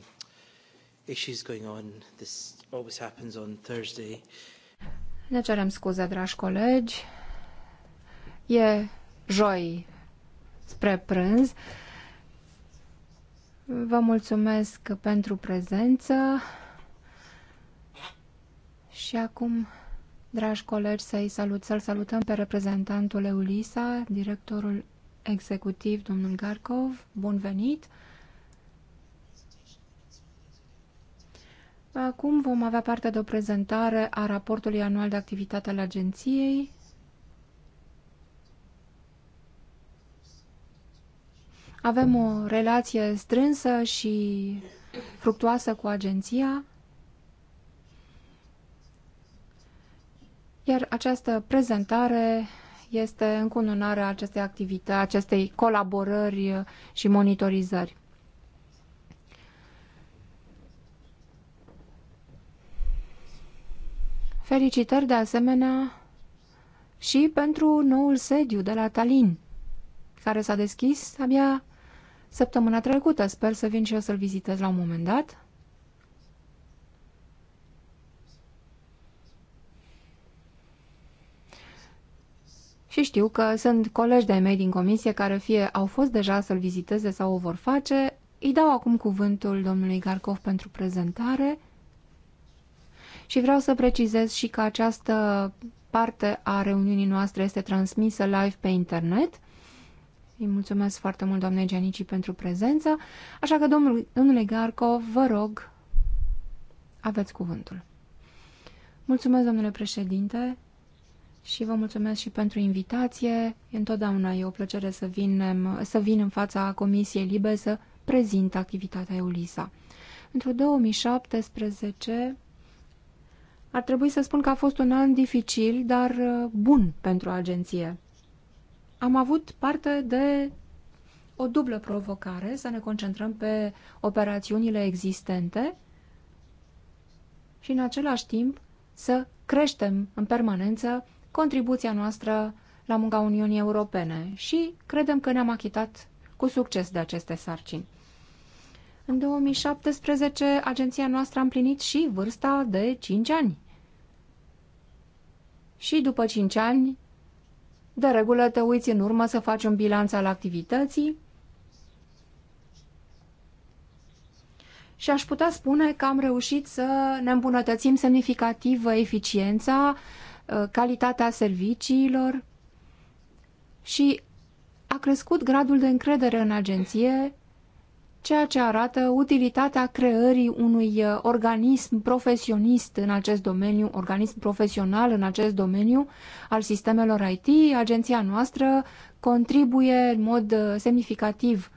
issues going on. This always happens on Thursday. Ne cerem scuze, dragi colegi. E joi spre prânz. Vă mulțumesc pentru prezență. Și acum, dragi colegi, să-i salut, să-l salutăm pe reprezentantul Eulisa, directorul executiv, domnul Garkov. Bun venit! Acum vom avea parte de o prezentare a raportului anual de activitate al agenției. Avem o relație strânsă și fructuoasă cu agenția, iar această prezentare este încununarea acestei activități, acestei colaborări și monitorizări. Felicitări de asemenea și pentru noul sediu de la Tallinn, care s-a deschis abia săptămâna trecută. Sper să vin și eu să-l vizitez la un moment dat. și știu că sunt colegi de-ai mei din comisie care fie au fost deja să-l viziteze sau o vor face. Îi dau acum cuvântul domnului Garcov pentru prezentare și vreau să precizez și că această parte a reuniunii noastre este transmisă live pe internet. Îi mulțumesc foarte mult doamne Gianici pentru prezență, așa că domnul, domnule Garcov, vă rog, aveți cuvântul. Mulțumesc, domnule președinte, și vă mulțumesc și pentru invitație. Întotdeauna e o plăcere să vin, să vin în fața Comisiei Libe să prezint activitatea EULISA. Într-o 2017 ar trebui să spun că a fost un an dificil, dar uh, bun pentru agenție. Am avut parte de o dublă provocare, să ne concentrăm pe operațiunile existente și în același timp să creștem în permanență contribuția noastră la munca Uniunii Europene și credem că ne-am achitat cu succes de aceste sarcini. În 2017, agenția noastră a împlinit și vârsta de 5 ani. Și după 5 ani, de regulă te uiți în urmă să faci un bilanț al activității și aș putea spune că am reușit să ne îmbunătățim semnificativ eficiența, Uh, calitatea serviciilor și a crescut gradul de încredere în agenție, ceea ce arată utilitatea creării unui uh, organism profesionist în acest domeniu, organism profesional în acest domeniu al sistemelor IT. Agenția noastră contribuie în mod uh, semnificativ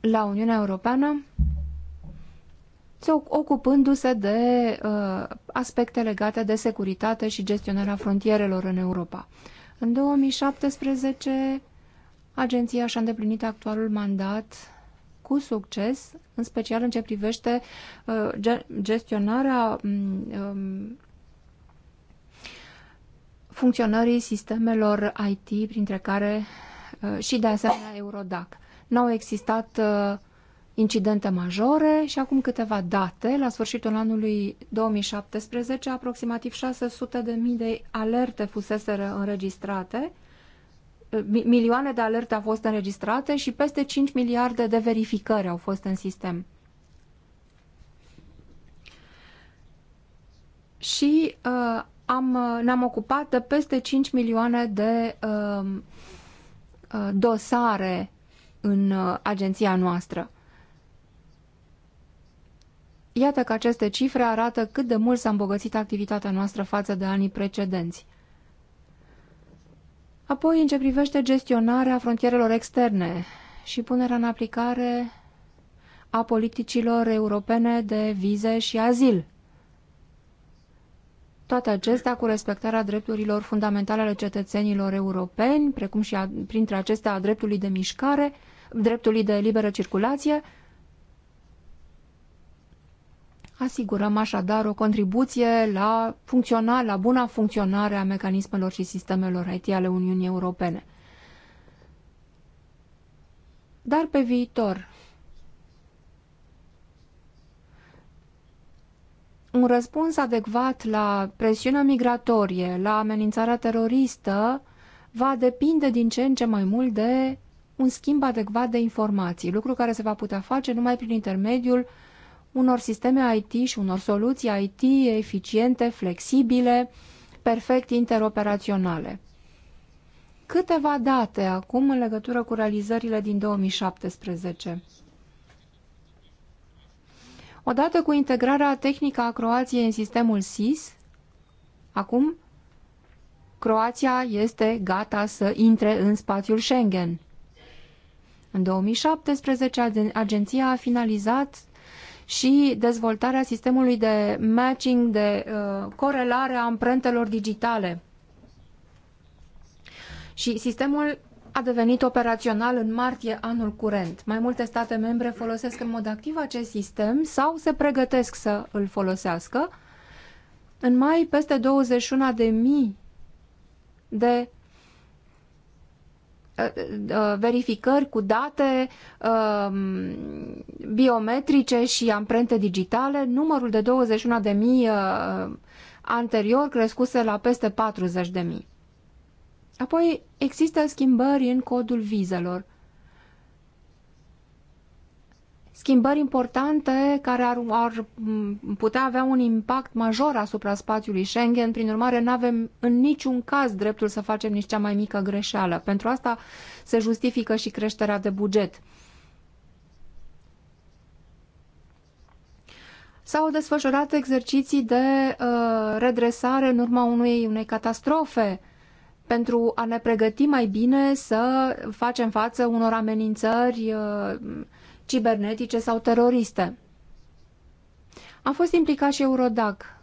la Uniunea Europeană ocupându-se de uh, aspecte legate de securitate și gestionarea frontierelor în Europa. În 2017, agenția și-a îndeplinit actualul mandat cu succes, în special în ce privește uh, ge gestionarea mm, um, funcționării sistemelor IT, printre care uh, și de asemenea Eurodac. N-au existat uh, incidente majore și acum câteva date. La sfârșitul anului 2017, aproximativ 600 de mii de alerte fuseseră înregistrate, eh, milioane de alerte au fost înregistrate și peste 5 miliarde de verificări au fost în sistem. Și uh, am, ne-am ocupat de peste 5 milioane de uh, dosare în agenția noastră. Iată că aceste cifre arată cât de mult s-a îmbogățit activitatea noastră față de anii precedenți. Apoi, în ce privește gestionarea frontierelor externe și punerea în aplicare a politicilor europene de vize și azil. Toate acestea cu respectarea drepturilor fundamentale ale cetățenilor europeni, precum și a, printre acestea a dreptului de mișcare, dreptului de liberă circulație, Asigurăm așadar o contribuție la, funcțional, la buna funcționare a mecanismelor și sistemelor IT ale Uniunii Europene. Dar pe viitor, un răspuns adecvat la presiunea migratorie, la amenințarea teroristă, va depinde din ce în ce mai mult de un schimb adecvat de informații, lucru care se va putea face numai prin intermediul uh, unor sisteme IT și unor soluții IT eficiente, flexibile, perfect interoperaționale. Câteva date acum în legătură cu realizările din 2017. Odată cu integrarea tehnică a Croației în sistemul SIS, acum Croația este gata să intre în spațiul Schengen. În 2017, agenția a finalizat și dezvoltarea sistemului de matching, de uh, corelare a amprentelor digitale. Și sistemul a devenit operațional în martie anul curent. Mai multe state membre folosesc în mod activ acest sistem sau se pregătesc să îl folosească. În mai, peste 21.000 de de Uh, uh, verificări cu date um, biometrice și amprente digitale, numărul de 21.000 uh, anterior crescuse la peste 40.000. Apoi există schimbări în codul vizelor. schimbări importante care ar, ar putea avea un impact major asupra spațiului Schengen. Prin urmare, nu avem în niciun caz dreptul să facem nici cea mai mică greșeală. Pentru asta se justifică și creșterea de buget. S-au desfășurat exerciții de uh, redresare în urma unei, unei catastrofe pentru a ne pregăti mai bine să facem față unor amenințări uh, cibernetice sau teroriste. A fost implicat și Eurodac.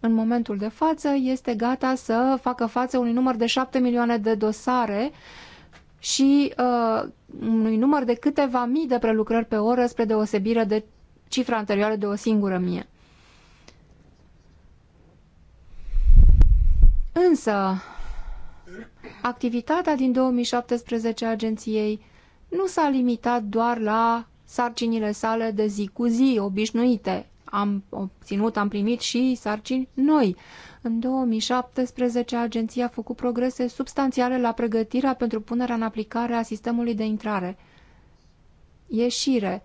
În momentul de față este gata să facă față unui număr de 7 milioane de dosare și uh, unui număr de câteva mii de prelucrări pe oră spre deosebire de cifra anterioară de o singură mie. Însă, activitatea din 2017 a agenției nu s-a limitat doar la sarcinile sale de zi cu zi, obișnuite. Am obținut, am primit și sarcini noi. În 2017, agenția a făcut progrese substanțiale la pregătirea pentru punerea în aplicare a sistemului de intrare. Ieșire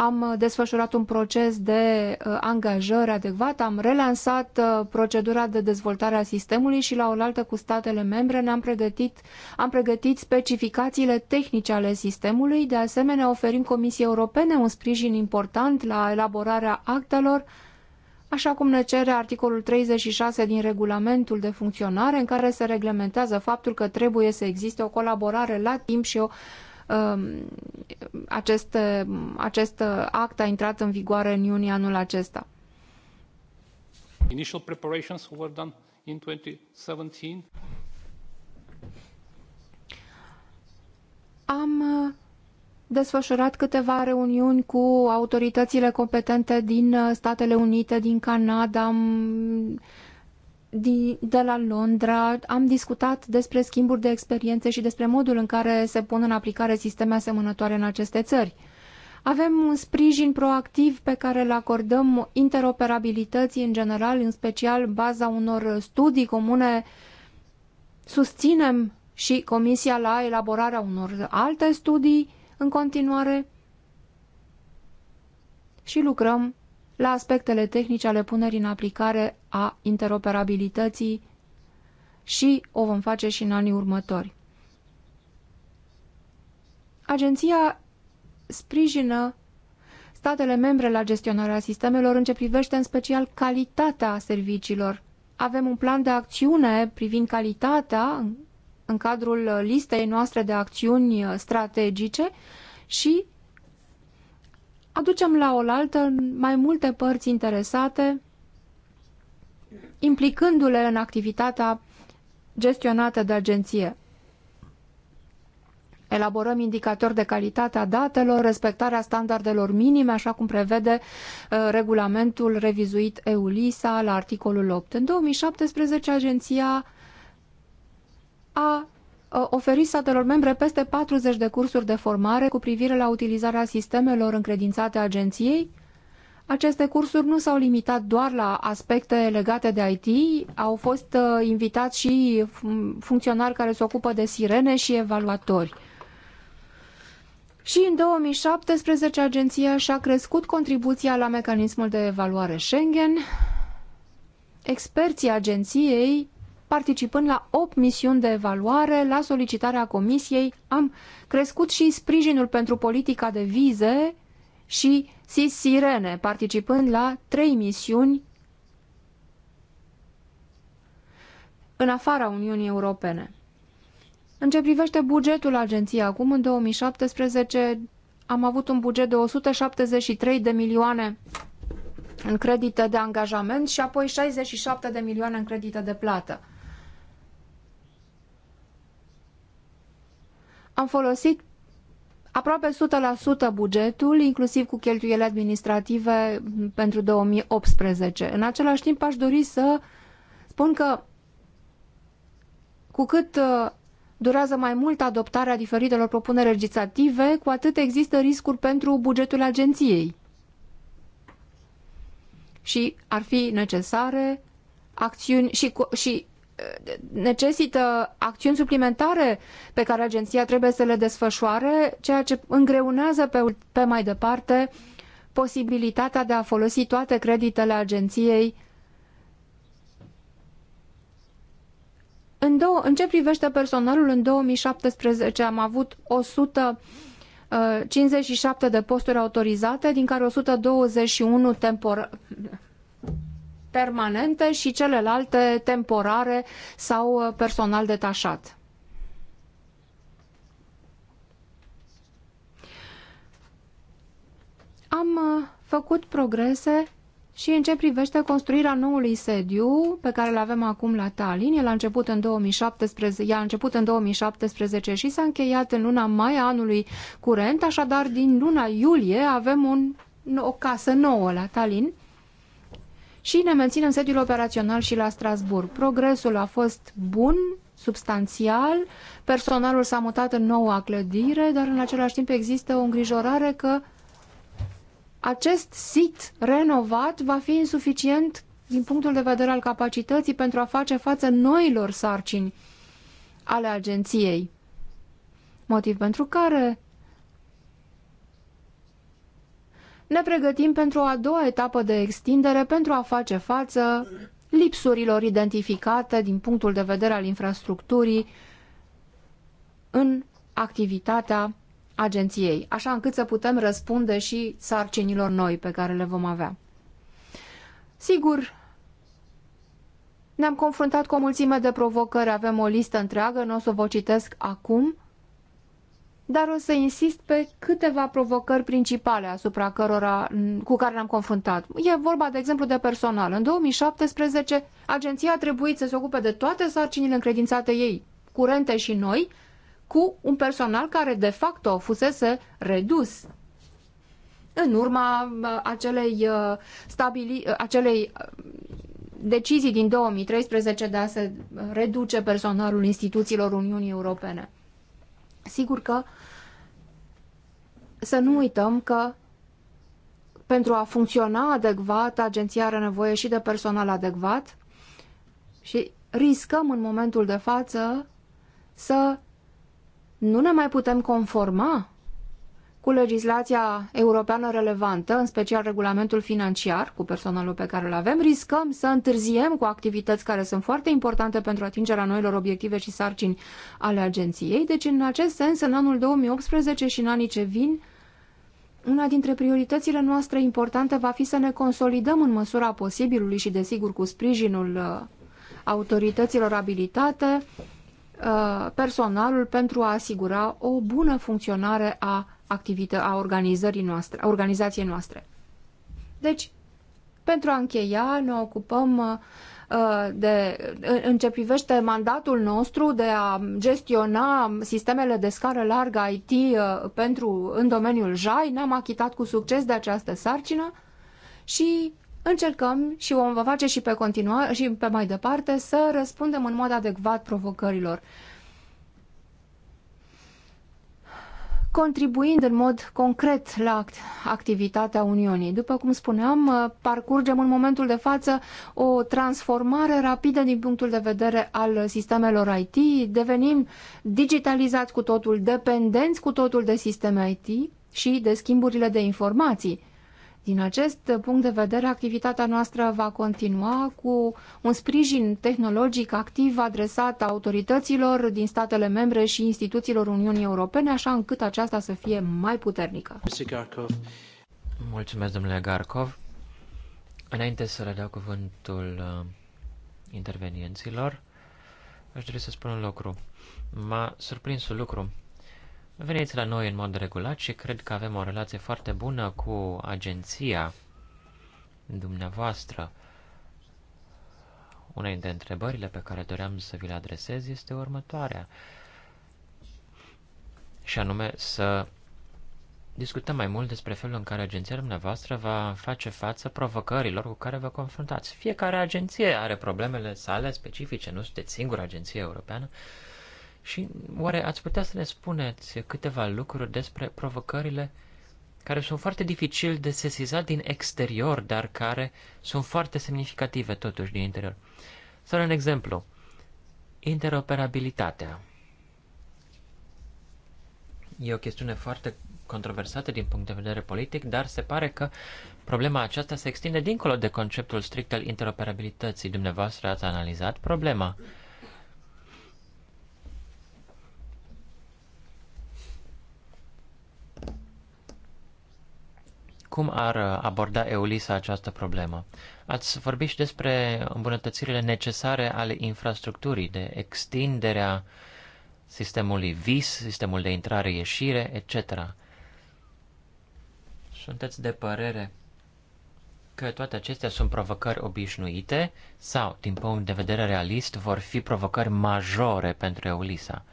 am uh, desfășurat un proces de uh, angajări adecvat, am relansat uh, procedura de dezvoltare a sistemului și la oaltă cu statele membre ne-am pregătit, am pregătit specificațiile tehnice ale sistemului, de asemenea oferim Comisiei Europene un sprijin important la elaborarea actelor, așa cum ne cere articolul 36 din regulamentul de funcționare, în care se reglementează faptul că trebuie să existe o colaborare la timp și o Um, acest, acest uh, act a intrat în vigoare în iunie anul acesta. Initial preparations were done in 2017. Am uh, desfășurat câteva reuniuni cu autoritățile competente din uh, Statele Unite, din Canada, am de la Londra am discutat despre schimburi de experiențe și despre modul în care se pun în aplicare sisteme asemănătoare în aceste țări. Avem un sprijin proactiv pe care îl acordăm interoperabilității în general, în special baza unor studii comune. Susținem și Comisia la elaborarea unor alte studii în continuare și lucrăm la aspectele tehnice ale punerii în aplicare a interoperabilității și o vom face și în anii următori. Agenția sprijină statele membre la gestionarea sistemelor în ce privește în special calitatea serviciilor. Avem un plan de acțiune privind calitatea în cadrul listei noastre de acțiuni uh, strategice și aducem la oaltă mai multe părți interesate, implicându-le în activitatea gestionată de agenție. Elaborăm indicatori de calitate a datelor, respectarea standardelor minime, așa cum prevede uh, regulamentul revizuit EULISA la articolul 8. În 2017, agenția a Uh, oferi statelor membre peste 40 de cursuri de formare cu privire la utilizarea sistemelor încredințate agenției. Aceste cursuri nu s-au limitat doar la aspecte legate de IT, au fost uh, invitați și um, funcționari care se ocupă de sirene și evaluatori. Și în 2017 agenția și-a crescut contribuția la mecanismul de evaluare Schengen. Experții agenției participând la 8 misiuni de evaluare la solicitarea comisiei. Am crescut și sprijinul pentru politica de vize și SIS Sirene, participând la 3 misiuni în afara Uniunii Europene. În ce privește bugetul agenției, acum în 2017 am avut un buget de 173 de milioane în credite de angajament și apoi 67 de milioane în credite de plată. am folosit aproape 100% bugetul, inclusiv cu cheltuielile administrative pentru 2018. În același timp aș dori să spun că cu cât uh, durează mai mult adoptarea diferitelor propuneri legislative, cu atât există riscuri pentru bugetul agenției. Și ar fi necesare acțiuni și, și necesită acțiuni suplimentare pe care agenția trebuie să le desfășoare, ceea ce îngreunează pe, pe mai departe posibilitatea de a folosi toate creditele agenției În, două, în ce privește personalul, în 2017 am avut 157 uh, de posturi autorizate, din care 121 temporare permanente și celelalte temporare sau uh, personal detașat. Am uh, făcut progrese și în ce privește construirea noului sediu pe care îl avem acum la Tallinn, el a început în 2017, a început în 2017 și s-a încheiat în luna mai a anului curent, așadar din luna iulie avem un, o casă nouă la Tallinn și ne menținem sediul operațional și la Strasburg. Progresul a fost bun, substanțial, personalul s-a mutat în noua clădire, dar în același timp există o îngrijorare că acest sit renovat va fi insuficient din punctul de vedere al capacității pentru a face față noilor sarcini ale agenției. Motiv pentru care ne pregătim pentru o a doua etapă de extindere pentru a face față lipsurilor identificate din punctul de vedere al infrastructurii în activitatea agenției, așa încât să putem răspunde și sarcinilor noi pe care le vom avea. Sigur, ne-am confruntat cu o mulțime de provocări, avem o listă întreagă, nu o să vă citesc acum, dar o să insist pe câteva provocări principale asupra cărora, mm, cu care ne-am confruntat. E vorba, de exemplu, de personal. În 2017, agenția a trebuit să se ocupe de toate sarcinile încredințate ei, curente și noi, cu un personal care, de facto, fusese redus în urma uh, acelei, uh, stabili, uh, acelei decizii din 2013 de a se reduce personalul instituțiilor Uniunii Europene. Sigur că să nu uităm că pentru a funcționa adecvat, agenția are nevoie și de personal adecvat și riscăm în momentul de față să nu ne mai putem conforma cu legislația europeană relevantă, în special regulamentul financiar, cu personalul pe care îl avem, riscăm să întârziem cu activități care sunt foarte importante pentru atingerea noilor obiective și sarcini ale agenției. Deci, în acest sens, în anul 2018 și în anii ce vin, una dintre prioritățile noastre importante va fi să ne consolidăm în măsura posibilului și, desigur, cu sprijinul uh, autorităților abilitate, uh, personalul pentru a asigura o bună funcționare a activită a organizării noastre, a organizației noastre. Deci, pentru a încheia, ne ocupăm uh, de, în ce privește mandatul nostru de a gestiona sistemele de scară largă IT uh, pentru, în domeniul JAI. Ne-am achitat cu succes de această sarcină și încercăm și o vom face și pe, continua, și pe mai departe să răspundem în mod adecvat provocărilor contribuind în mod concret la activitatea Uniunii. După cum spuneam, uh, parcurgem în momentul de față o transformare rapidă din punctul de vedere al sistemelor IT, devenim digitalizați cu totul, dependenți cu totul de sisteme IT și de schimburile de informații. Din acest punct de vedere, activitatea noastră va continua cu un sprijin tehnologic activ adresat autorităților din statele membre și instituțiilor Uniunii Europene, așa încât aceasta să fie mai puternică. Mulțumesc, domnule Garkov. Înainte să le dau cuvântul uh, intervenienților, aș dori să spun un lucru. M-a surprins un lucru veniți la noi în mod regulat și cred că avem o relație foarte bună cu agenția dumneavoastră. Una dintre întrebările pe care doream să vi le adresez este următoarea. Și anume să discutăm mai mult despre felul în care agenția dumneavoastră va face față provocărilor cu care vă confruntați. Fiecare agenție are problemele sale specifice, nu sunteți singura agenție europeană. Uh, și oare ați putea să ne spuneți câteva lucruri despre provocările care sunt foarte dificil de sesizat din exterior, dar care sunt foarte semnificative totuși din interior. Să un exemplu. Interoperabilitatea. E o chestiune foarte controversată din punct de vedere politic, dar se pare că problema aceasta se extinde dincolo de conceptul strict al interoperabilității. Dumneavoastră ați analizat problema. Cum ar uh, aborda EULISA această problemă? Ați vorbit și despre îmbunătățirile necesare ale infrastructurii, de extinderea sistemului VIS, sistemul de intrare-ieșire, etc. Sunteți de părere că toate acestea sunt provocări obișnuite sau, din punct de vedere realist, vor fi provocări majore pentru EULISA?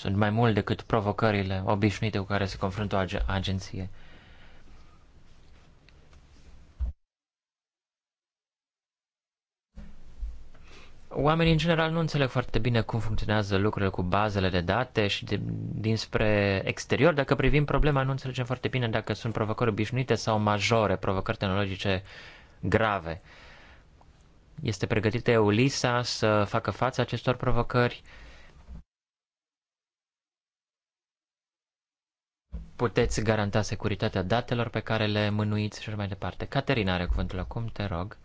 sunt mai mult decât provocările obișnuite cu care se confruntă o agenție. Oamenii, în general, nu înțeleg foarte bine cum funcționează lucrurile cu bazele de date și de, dinspre exterior. Dacă privim problema, nu înțelegem foarte bine dacă sunt provocări obișnuite sau majore, provocări tehnologice grave. Este pregătită EULISA să facă față acestor provocări? Uh, puteți garanta securitatea datelor pe care le mânuiți și așa mai departe. Caterina are cuvântul acum, te rog.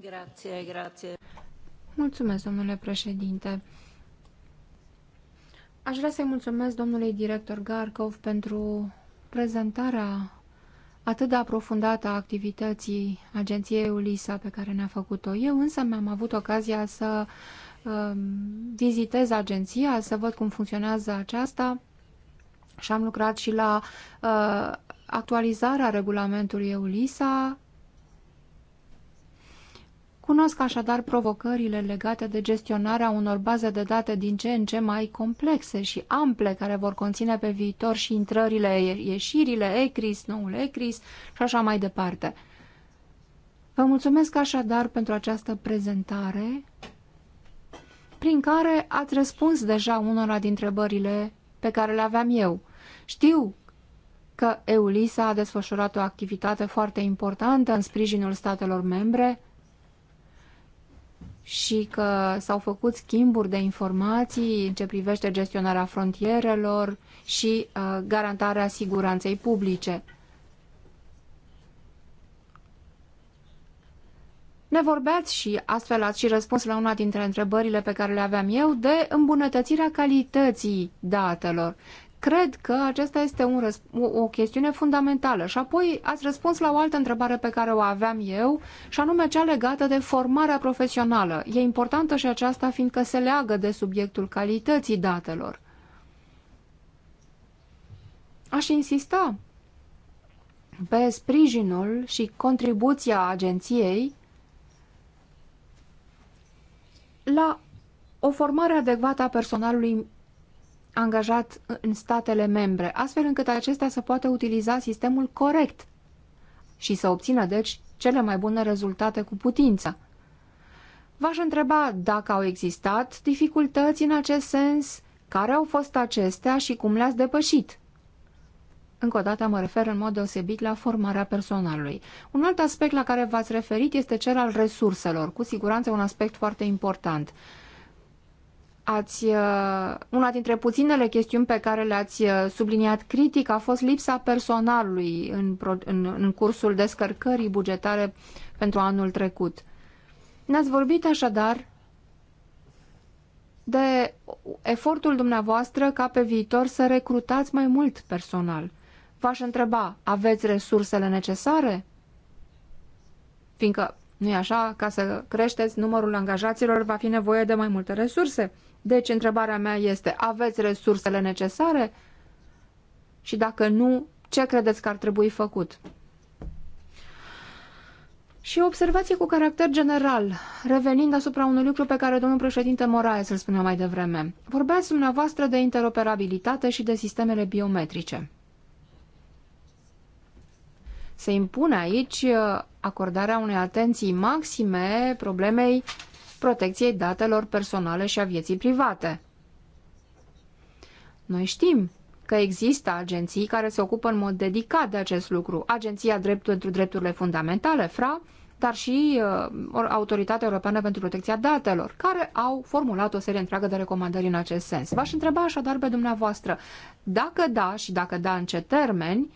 Grație, grație. Mulțumesc, domnule președinte. Aș vrea să-i mulțumesc domnului director Garkov pentru prezentarea atât de aprofundată a activității agenției ULISA pe care ne-a făcut-o. Eu însă mi-am avut ocazia să vizitez agenția, să văd cum funcționează aceasta și am lucrat și la uh, actualizarea regulamentului EULISA. Cunosc așadar provocările legate de gestionarea unor baze de date din ce în ce mai complexe și ample, care vor conține pe viitor și intrările, ieșirile, ECRIS, noul ECRIS și așa mai departe. Vă mulțumesc așadar pentru această prezentare prin care ați răspuns deja unora din întrebările pe care le aveam eu. Știu că EULISA a desfășurat o activitate foarte importantă în sprijinul statelor membre și că s-au făcut schimburi de informații în ce privește gestionarea frontierelor și uh, garantarea siguranței publice. Ne vorbeați și, astfel ați și răspuns la una dintre întrebările pe care le aveam eu, de îmbunătățirea calității datelor. Cred că acesta este un o chestiune fundamentală. Și apoi ați răspuns la o altă întrebare pe care o aveam eu, și anume cea legată de formarea profesională. E importantă și aceasta fiindcă se leagă de subiectul calității datelor. Aș insista pe sprijinul și contribuția agenției la o formare adecvată a personalului angajat în statele membre, astfel încât acestea să poată utiliza sistemul corect și să obțină, deci, cele mai bune rezultate cu putință. V-aș întreba dacă au existat dificultăți în acest sens, care au fost acestea și cum le-ați depășit. Încă o dată mă refer în mod deosebit la formarea personalului. Un alt aspect la care v-ați referit este cel al resurselor, cu siguranță un aspect foarte important. Ați, uh, una dintre puținele chestiuni pe care le-ați uh, subliniat critic a fost lipsa personalului în, în, în cursul descărcării bugetare pentru anul trecut. Ne-ați vorbit așadar de efortul dumneavoastră ca pe viitor să recrutați mai mult personal – v-aș întreba, aveți resursele necesare? Fiindcă, nu e așa, ca să creșteți numărul angajaților va fi nevoie de mai multe resurse. Deci, întrebarea mea este, aveți resursele necesare? Și dacă nu, ce credeți că ar trebui făcut? Și o observație cu caracter general, revenind asupra unui lucru pe care domnul președinte Moraes îl spunea mai devreme. Vorbeați dumneavoastră de interoperabilitate și de sistemele biometrice. Se impune aici uh, acordarea unei atenții maxime problemei protecției datelor personale și a vieții private. Noi știm că există agenții care se ocupă în mod dedicat de acest lucru. Agenția Dreptul pentru Drepturile Fundamentale, FRA, dar și uh, Autoritatea Europeană pentru Protecția Datelor, care au formulat o serie întreagă de recomandări în acest sens. V-aș întreba așadar pe dumneavoastră, dacă da și dacă da în ce termeni,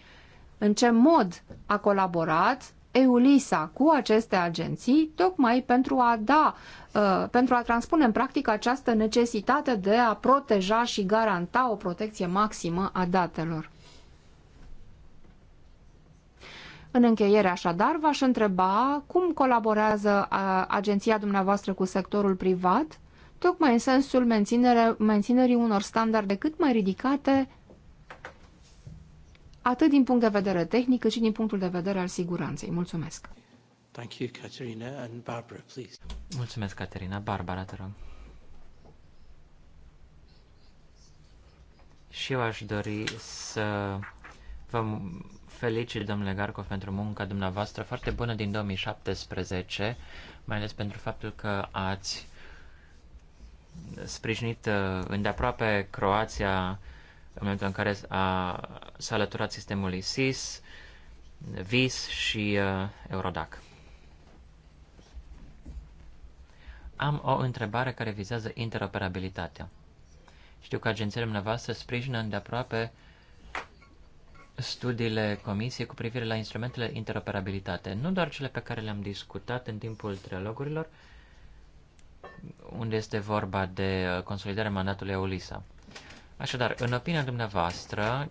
în ce mod a colaborat EULISA cu aceste agenții tocmai pentru a da, uh, pentru a transpune în practică această necesitate de a proteja și garanta o protecție maximă a datelor. În încheiere, așadar, v-aș întreba cum colaborează uh, agenția dumneavoastră cu sectorul privat, tocmai în sensul menținerii unor standarde cât mai ridicate atât din punct de vedere tehnic, cât și din punctul de vedere al siguranței. Mulțumesc! Thank you, Caterina and Barbara, please. Mulțumesc, Caterina. Barbara, te rog. Și eu aș dori să vă felicit, domnule Garcov, pentru munca dumneavoastră foarte bună din 2017, mai ales pentru faptul că ați sprijinit uh, îndeaproape Croația în momentul în care a, s-a alăturat sistemului SIS, VIS și uh, Eurodac. Am o întrebare care vizează interoperabilitatea. Știu că agențiile dumneavoastră sprijină îndeaproape studiile comisiei cu privire la instrumentele interoperabilitate, nu doar cele pe care le-am discutat în timpul trialogurilor, unde este vorba de uh, consolidarea mandatului EULISA. Așadar, în opinia dumneavoastră,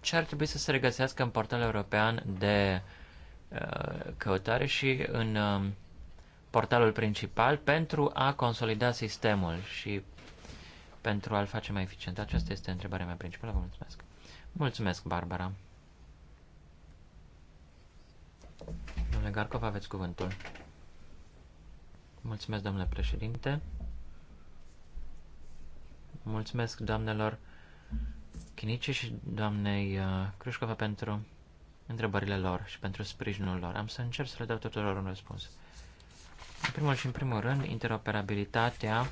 ce ar trebui să se regăsească în portalul european de uh, căutare și în um, portalul principal pentru a consolida sistemul și pentru a-l face mai eficient? Aceasta este întrebarea mea principală. Vă mulțumesc. Mulțumesc, Barbara. Domnule Garcov, aveți cuvântul. Mulțumesc, domnule președinte. Mulțumesc doamnelor Chinice și doamnei uh, Crușcova pentru întrebările lor și pentru sprijinul lor. Am să încerc să le dau tuturor un răspuns. În primul și în primul rând, interoperabilitatea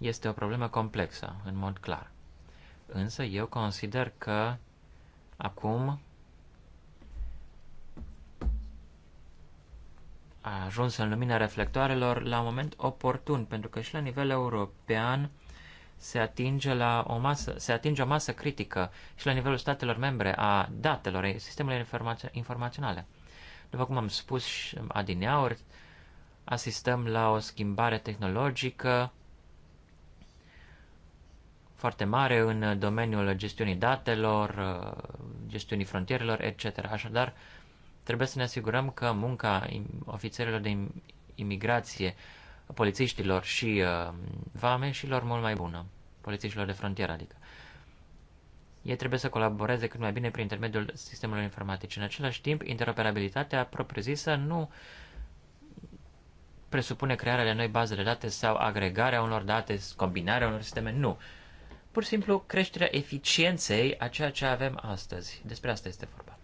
este o problemă complexă, în mod clar. Însă eu consider că acum a ajuns în lumina reflectoarelor la un moment oportun, pentru că și la nivel european se atinge, la o masă, se atinge o masă critică și la nivelul statelor membre a datelor, sistemului informaț- informaționale. După cum am spus adineauri, asistăm la o schimbare tehnologică foarte mare în domeniul gestiunii datelor, gestiunii frontierelor, etc. Așadar, uh, Trebuie să ne asigurăm că munca ofițerilor de imigrație, polițiștilor și uh, vameșilor mult mai bună, polițiștilor de frontieră, adică. Ei trebuie să colaboreze cât mai bine prin intermediul sistemelor informatic. În același timp, interoperabilitatea propriu-zisă nu presupune crearea de noi baze de date sau agregarea unor date, combinarea unor sisteme, nu. Pur și simplu creșterea eficienței a ceea ce avem astăzi. Despre asta este vorba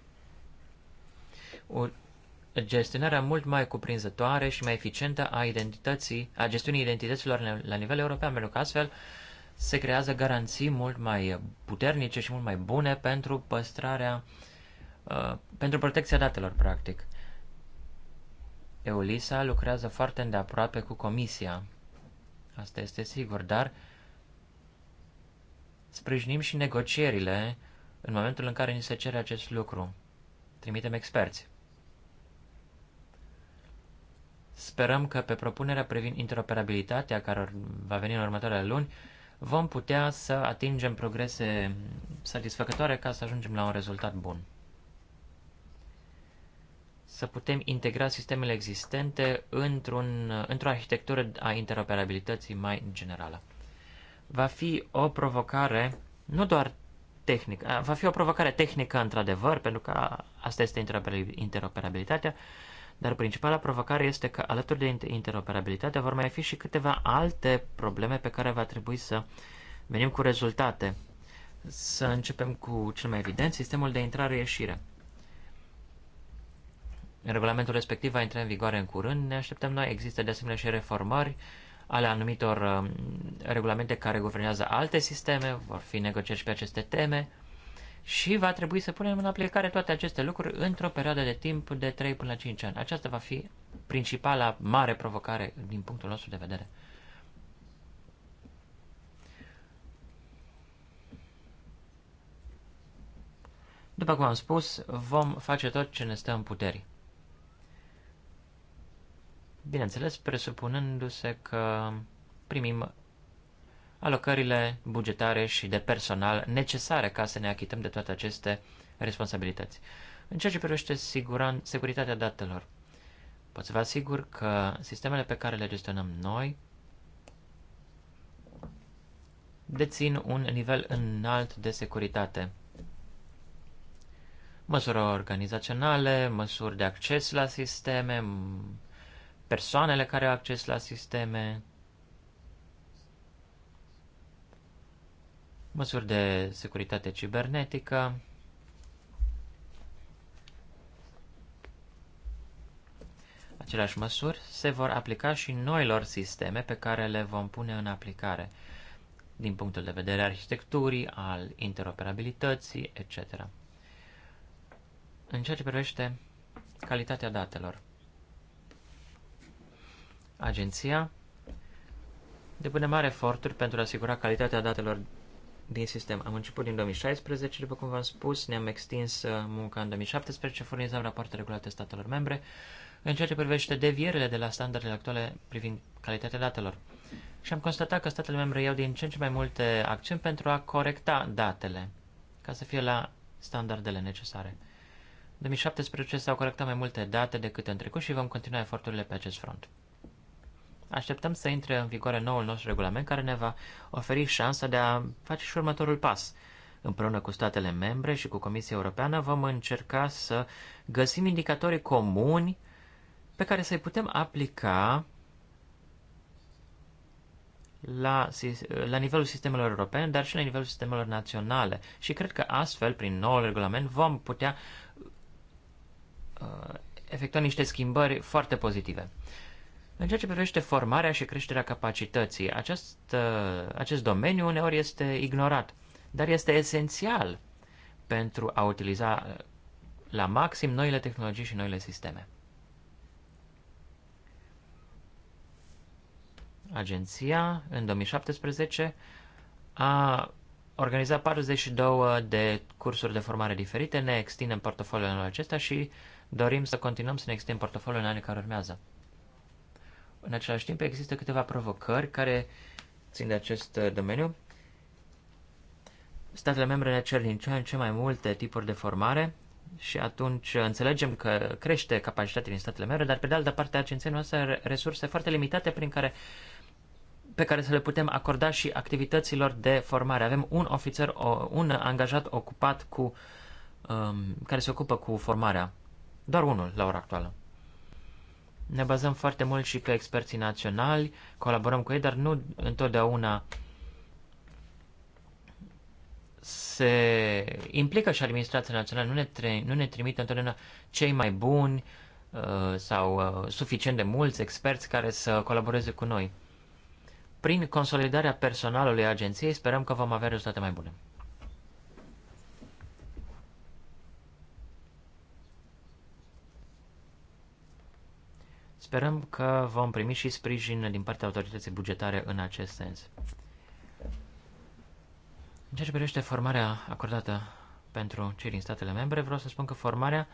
gestionarea mult mai cuprinzătoare și mai eficientă a, identității, a gestiunii identităților la nivel european, pentru că astfel se creează garanții mult mai puternice și mult mai bune pentru păstrarea, uh, pentru protecția datelor, practic. EULISA lucrează foarte îndeaproape cu Comisia, asta este sigur, dar sprijinim și negocierile în momentul în care ni se cere acest lucru. Trimitem experți. Sperăm că pe propunerea privind interoperabilitatea, care va veni în următoarele luni, vom putea să atingem progrese satisfăcătoare ca să ajungem la un rezultat bun. Să putem integra sistemele existente într-un, într-o arhitectură a interoperabilității mai generală. Va fi o provocare nu doar tehnică, va fi o provocare tehnică într-adevăr, pentru că asta este interoperabilitatea, dar principala provocare este că, alături de interoperabilitate, vor mai fi și câteva alte probleme pe care va trebui să venim cu rezultate. Să începem cu cel mai evident, sistemul de intrare-ieșire. Regulamentul respectiv va intra în vigoare în curând, ne așteptăm noi. Există de asemenea și reformări ale anumitor um, regulamente care guvernează alte sisteme, vor fi negocieri și pe aceste teme și va trebui să punem în aplicare toate aceste lucruri într-o perioadă de timp de 3 până la 5 ani. Aceasta va fi principala mare provocare din punctul nostru de vedere. După cum am spus, vom face tot ce ne stă în puteri. Bineînțeles, presupunându-se că primim alocările bugetare și de personal necesare ca să ne achităm de toate aceste responsabilități. În ceea ce privește siguran, securitatea datelor, pot să vă asigur că sistemele pe care le gestionăm noi dețin un nivel înalt de securitate. Măsuri organizaționale, măsuri de acces la sisteme, persoanele care au acces la sisteme, măsuri de securitate cibernetică, Aceleași măsuri se vor aplica și noilor sisteme pe care le vom pune în aplicare, din punctul de vedere arhitecturii, al interoperabilității, etc. În ceea ce privește calitatea datelor, agenția depune mari eforturi pentru a asigura calitatea datelor din sistem. Am început din 2016, după cum v-am spus, ne-am extins uh, munca în 2017, furnizăm rapoarte regulate statelor membre în ceea ce privește devierile de la standardele actuale privind calitatea datelor. Și am constatat că statele membre iau din ce în ce mai multe acțiuni pentru a corecta datele, ca să fie la standardele necesare. În 2017 s-au corectat mai multe date decât în trecut și vom continua eforturile pe acest front. Așteptăm să intre în vigoare noul nostru regulament care ne va oferi șansa de a face și următorul pas. Împreună cu statele membre și cu Comisia Europeană vom încerca să găsim indicatori comuni pe care să-i putem aplica la, la nivelul sistemelor europene, dar și la nivelul sistemelor naționale. Și cred că astfel, prin noul regulament, vom putea uh, efectua niște schimbări foarte pozitive. În ceea ce privește formarea și creșterea capacității, acest, uh, acest domeniu uneori este ignorat, dar este esențial pentru a utiliza uh, la maxim noile tehnologii și noile sisteme. Agenția, în 2017, a organizat 42 de cursuri de formare diferite, ne extindem portofoliul în acesta și dorim să continuăm să ne extindem portofoliul în anii care urmează. În același timp, există câteva provocări care țin de acest uh, domeniu. Statele membre ne cer din ce în ce mai multe tipuri de formare și atunci uh, înțelegem că crește capacitatea din statele membre, dar pe de altă parte agenția noastră are resurse foarte limitate prin care, pe care să le putem acorda și activităților de formare. Avem un ofițer, un angajat ocupat cu, um, care se ocupă cu formarea. Doar unul la ora actuală. Ne bazăm foarte mult și pe experții naționali, colaborăm cu ei, dar nu întotdeauna se implică și administrația națională, nu ne, tre- nu ne trimite întotdeauna cei mai buni uh, sau uh, suficient de mulți experți care să colaboreze cu noi. Prin consolidarea personalului agenției sperăm că vom avea rezultate mai bune. Sperăm că vom primi și sprijin din partea autorității bugetare în acest sens. În ceea ce privește formarea acordată pentru cei din statele membre, vreau să spun că formarea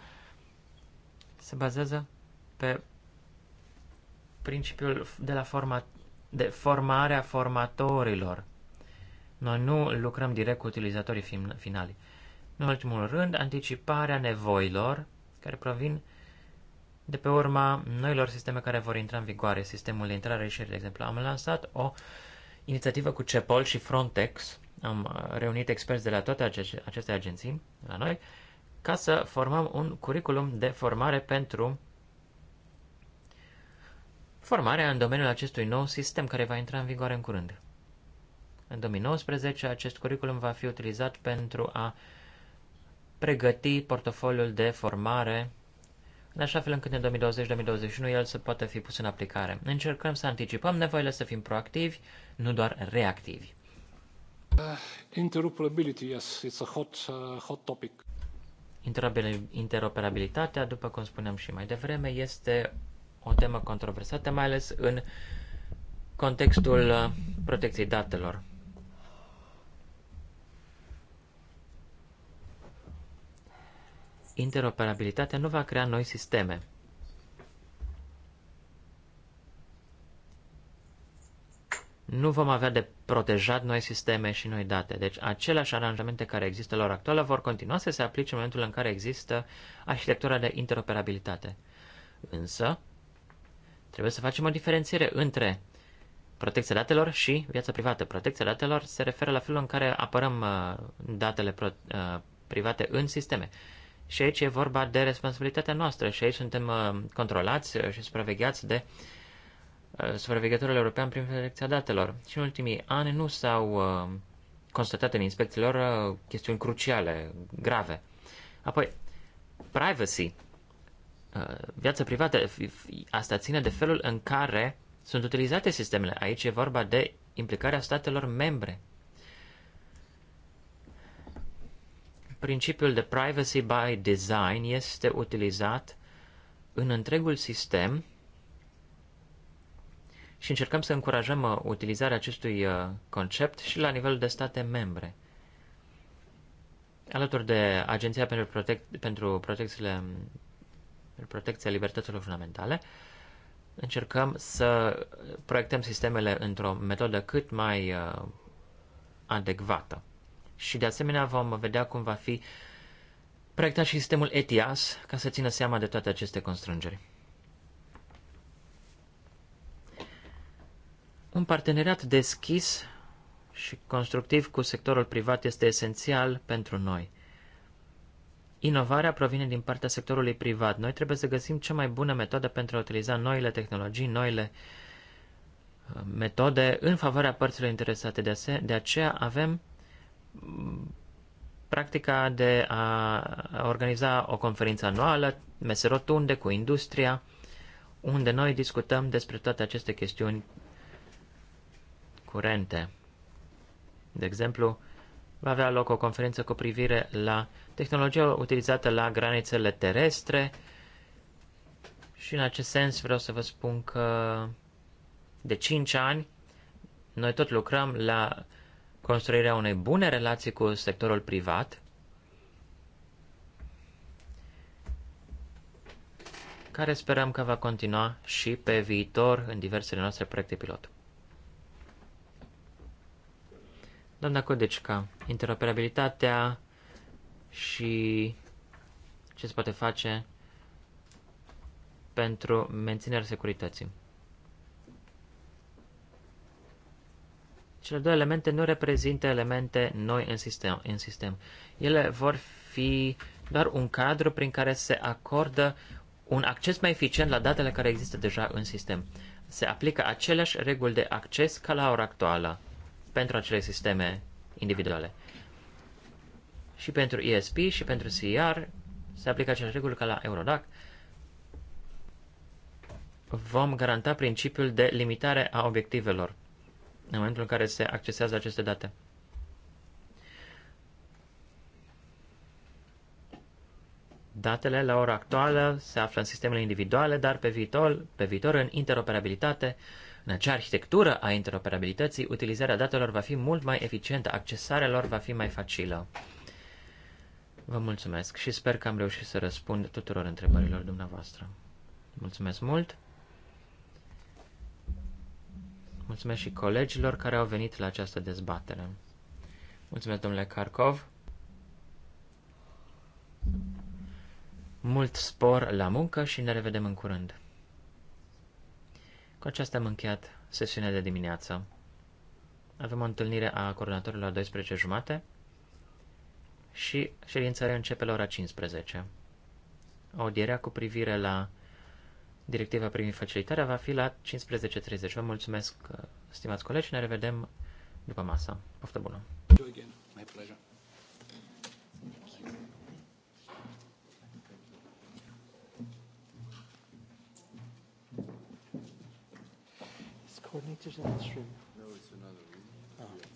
se bazează pe principiul de la forma, de formarea formatorilor. Noi nu lucrăm direct cu utilizatorii finali. În ultimul rând, anticiparea nevoilor care provin de pe urma noilor sisteme care vor intra în vigoare, sistemul de intrare și de exemplu. Am lansat o inițiativă cu CEPOL și Frontex, am reunit experți de la toate aceste agenții, la noi, ca să formăm un curriculum de formare pentru formarea în domeniul acestui nou sistem care va intra în vigoare în curând. În 2019, acest curriculum va fi utilizat pentru a pregăti portofoliul de formare în așa fel încât în 2020-2021 el să poată fi pus în aplicare. Încercăm să anticipăm nevoile, să fim proactivi, nu doar reactivi. Uh, interoperability, yes, it's a hot, uh, hot topic. Interoperabilitatea, după cum spuneam și mai devreme, este o temă controversată, mai ales în contextul uh, protecției datelor. interoperabilitatea nu va crea noi sisteme. Nu vom avea de protejat noi sisteme și noi date. Deci aceleași aranjamente care există la ora actuală vor continua să se aplice în momentul în care există arhitectura de interoperabilitate. Însă, trebuie să facem o diferențiere între protecția datelor și viața privată. Protecția datelor se referă la felul în care apărăm uh, datele uh, private în sisteme. Și aici e vorba de responsabilitatea noastră și aici suntem uh, controlați uh, și supravegheați de uh, supraveghetorul european prin protecția datelor. Și în ultimii ani nu s-au constatat în inspecțiile lor chestiuni cruciale, grave. Apoi, privacy, viața privată, asta ține de felul în care sunt utilizate sistemele. Aici e vorba de implicarea statelor membre. Principiul de privacy by design este utilizat în întregul sistem și încercăm să încurajăm uh, utilizarea acestui uh, concept și la nivel de state membre. Alături de Agenția pentru, protec- pentru protecțiile um, protecția libertăților fundamentale, încercăm să proiectăm sistemele într-o metodă cât mai uh, adecvată și de asemenea vom vedea cum va fi proiectat și sistemul ETIAS ca să țină seama de toate aceste constrângeri. Un parteneriat deschis și constructiv cu sectorul privat este esențial pentru noi. Inovarea provine din partea sectorului privat. Noi trebuie să găsim cea mai bună metodă pentru a utiliza noile tehnologii, noile uh, metode în favoarea părților interesate. De, aceea avem practica de a organiza o conferință anuală, mese rotunde cu industria, unde noi discutăm despre toate aceste chestiuni curente. De exemplu, va avea loc o conferință cu privire la tehnologia utilizată la granițele terestre și în acest sens vreau să vă spun că de 5 ani noi tot lucrăm la construirea unei bune relații cu sectorul privat, care sperăm că va continua și pe viitor în diversele noastre proiecte pilot. Doamna Codecica, interoperabilitatea și ce se poate face pentru menținerea securității. Cele două elemente nu reprezintă elemente noi în sistem. În sistem. Ele vor fi doar un cadru prin care se acordă un acces mai eficient la datele care există deja în sistem. Se aplică aceleași reguli de acces ca la ora actuală pentru acele sisteme individuale. Și pentru ESP și pentru CR se aplică aceleași reguli ca la Eurodac. Vom garanta principiul de limitare a obiectivelor în momentul în care se accesează aceste date. Datele la ora actuală se află în sistemele individuale, dar pe viitor, pe viitor în interoperabilitate, în acea arhitectură a interoperabilității, utilizarea datelor va fi mult mai eficientă, accesarea lor va fi mai facilă. Vă mulțumesc și sper că am reușit să răspund tuturor întrebărilor dumneavoastră. Mulțumesc mult! Mulțumesc și colegilor care au venit la această dezbatere. Mulțumesc, domnule Carcov. Mult spor la muncă și ne revedem în curând. Cu aceasta am încheiat sesiunea de dimineață. Avem o întâlnire a coordonatorilor la 12.30 și ședința începe la ora 15. Audierea cu privire la Directiva privind facilitarea va fi la 15.30. Vă mulțumesc, uh, stimați colegi, și ne revedem după masa. Poftă bună! coordinators in this room? No, it's another room. Oh.